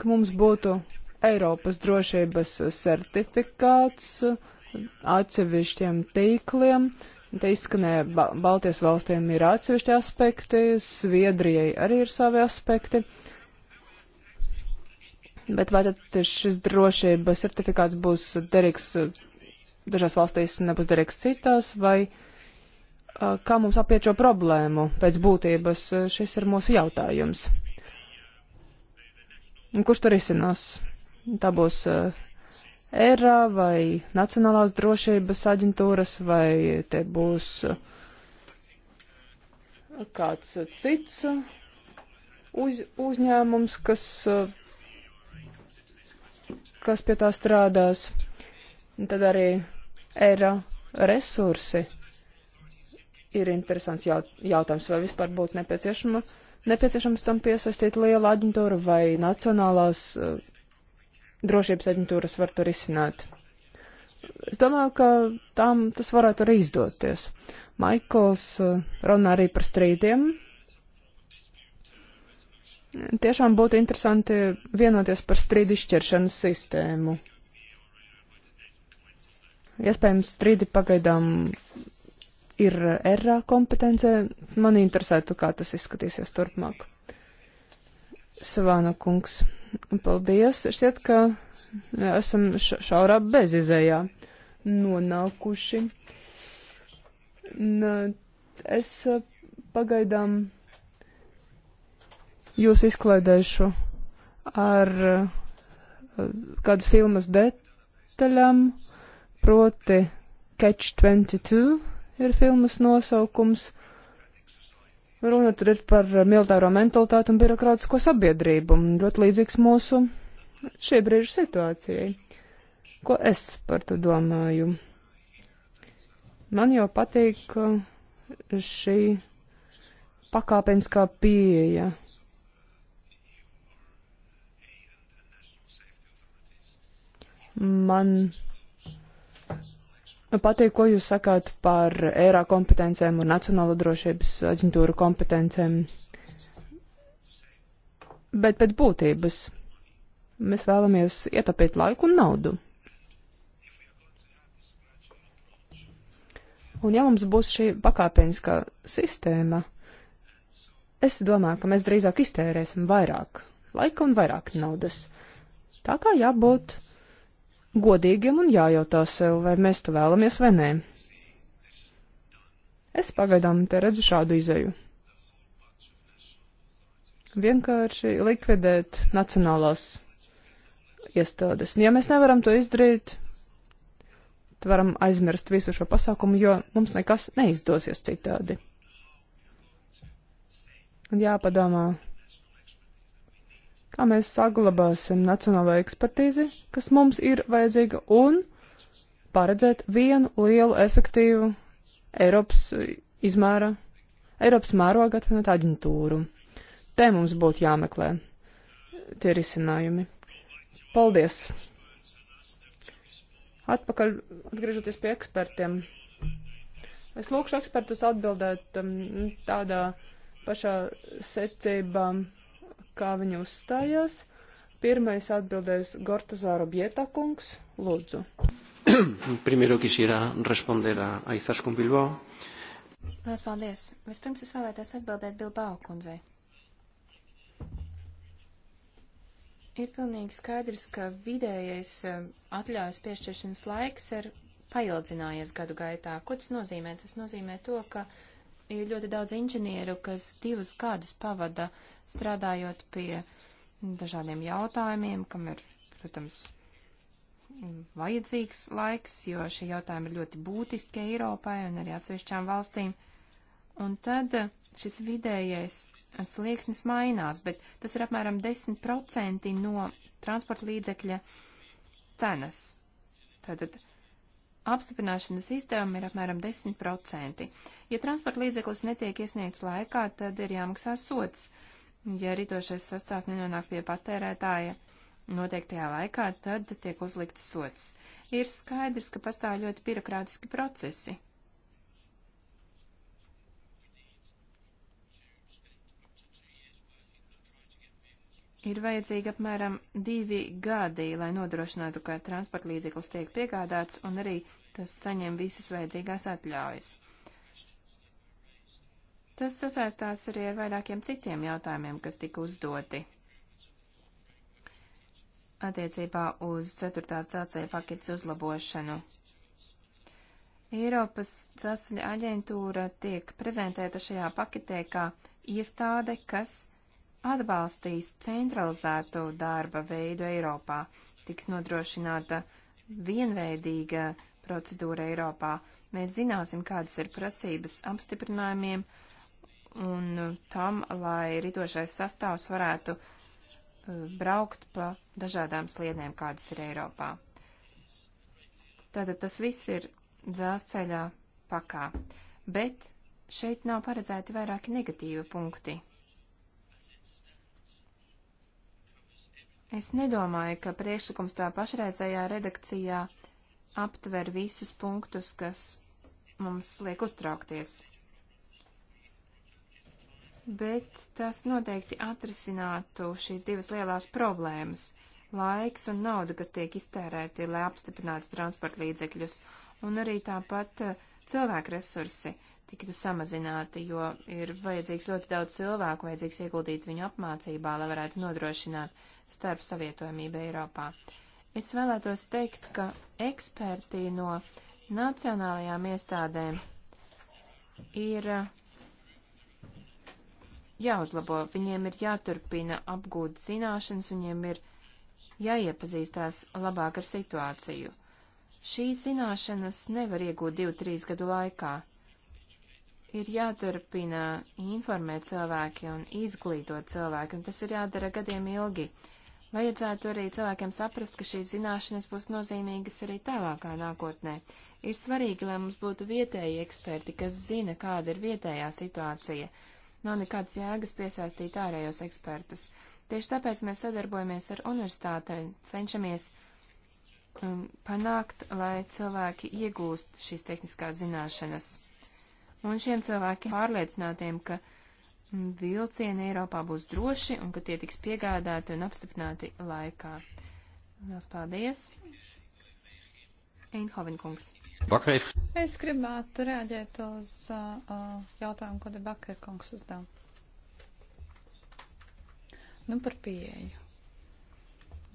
ka mums būtu Eiropas drošības certifikāts atsevišķiem tīkliem. Te izskanēja, ba Baltijas valstīm ir atsevišķi aspekti, Sviedrijai arī ir savi aspekti. Bet vai tad šis drošības certifikāts būs derīgs dažās valstīs, nebūs derīgs citās, vai uh, kā mums apiet šo problēmu pēc būtības, šis ir mūsu jautājums. Kurš tur izsinās? Tā būs ERA vai Nacionālās drošības aģentūras vai te būs kāds cits uz, uzņēmums, kas, kas pie tā strādās. Un tad arī ERA resursi ir interesants jaut jautājums, vai vispār būtu nepieciešama, nepieciešams tam piesaistīt liela aģentūra vai nacionālās uh, drošības aģentūras var to risināt. Es domāju, ka tam tas varētu arī izdoties. Maikls uh, runā arī par strīdiem. Tiešām būtu interesanti vienoties par strīdu izšķiršanas sistēmu. Iespējams, strīdi pagaidām ir ERA kompetencē. Man interesētu, kā tas izskatīsies turpmāk. Savāna kungs, paldies. Šķiet, ka esam šaurā bezizējā nonākuši. Un es eh, pagaidām jūs izklaidēšu ar eh, kādas filmas detaļām, proti Catch 22 ir filmas nosaukums. Runa tur ir par eh, militāro mentalitāti un birokrātisko sabiedrību, ļoti līdzīgs mūsu šī brīža situācijai. Ko es par to domāju? Man jau patīk eh, šī pakāpeniskā pieeja man Nu, Patīk, ko jūs sakāt par ERA kompetencēm un Nacionālo drošības aģentūru kompetencēm. Bet pēc būtības mēs vēlamies ietapīt laiku un naudu. Un ja mums būs šī pakāpeniskā sistēma, es domāju, ka mēs drīzāk iztērēsim vairāk laika un vairāk naudas. Tā kā jābūt. Ja godīgiem un jājautā sev, vai mēs to vēlamies vai nē. Es pagaidām te redzu šādu izeju. Vienkārši likvidēt nacionālās iestādes. Ja mēs nevaram to izdarīt, tad varam aizmirst visu šo pasākumu, jo mums nekas neizdosies citādi. Un jāpadomā, kā mēs saglabāsim nacionālo ekspertīzi, kas mums ir vajadzīga, un paredzēt vienu lielu efektīvu Eiropas izmēra, Eiropas mēroga atvinot aģentūru. Te mums būtu jāmeklē tie risinājumi. Paldies! Atpakaļ atgriežoties pie ekspertiem. Es lūkšu ekspertus atbildēt um, tādā pašā secībā. Um, kā viņi uzstājās. Pirmais atbildēs Gortazāra Bietakungs. Lūdzu. [coughs] Primero quisiera responder a Aizaskun Bilbao. Lielas paldies. Vispirms es vēlētos atbildēt Bilbao kundzei. Ir pilnīgi skaidrs, ka vidējais eh, atļaujas piešķiršanas laiks ir paildzinājies gadu gaitā. Ko tas nozīmē? Tas nozīmē to, ka ir ļoti daudz inženieru, kas divus gadus pavada strādājot pie dažādiem jautājumiem, kam ir, protams, vajadzīgs laiks, jo šie jautājumi ir ļoti būtiski Eiropai un arī atsevišķām valstīm. Un tad šis vidējais slieksnis mainās, bet tas ir apmēram 10% no transporta līdzekļa cenas. Tātad apstiprināšanas izdevumi ir apmēram 10%. Ja transporta līdzeklis netiek iesniegts laikā, tad ir jāmaksā sots. Ja rītošais sastāvs nenonāk pie patērētāja noteiktajā laikā, tad tiek uzlikts sots. Ir skaidrs, ka pastāv ļoti birokrātiski procesi. ir vajadzīgi apmēram divi gadi, lai nodrošinātu, ka transporta līdzeklis tiek piegādāts un arī tas saņem visas vajadzīgās atļaujas. Tas sasaistās arī ar vairākiem citiem jautājumiem, kas tika uzdoti. Attiecībā uz 4. dzelzceļa paketes uzlabošanu. Eiropas dzelzceļa aģentūra tiek prezentēta šajā paketē kā iestāde, kas atbalstīs centralizēto darba veidu Eiropā, tiks nodrošināta vienveidīga procedūra Eiropā. Mēs zināsim, kādas ir prasības apstiprinājumiem un tam, lai ritošais sastāvs varētu uh, braukt pa dažādām sliedēm, kādas ir Eiropā. Tātad tas viss ir dzelzceļā pakā, bet šeit nav paredzēti vairāki negatīvi punkti. Es nedomāju, ka priekšlikums tā pašreizējā redakcijā aptver visus punktus, kas mums liek uztraukties. Bet tas noteikti atrisinātu šīs divas lielās problēmas - laiks un nauda, kas tiek iztērēti, lai apstiprinātu transporta līdzekļus, un arī tāpat eh, cilvēku resursi tiktu samazināti, jo ir vajadzīgs ļoti daudz cilvēku, vajadzīgs ieguldīt viņu apmācībā, lai varētu nodrošināt starp savietojamību Eiropā. Es vēlētos teikt, ka eksperti no nacionālajām iestādēm ir uh, jāuzlabo, viņiem ir jāturpina apgūt zināšanas, viņiem ir jāiepazīstās labāk ar situāciju. Šīs zināšanas nevar iegūt divu, trīs gadu laikā ir jāturpina informēt cilvēki un izglītot cilvēki, un tas ir jādara gadiem ilgi. Vajadzētu arī cilvēkiem saprast, ka šīs zināšanas būs nozīmīgas arī tālākā nākotnē. Ir svarīgi, lai mums būtu vietēji eksperti, kas zina, kāda ir vietējā situācija. Nav nekāds jēgas piesaistīt ārējos ekspertus. Tieši tāpēc mēs sadarbojamies ar universitātēm, cenšamies um, panākt, lai cilvēki iegūst šīs tehniskās zināšanas un šiem cilvēkiem pārliecinātiem, ka vilcieni Eiropā būs droši un ka tie tiks piegādāti un apstiprināti laikā. Lielas paldies! Einhovenkungs. Bakarīf. Es gribētu reaģēt uz uh, uh jautājumu, ko te Bakarkungs uzdev. Nu, par pieeju.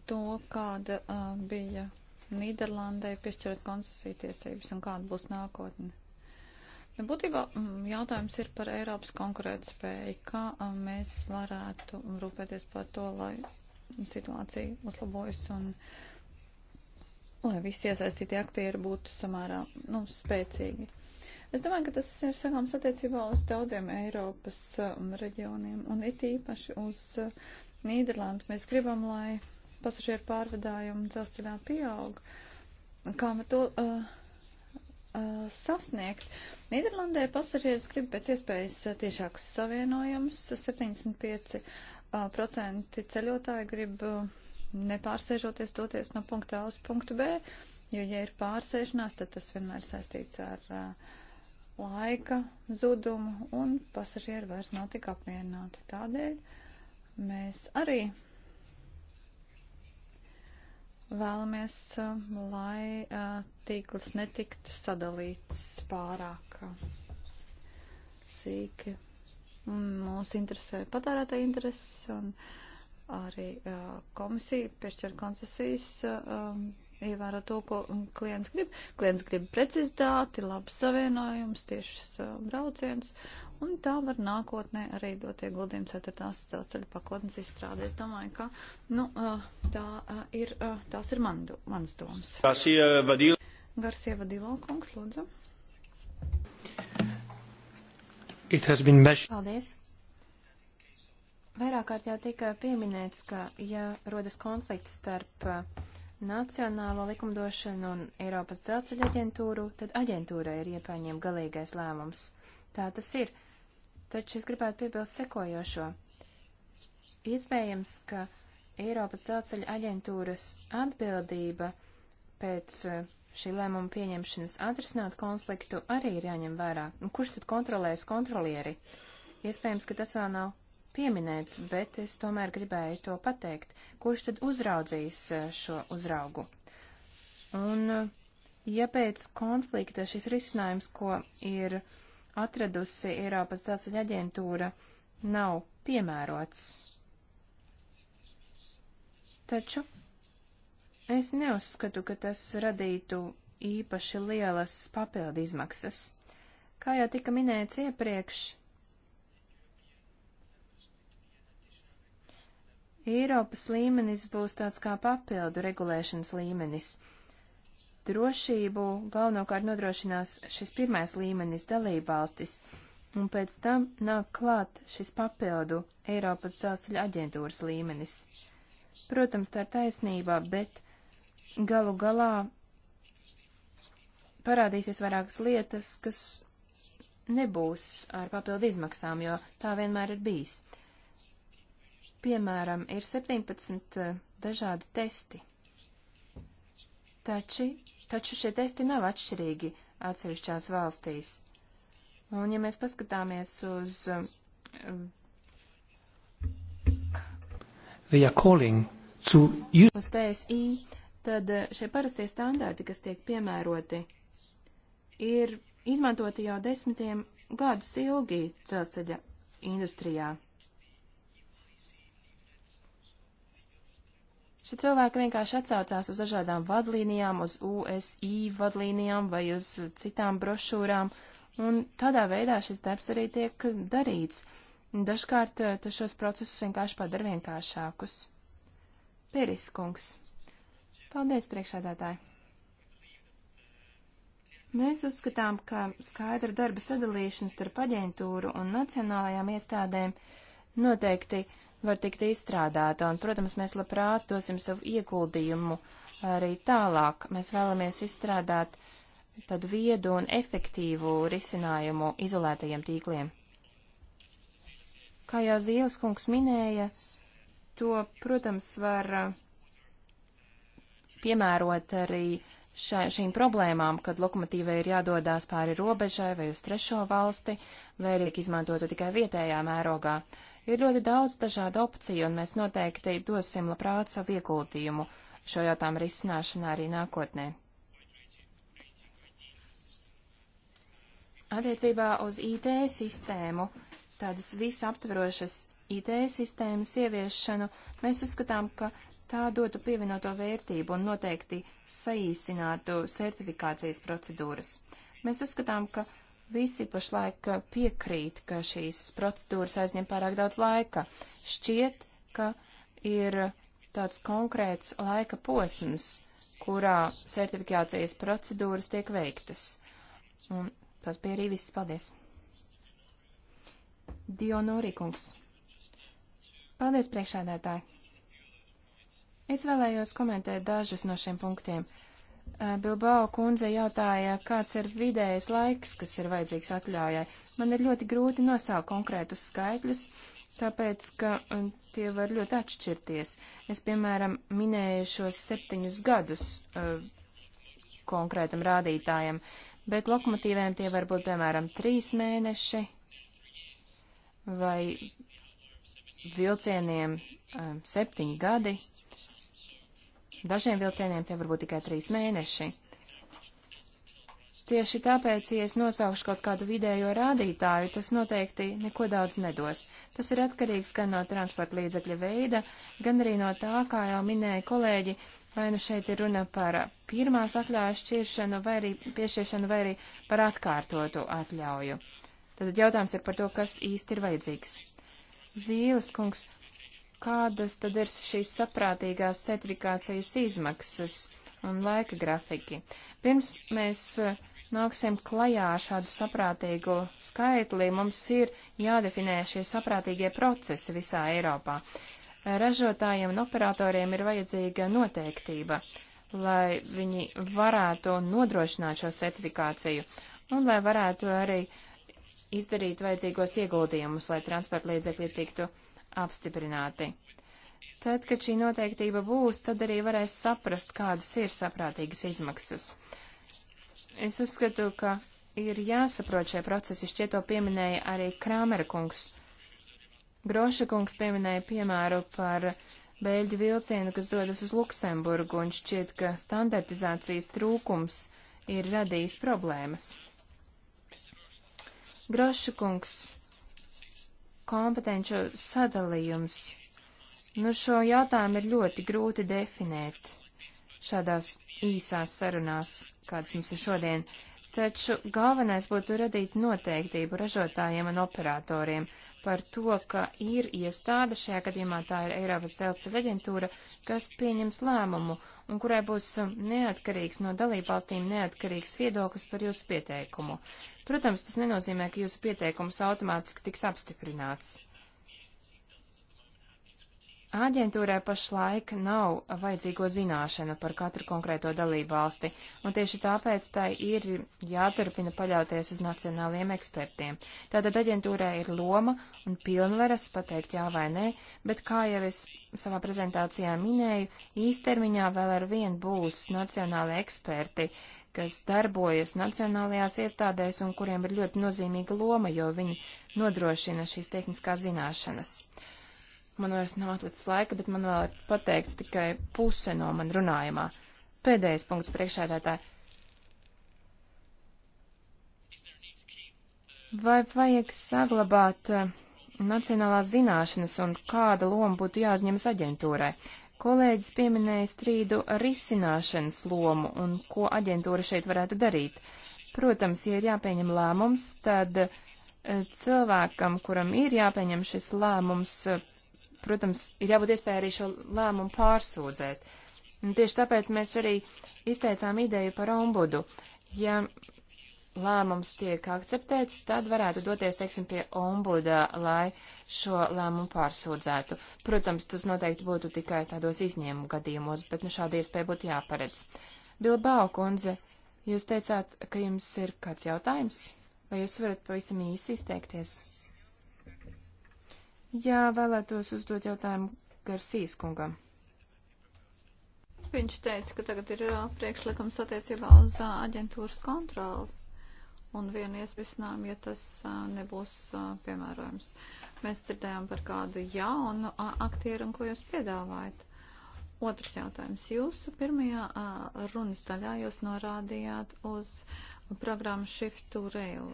To, kāda uh, bija Nīderlandē piešķirot koncesiju tiesības un kāda būs nākotne. Nu, būtībā mm, jautājums ir par Eiropas konkurētspēju. Kā mēs varētu rūpēties par to, lai situācija uzlabojas un lai visi iesaistītie aktieri būtu samērā nu, spēcīgi. Es domāju, ka tas ir sakāms attiecībā uz daudziem Eiropas um, reģioniem un it īpaši uz uh, Nīderlandu. Mēs gribam, lai pasažieru pārvadājumu dzelzceļā pieaug. Kā mēs to. Uh, uh, sasniegt. Nīderlandē pasažieris grib pēc iespējas uh, tiešākus savienojumus. 75% uh, ceļotāji grib uh, nepārsēžoties doties no punkta A uz punktu B, jo, ja ir pārsēšanās, tad tas vienmēr saistīts ar uh, laika zudumu un pasažieri vairs nav tik apmierināti. Tādēļ mēs arī Vēlamies, eh, lai eh, tīkls netiktu sadalīts pārāk eh, sīki. Mūs interesē patērētā intereses un arī komisija piešķir koncesijas, ievēro to, ko klients grib. Klients grib precizitāti, labs savienojums, tiešas brauciens. Uh, un tā var nākotnē arī dot ieguldījumu ceturtās dzelzceļa pakotnes izstrādē. Es domāju, ka nu, eh, tā eh, ir, eh, tās ir man, mans domas. Garsie Vadilo kungs, lūdzu. Paldies. Vairākārt jau tika pieminēts, ka ja rodas konflikts starp nacionālo likumdošanu un Eiropas dzelzceļa aģentūru, tad aģentūrai ir jāpieņem galīgais lēmums. Tā tas ir taču es gribētu piebilst sekojošo. Iespējams, ka Eiropas dzelzceļa aģentūras atbildība pēc eh, šī lēmuma pieņemšanas atrisināt konfliktu arī ir jāņem vērā. Un nu, kurš tad kontrolēs kontrolieri? Iespējams, ka tas vēl nav pieminēts, bet es tomēr gribēju to pateikt. Kurš tad uzraudzīs eh, šo uzraugu? Un eh, ja pēc konflikta šis risinājums, ko ir uh, atradusi Eiropas dzelzceļa aģentūra, nav piemērots. Taču es neuzskatu, ka tas radītu īpaši lielas papildu izmaksas. Kā jau tika minēts iepriekš, Eiropas līmenis būs tāds kā papildu regulēšanas līmenis. Drošību galvenokārt nodrošinās šis pirmais līmenis dalībvalstis, un pēc tam nāk klāt šis papildu Eiropas dzelzceļa aģentūras līmenis. Protams, tā ir taisnība, bet galu galā parādīsies vairākas lietas, kas nebūs ar papildu izmaksām, jo tā vienmēr ir bijis. Piemēram, ir 17 eh, dažādi testi. Tači Taču šie testi nav atšķirīgi atsevišķās valstīs. Un ja mēs paskatāmies uz. Um, uz TSI, tad uh, šie parastie standarti, kas tiek piemēroti, ir izmantoti jau desmitiem gadus ilgi dzelzceļa industrijā. Šie cilvēki vienkārši atsaucās uz dažādām vadlīnijām, uz USI vadlīnijām vai uz citām brošūrām, un tādā veidā šis darbs arī tiek darīts. Dažkārt eh, tas šos procesus vienkārši padara vienkāršākus. Pēris kungs. Paldies, priekšādātāji. Mēs uzskatām, ka skaidra darba sadalīšana starp aģentūru un nacionālajām iestādēm noteikti uh, var tikt izstrādāta, un, protams, mēs labprāt dosim savu ieguldījumu arī tālāk. Mēs vēlamies izstrādāt tādu viedu un efektīvu risinājumu izolētajiem tīkliem. Kā jau Zīles kungs minēja, to, protams, var uh, piemērot arī šai, šīm problēmām, kad lokomotīvai ir jādodās pāri robežai vai uz trešo valsti, vai ir izmantota tikai vietējā mērogā. Ir ļoti daudz dažādu opciju, un mēs noteikti dosim labprāt savu ieguldījumu šo jautājumu risināšanā arī nākotnē. Attiecībā uz IT sistēmu, tādas visaptverošas IT sistēmas ieviešanu, mēs uzskatām, ka tā dotu pievienoto vērtību un noteikti saīsinātu sertifikācijas procedūras. Mēs uzskatām, ka Visi pašlaik uh, piekrīt, ka šīs procedūras aizņem pārāk daudz laika. Šķiet, ka ir tāds konkrēts laika posms, kurā certifikācijas procedūras tiek veiktas. Un tas bija arī viss. Paldies! Dionorīkungs. Paldies, priekšādētāji! Es vēlējos komentēt dažus no šiem punktiem. Eh, Bilbao kundze jautāja, kāds ir vidējais laiks, kas ir vajadzīgs atļaujai. Man ir ļoti grūti nosaukt konkrētus skaitļus, tāpēc, ka eh, tie var ļoti atšķirties. Es, piemēram, minēju šos septiņus gadus uh, konkrētam rādītājam, bet lokomotīvēm tie var būt, piemēram, trīs mēneši vai vilcieniem uh, septiņi gadi. Dažiem vilcieniem tie var būt tikai trīs mēneši. Tieši tāpēc, ja es nosaukšu kaut kādu vidējo rādītāju, tas noteikti neko daudz nedos. Tas ir atkarīgs gan no transporta līdzekļa veida, gan arī no tā, kā jau minēja kolēģi, vai nu šeit ir runa par pirmās atļaujas šķiršanu, vai arī piešķiršanu, vai arī par atkārtotu atļauju. Tad jautājums ir par to, kas īsti ir vajadzīgs. Zīles kungs, kādas tad ir šīs saprātīgās certifikācijas izmaksas un laika grafiki. Pirms mēs eh, nāksim klajā ar šādu saprātīgu skaitli, mums ir jādefinē šie saprātīgie procesi visā Eiropā. Ražotājiem un operatoriem ir vajadzīga noteiktība, lai viņi varētu nodrošināt šo certifikāciju un lai varētu arī izdarīt vajadzīgos ieguldījumus, lai transporta līdzekļi tiktu uh, apstiprināti. Tad, kad šī noteiktība būs, tad arī varēs saprast, kādas ir saprātīgas izmaksas. Es uzskatu, ka ir jāsaprot šie procesi, šķiet to pieminēja arī Krāmera kungs. Groša kungs pieminēja piemēru par bēļu vilcienu, kas dodas uz Luksemburgu, un šķiet, ka standartizācijas trūkums ir radījis problēmas. Groša kungs kompetenču sadalījums. Nu, šo jautājumu ir ļoti grūti definēt šādās īsās sarunās, kādas mums ir šodien. Uh, Taču galvenais būtu radīt noteiktību ražotājiem un operatoriem par to, ka ir iestāde, šajā gadījumā tā ir Eiropas dzelzceļa aģentūra, kas pieņems lēmumu un kurai būs neatkarīgs no dalībvalstīm neatkarīgs viedoklis par jūsu pieteikumu. Protams, tas nenozīmē, ka jūsu pieteikums automātiski tiks apstiprināts. Aģentūrai pašlaik nav vajadzīgo zināšana par katru konkrēto dalību valsti, un tieši tāpēc tai ir jāturpina paļauties uz nacionāliem ekspertiem. Tātad aģentūrai ir loma un pilnvaras pateikt jā vai nē, bet kā jau es savā prezentācijā minēju, īstermiņā vēl ar vien būs nacionāli eksperti, kas darbojas nacionālajās iestādēs un kuriem ir ļoti nozīmīga loma, jo viņi nodrošina šīs tehniskās zināšanas. Uh, Man vairs nav atlicis laika, bet man vēl ir pateikts tikai puse no man runājumā. Pēdējais punkts priekšēdētāji. Vai vajag saglabāt eh, nacionālās zināšanas un kāda loma būtu jāuzņemas aģentūrai? Kolēģis pieminēja strīdu risināšanas lomu un ko aģentūra šeit varētu darīt. Protams, ja ir jāpieņem lēmums, tad eh, cilvēkam, kuram ir jāpieņem šis lēmums, protams, ir jābūt iespēja arī šo lēmumu pārsūdzēt. Un tieši tāpēc mēs arī izteicām ideju par ombudu. Ja lēmums tiek akceptēts, tad varētu doties, teiksim, pie ombuda, lai šo lēmumu pārsūdzētu. Protams, tas noteikti būtu tikai tādos izņēmumu gadījumos, bet nu šāda iespēja būtu jāparedz. Bilbao kundze, jūs teicāt, ka jums ir kāds jautājums, vai jūs varat pavisam īsi izteikties? Jā, vēlētos uzdot jautājumu Garsīs kungam. Viņš teica, ka tagad ir priekšlikums attiecībā uz aģentūras kontroli un viena iespēcinām, ja tas nebūs piemērojams. Mēs dzirdējām par kādu jaunu aktieru un ko jūs piedāvājat. Otrs jautājums. Jūsu pirmajā runas daļā jūs norādījāt uz programmu Shift to Rail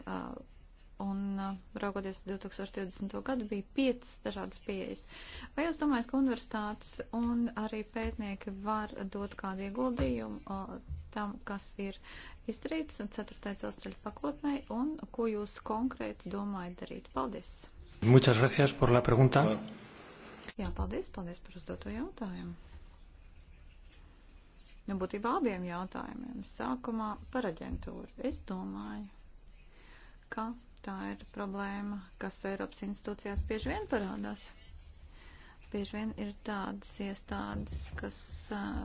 un raugoties 2020. gadu bija piecas dažādas pieejas. Vai jūs domājat, ka universitātes un arī pētnieki var dot kādu ieguldījumu tam, kas ir izdarīts ceturtajā dzelzceļa pakotnē un ko jūs konkrēti domājat darīt? Paldies! Muchas gracias por la pregunta. Jā, paldies, paldies par uzdoto jautājumu. Nu, būtībā abiem jautājumiem. Sākumā par aģentūru. Es domāju, ka Tā ir problēma, kas Eiropas institūcijās bieži vien parādās. Bieži vien ir tādas iestādes, kas uh,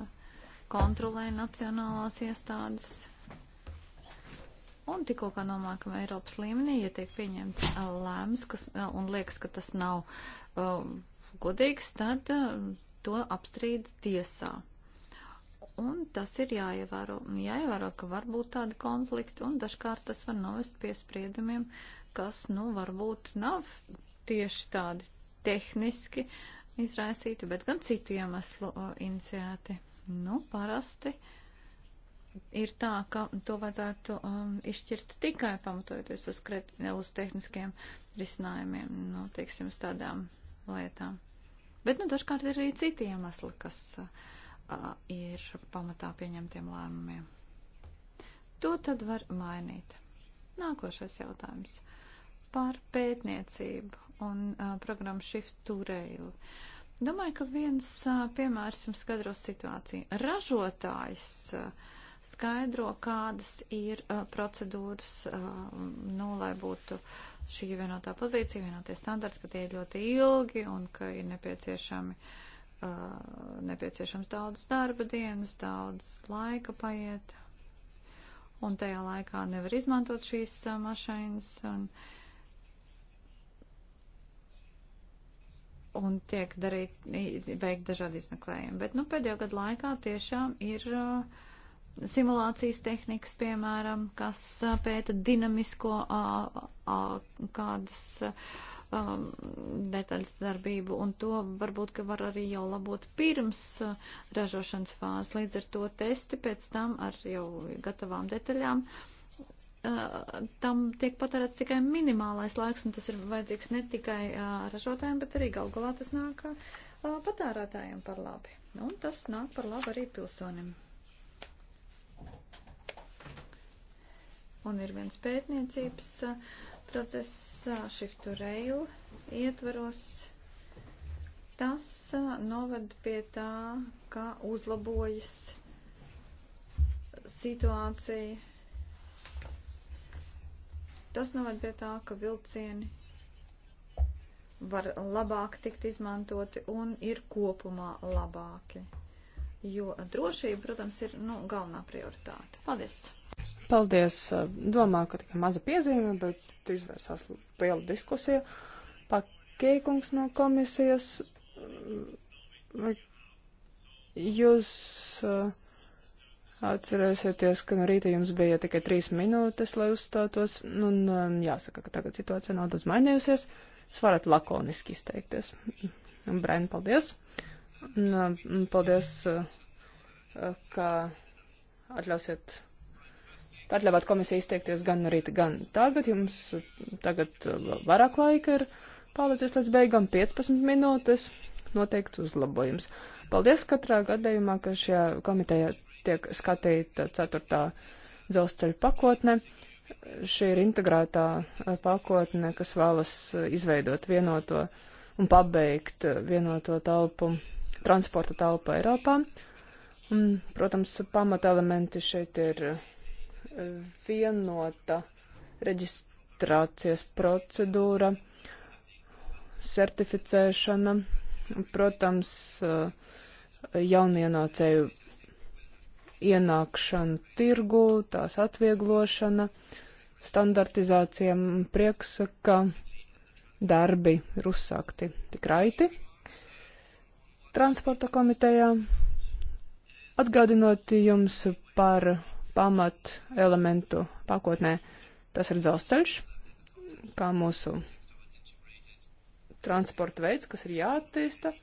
kontrolē nacionālās iestādes. Un tikko kā nomākam Eiropas līmenī, ja tiek pieņemts uh, lēms kas, uh, un liekas, ka tas nav um, godīgs, tad uh, to apstrīd tiesā un tas ir jāievēro. Jāievēro, ka var būt tādi konflikti, un dažkārt tas var novest pie spriedumiem, kas, nu, varbūt nav tieši tādi tehniski izraisīti, bet gan citu iemeslu iniciēti. Nu, parasti ir tā, ka to vajadzētu um, izšķirt tikai pamatojoties uz, kret, uz tehniskiem risinājumiem, nu, teiksim, uz tādām lietām. Bet, nu, dažkārt ir arī citi iemesli, kas uh, ir pamatā pieņemtiem lēmumiem. To tad var mainīt. Nākošais jautājums par pētniecību un uh, programmu Shift to Rail. Domāju, ka viens uh, piemērs jums skaidro situāciju. Ražotājs uh, skaidro, kādas ir uh, procedūras, uh, nu, lai būtu šī vienotā pozīcija, vienotie standarti, ka tie ir ļoti ilgi un ka ir nepieciešami uh, uh, nepieciešams daudz darba dienas, daudz laika paiet, un tajā laikā nevar izmantot šīs uh, mašīnas, un, un tiek darīt, veikt dažādi izmeklējumi. Bet, nu, pēdējo gadu laikā tiešām ir uh, simulācijas tehnikas, piemēram, kas uh, pēta dinamisko, a, uh, a, uh, kādas. A, um, detaļas darbību, un to varbūt, ka var arī jau labot pirms uh, ražošanas fāzes. Līdz ar to testi pēc tam ar jau gatavām detaļām. Uh, tam tiek patērēts tikai minimālais laiks, un tas ir vajadzīgs ne tikai uh, ražotājiem, bet arī gal galā tas nāk uh, patērētājiem par labi. Un tas nāk par labu arī pilsonim. Un ir viens pētniecības. Uh, procesā Shift to Rail ietvaros. Tas noved pie tā, kā uzlabojas situācija. Tas noved pie tā, ka vilcieni var labāk tikt izmantoti un ir kopumā labāki jo drošība, protams, ir nu, galvenā prioritāte. Paldies! Paldies! Domāju, ka tikai maza piezīme, bet izvērsās liela diskusija. Pakeikungs no komisijas. Jūs uh, atcerēsieties, ka no rīta jums bija tikai trīs minūtes, lai uzstātos, nu, un um, jāsaka, ka tagad situācija nav daudz mainījusies. Jūs varat lakoniski izteikties. Brain, paldies! Un, paldies, eh, ka atļausiet atļāvāt komisiju izteikties gan rīt, gan tagad. Jums tagad eh, vairāk laika ir palicis līdz beigām 15 minūtes. Noteikts uzlabojums. Paldies katrā gadījumā, ka šajā komitejā tiek skatīta ceturtā dzelzceļa pakotne. Šī ir integrētā eh, pakotne, kas vēlas izveidot vienoto. No un pabeigt vienoto telpu, transporta telpu Eiropā. Un, protams, pamatelementi šeit ir eh, vienota reģistrācijas procedūra, certificēšana, protams, eh, jaunienācēju ienākšana tirgu, tās atvieglošana, standartizācijām prieks, ka darbi ir uzsākti tik raiti transporta komitejā, atgādinot jums par pamat elementu pakotnē. Tas ir dzelzceļš, kā mūsu transporta veids, kas ir jāattīsta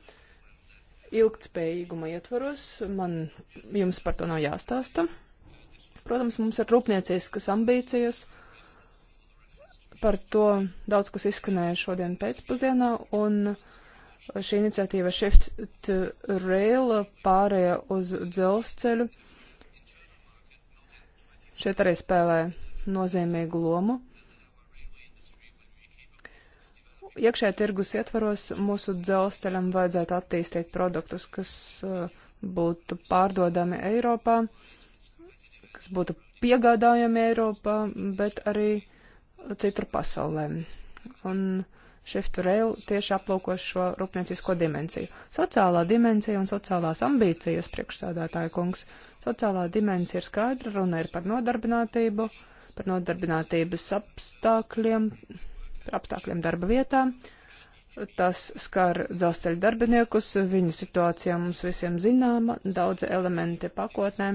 ilgtspējīguma ietvaros. Man jums par to nav jāstāsta. Protams, mums ir rūpnieciskas ambīcijas Par to daudz kas izskanēja šodien pēcpusdienā, un šī iniciatīva Shift to Rail pārēja uz dzelzceļu šeit arī spēlē nozīmīgu lomu. Iekšē tirgus ietvaros mūsu dzelzceļam vajadzētu attīstīt produktus, kas uh, būtu pārdodami Eiropā, kas būtu piegādājami Eiropā, bet arī citur pasaulē. Un Shift Rail tieši aplūko šo rūpniecisko dimensiju. Sociālā dimensija un sociālās ambīcijas priekšsādātāja kungs. Sociālā dimensija ir skaidra, runa ir par nodarbinātību, par nodarbinātības apstākļiem, par apstākļiem darba vietā. Tas skar dzelzceļa darbiniekus, viņu situācija mums visiem zināma, daudzi elementi pakotnē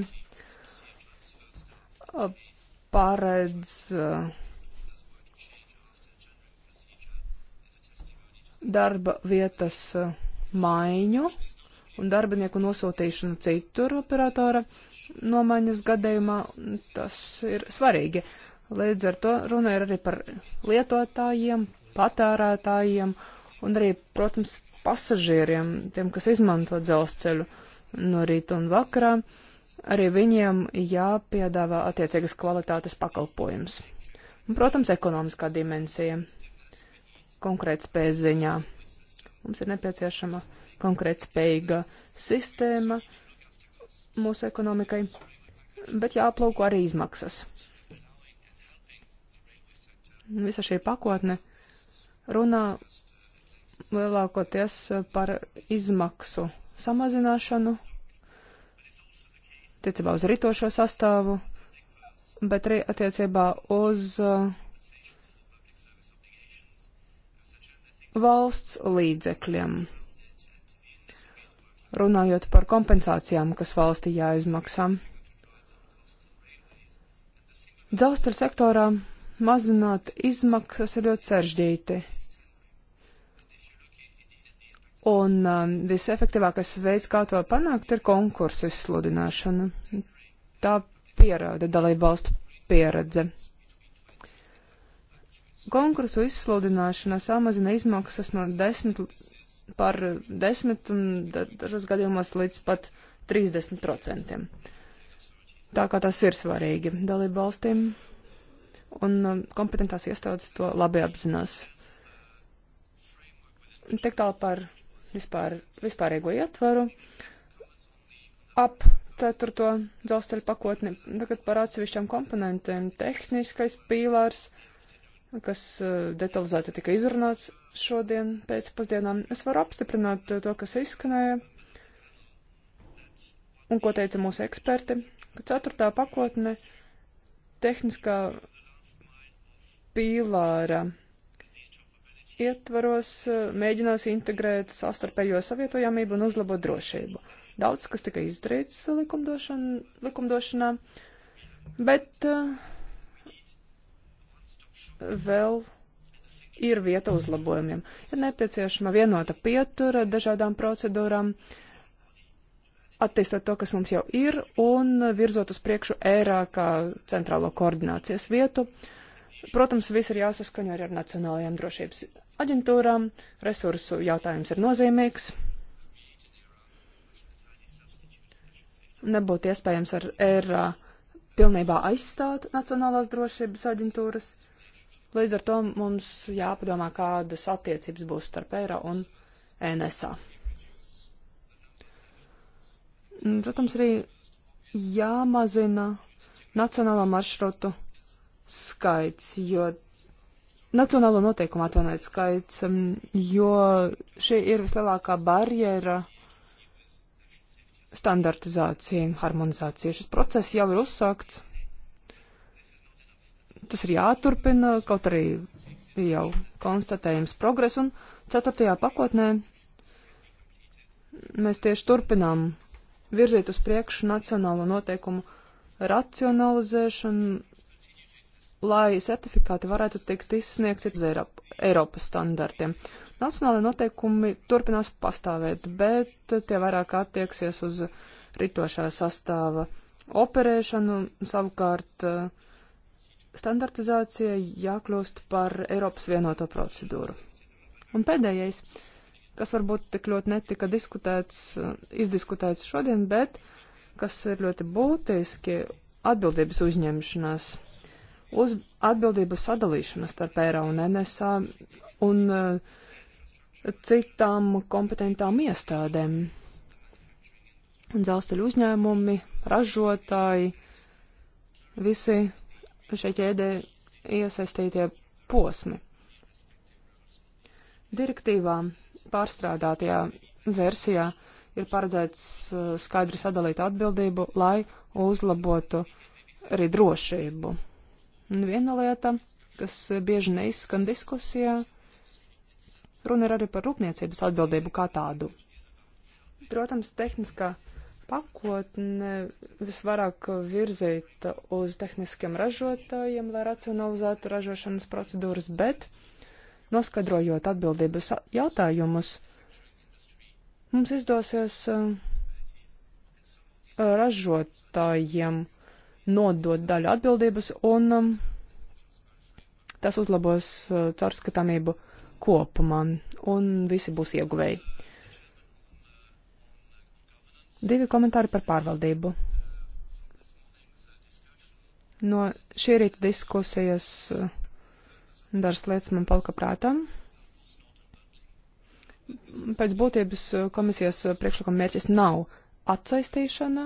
paredz uh, darba vietas e, maiņu un darbinieku nosūtīšanu citur operatora nomaiņas gadījumā. Tas ir svarīgi. Līdz ar to runa ir arī par lietotājiem, patērētājiem un arī, protams, pasažieriem, tiem, kas izmanto dzelzceļu no rīta un vakarā. Arī viņiem jāpiedāvā attiecīgas kvalitātes pakalpojums. Un, protams, ekonomiskā dimensija konkrētspēja ziņā. Mums ir nepieciešama konkrētspējīga sistēma mūsu ekonomikai, bet jāaplūko arī izmaksas. Visa šī pakotne runā lielākoties par izmaksu samazināšanu, tiecībā uz ritošo sastāvu, bet arī attiecībā uz uh, valsts līdzekļiem. Runājot par kompensācijām, kas valstī jāizmaksā. Dzelzceļa sektorā mazināt izmaksas ir ļoti sarežģīti. Un um, visefektīvākais veids, kā to panākt, ir konkursu izsludināšana. Tā pierāda dalībvalstu pieredze. Konkursu izsludināšana samazina izmaksas no 10 par 10 un dažos gadījumos līdz pat 30%. Tā kā tas ir svarīgi dalību valstīm, un um, kompetentās iestādes to labi apzinās. Tik tālu par vispār, vispārīgo ietvaru. Ap ceturto dzelzceļa pakotni, tagad par atsevišķām komponentiem - tehniskais pīlārs kas eh, detalizēti tika izrunāts šodien pēcpusdienām. Es varu apstiprināt eh, to, kas izskanēja un ko teica mūsu eksperti, ka ceturtā pakotne tehniskā pīlāra ietvaros eh, mēģinās integrēt sastarpējo savietojamību un uzlabot drošību. Daudz, kas tika izdarīts likumdošanā, bet uh, vēl ir vieta uzlabojumiem. Ir nepieciešama vienota pietura dažādām procedūrām, attīstot to, kas mums jau ir, un virzot uz priekšu ērā kā centrālo koordinācijas vietu. Protams, viss ir jāsaskaņo arī ar nacionālajām drošības aģentūrām. Resursu jautājums ir nozīmīgs. Nebūtu iespējams ar ērā pilnībā aizstāt Nacionālās drošības aģentūras. Uh, Līdz ar to mums jāpadomā, kādas attiecības būs starp eiro un NSA. Protams, arī jāmazina nacionālo maršrutu skaits, jo nacionālo noteikumu atvainojiet skaits, um, jo šī ir vislielākā barjera standartizācija un harmonizācija. Šis process jau ir uzsākts. Tas ir jāturpina, kaut arī jau konstatējams progres, un ceturtajā pakotnē mēs tieši turpinām virzīt uz priekšu nacionālo noteikumu racionalizēšanu, lai certifikāti varētu tikt izsniegti uz Eiropa, Eiropas standartiem. Nacionālajie noteikumi turpinās pastāvēt, bet tie vairāk attieksies uz ritošā sastāva operēšanu, savukārt uh, standartizācija jākļūst par Eiropas vienoto procedūru. Un pēdējais, kas varbūt tik ļoti netika diskutēts, izdiskutēts šodien, bet kas ir ļoti būtiski, atbildības uzņemšanās, uz atbildības sadalīšanas starp ERA un NSA un eh, citām kompetentām iestādēm. Dzelzceļu uzņēmumi, ražotāji, visi šai ķēdē iesaistītie posmi. Direktīvā pārstrādātajā versijā ir paredzēts uh, skaidri sadalīt atbildību, lai uzlabotu arī drošību. Un viena lieta, kas bieži neizskan diskusijā, runa ir arī par rūpniecības atbildību kā tādu. Protams, tehniskā pakotne visvairāk virzīta uz tehniskiem ražotājiem, lai racionalizētu ražošanas procedūras, bet noskaidrojot atbildības jautājumus, mums izdosies uh, ražotājiem nodot daļu atbildības un um, tas uzlabos uh, caurskatāmību kopumā un visi būs ieguvēji. Divi komentāri par pārvaldību. No šī rīta diskusijas eh, dažas lietas man palika prātām. Pēc būtības eh, komisijas eh, priekšlikuma mērķis nav atsaistīšana,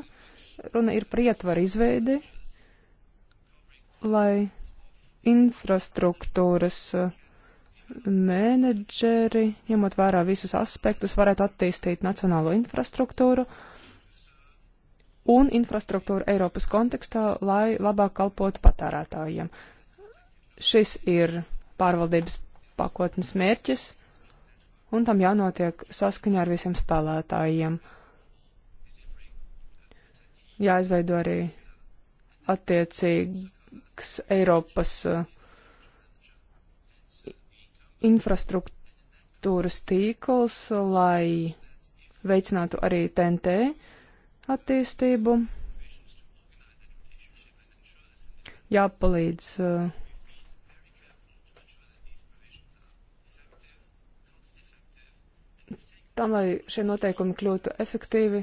runa ir par ietvaru izveidi, lai infrastruktūras menedžeri, ņemot vērā visus aspektus, varētu attīstīt nacionālo infrastruktūru. Uh, un infrastruktūru Eiropas kontekstā, lai labāk kalpotu patērētājiem. Šis ir pārvaldības pakotnes mērķis, un tam jānotiek saskaņā ar visiem spēlētājiem. Jāizveido arī attiecīgs Eiropas uh, infrastruktūras tīkls, lai veicinātu arī TNT uh, attīstību. Jāpalīdz uh, tam, lai šie noteikumi kļūtu efektīvi,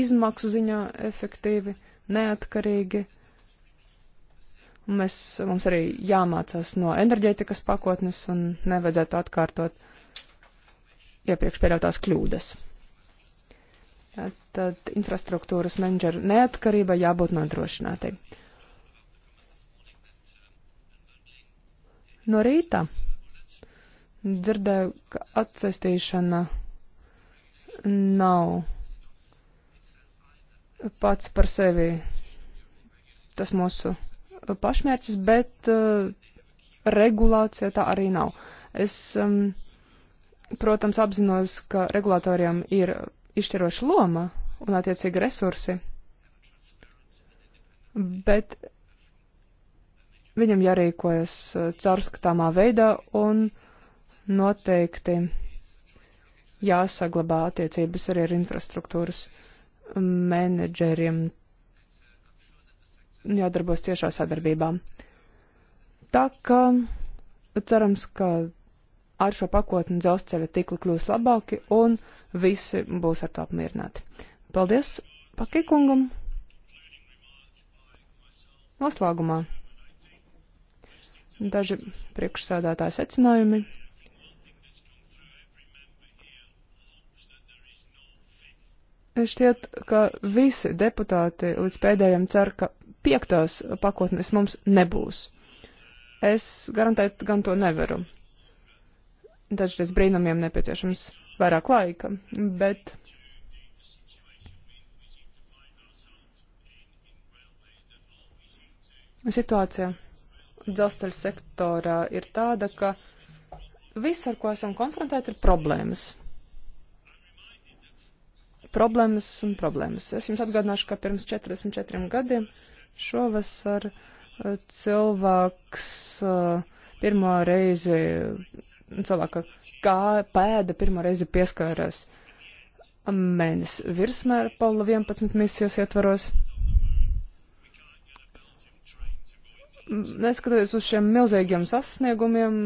izmaksu ziņā efektīvi, neatkarīgi. Mēs, mums arī jāmācās no enerģētikas pakotnes un nevajadzētu atkārtot iepriekš pieļautās kļūdas. Tad infrastruktūras menedžera neatkarība jābūt nodrošinātai. No rīta dzirdēju, ka atsaistīšana nav pats par sevi tas mūsu pašmērķis, bet uh, regulācija tā arī nav. Es, um, protams, apzinos, ka regulatoriem ir izšķiroša loma un attiecīgi resursi, bet viņam jārīkojas uh, caurskatāmā veidā un noteikti jāsaglabā attiecības arī ar infrastruktūras menedžeriem, jādarbos tiešā sadarbībā. Tā ka cerams, ka ar šo pakotni dzelzceļa tīkli kļūs labāki un visi būs ar to apmierināti. Paldies pakikungam! Noslēgumā daži priekšsēdētāji secinājumi. Šķiet, ka visi deputāti līdz pēdējiem cer, ka piektās pakotnes mums nebūs. Es garantēt gan to nevaru. Dažreiz brīnumiem nepieciešams vairāk laika, bet situācija dzelzceļa sektorā ir tāda, ka viss, ar ko esam konfrontēti, ir problēmas. Problēmas un problēmas. Es jums atgādināšu, ka pirms 44 gadiem šovasar eh, cilvēks eh, pirmo reizi cilvēka kā pēda pirmo reizi pieskārās mēnesis virsmē ar Paula 11 misijas ietvaros. Neskatoties uz šiem milzīgiem sasniegumiem,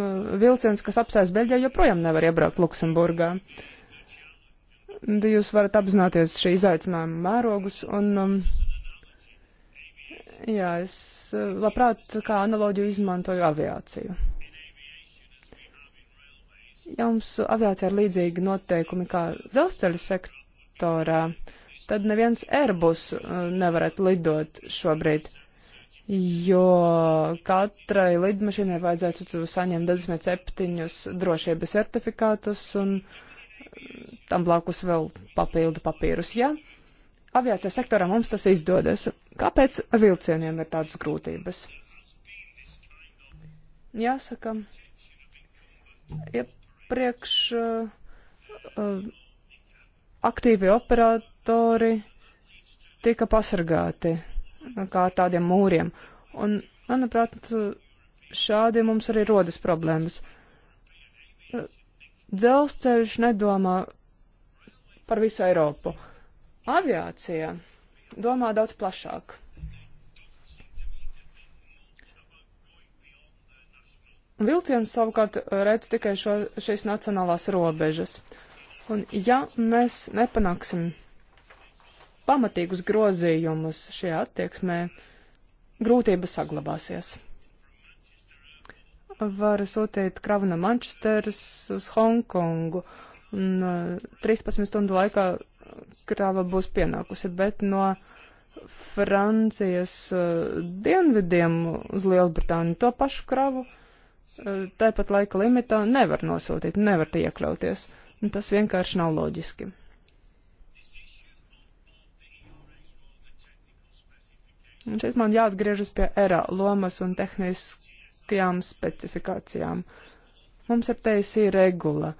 vilciens, kas apsēs Beļģijā, joprojām nevar iebraukt Luksemburgā. Jūs varat apzināties šī izaicinājuma mērogus un um, Jā, es uh, labprāt kā analoģiju izmantoju aviāciju jums aviācijā ir līdzīgi noteikumi kā dzelzceļa sektorā, tad neviens Airbus uh, nevarētu lidot šobrīd, jo katrai lidmašīnai vajadzētu saņemt 27 drošības certifikātus un uh, tam blakus vēl papildu papīrus, ja? Aviācijas sektorā mums tas izdodas. Kāpēc vilcieniem ir tādas grūtības? Jāsaka, jeb iepriekš eh, eh, aktīvi operatori tika pasargāti kā tādiem mūriem. Un, manuprāt, šādi mums arī rodas problēmas. Eh, dzelzceļš nedomā par visu Eiropu. Aviācija domā daudz plašāk. Vilciens savukārt eh, redz tikai šo, šīs nacionālās robežas. Un ja mēs nepanāksim pamatīgus grozījumus šajā attieksmē, grūtības saglabāsies. Var sūtīt kravu no Manchesteras uz Hongkongu, un 13 eh, stundu laikā krava būs pienākusi, bet no Francijas eh, dienvidiem uz Lielbritāniju to pašu kravu tāpat laika limitā nevar nosūtīt, nevar tie iekļauties. Un nu, tas vienkārši nav loģiski. Un šeit man jāatgriežas pie erā lomas un tehniskajām specifikācijām. Mums ir teisī regula,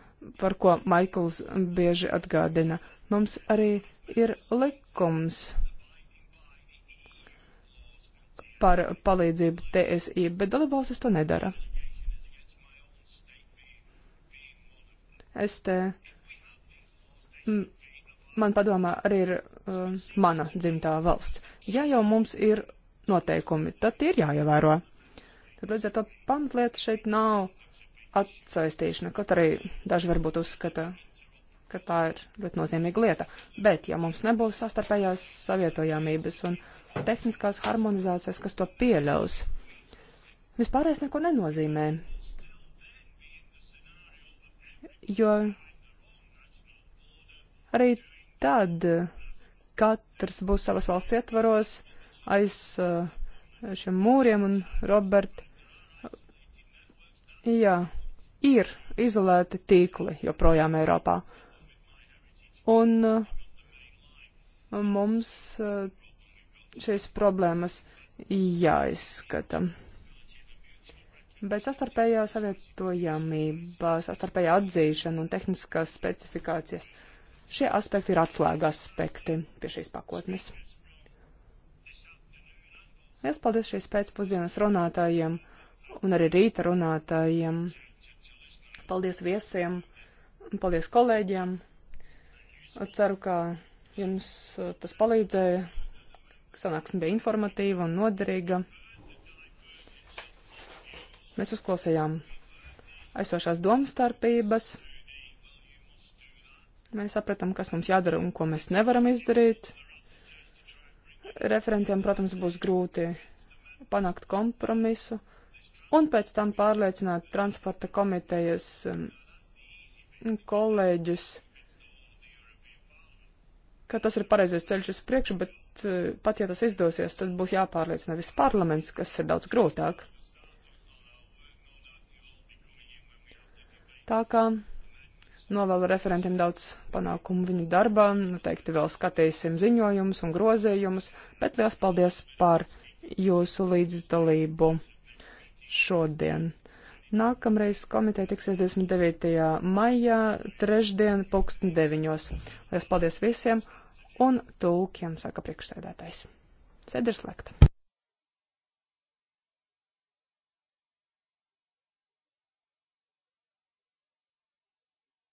par ko Maikls bieži atgādina. Mums arī ir likums par palīdzību TSI, bet dalībvalstis to nedara. Es te, man padomā, arī ir uh, mana dzimtā valsts. Ja jau mums ir noteikumi, tad tie ir jāievēro. Tad līdz ar to pamatlieta šeit nav atsaistīšana, kaut arī daži varbūt uzskata, ka tā ir ļoti nozīmīga lieta. Bet, ja mums nebūs sastarpējās savietojamības un tehniskās harmonizācijas, kas to pieļaus, vispārējais neko nenozīmē jo arī tad katrs būs savas valsts ietvaros aiz eh, šiem mūriem un Robert. Jā, ir izolēti tīkli joprojām Eiropā. Un eh, mums eh, šīs problēmas jāizskata. Bet sastarpējā savietojamība, sastarpējā atzīšana un tehniskās specifikācijas - šie aspekti ir atslēga aspekti pie šīs pakotnes. Es paldies šīs pēcpusdienas runātājiem un arī rīta runātājiem. Paldies viesiem un paldies kolēģiem. Ceru, ka jums tas palīdzēja. Sanāksme bija informatīva un noderīga. Mēs uzklausījām aizsošās domstarpības. Mēs sapratām, kas mums jādara un ko mēs nevaram izdarīt. Referentiem, protams, būs grūti panākt kompromisu un pēc tam pārliecināt transporta komitejas um, kolēģus, ka tas ir pareizais ceļš uz priekšu, bet uh, pat ja tas izdosies, tad būs jāpārliecina viss parlaments, kas ir daudz grūtāk. Tā kā novēlu referentiem daudz panākumu viņu darbā, noteikti vēl skatīsim ziņojumus un grozējumus, bet liels paldies par jūsu līdzdalību šodien. Nākamreiz komiteja tiksies 29. maijā, trešdien, pulksten deviņos. Liels paldies visiem un tulkiem, saka priekšsēdētājs. Sēders slēgta.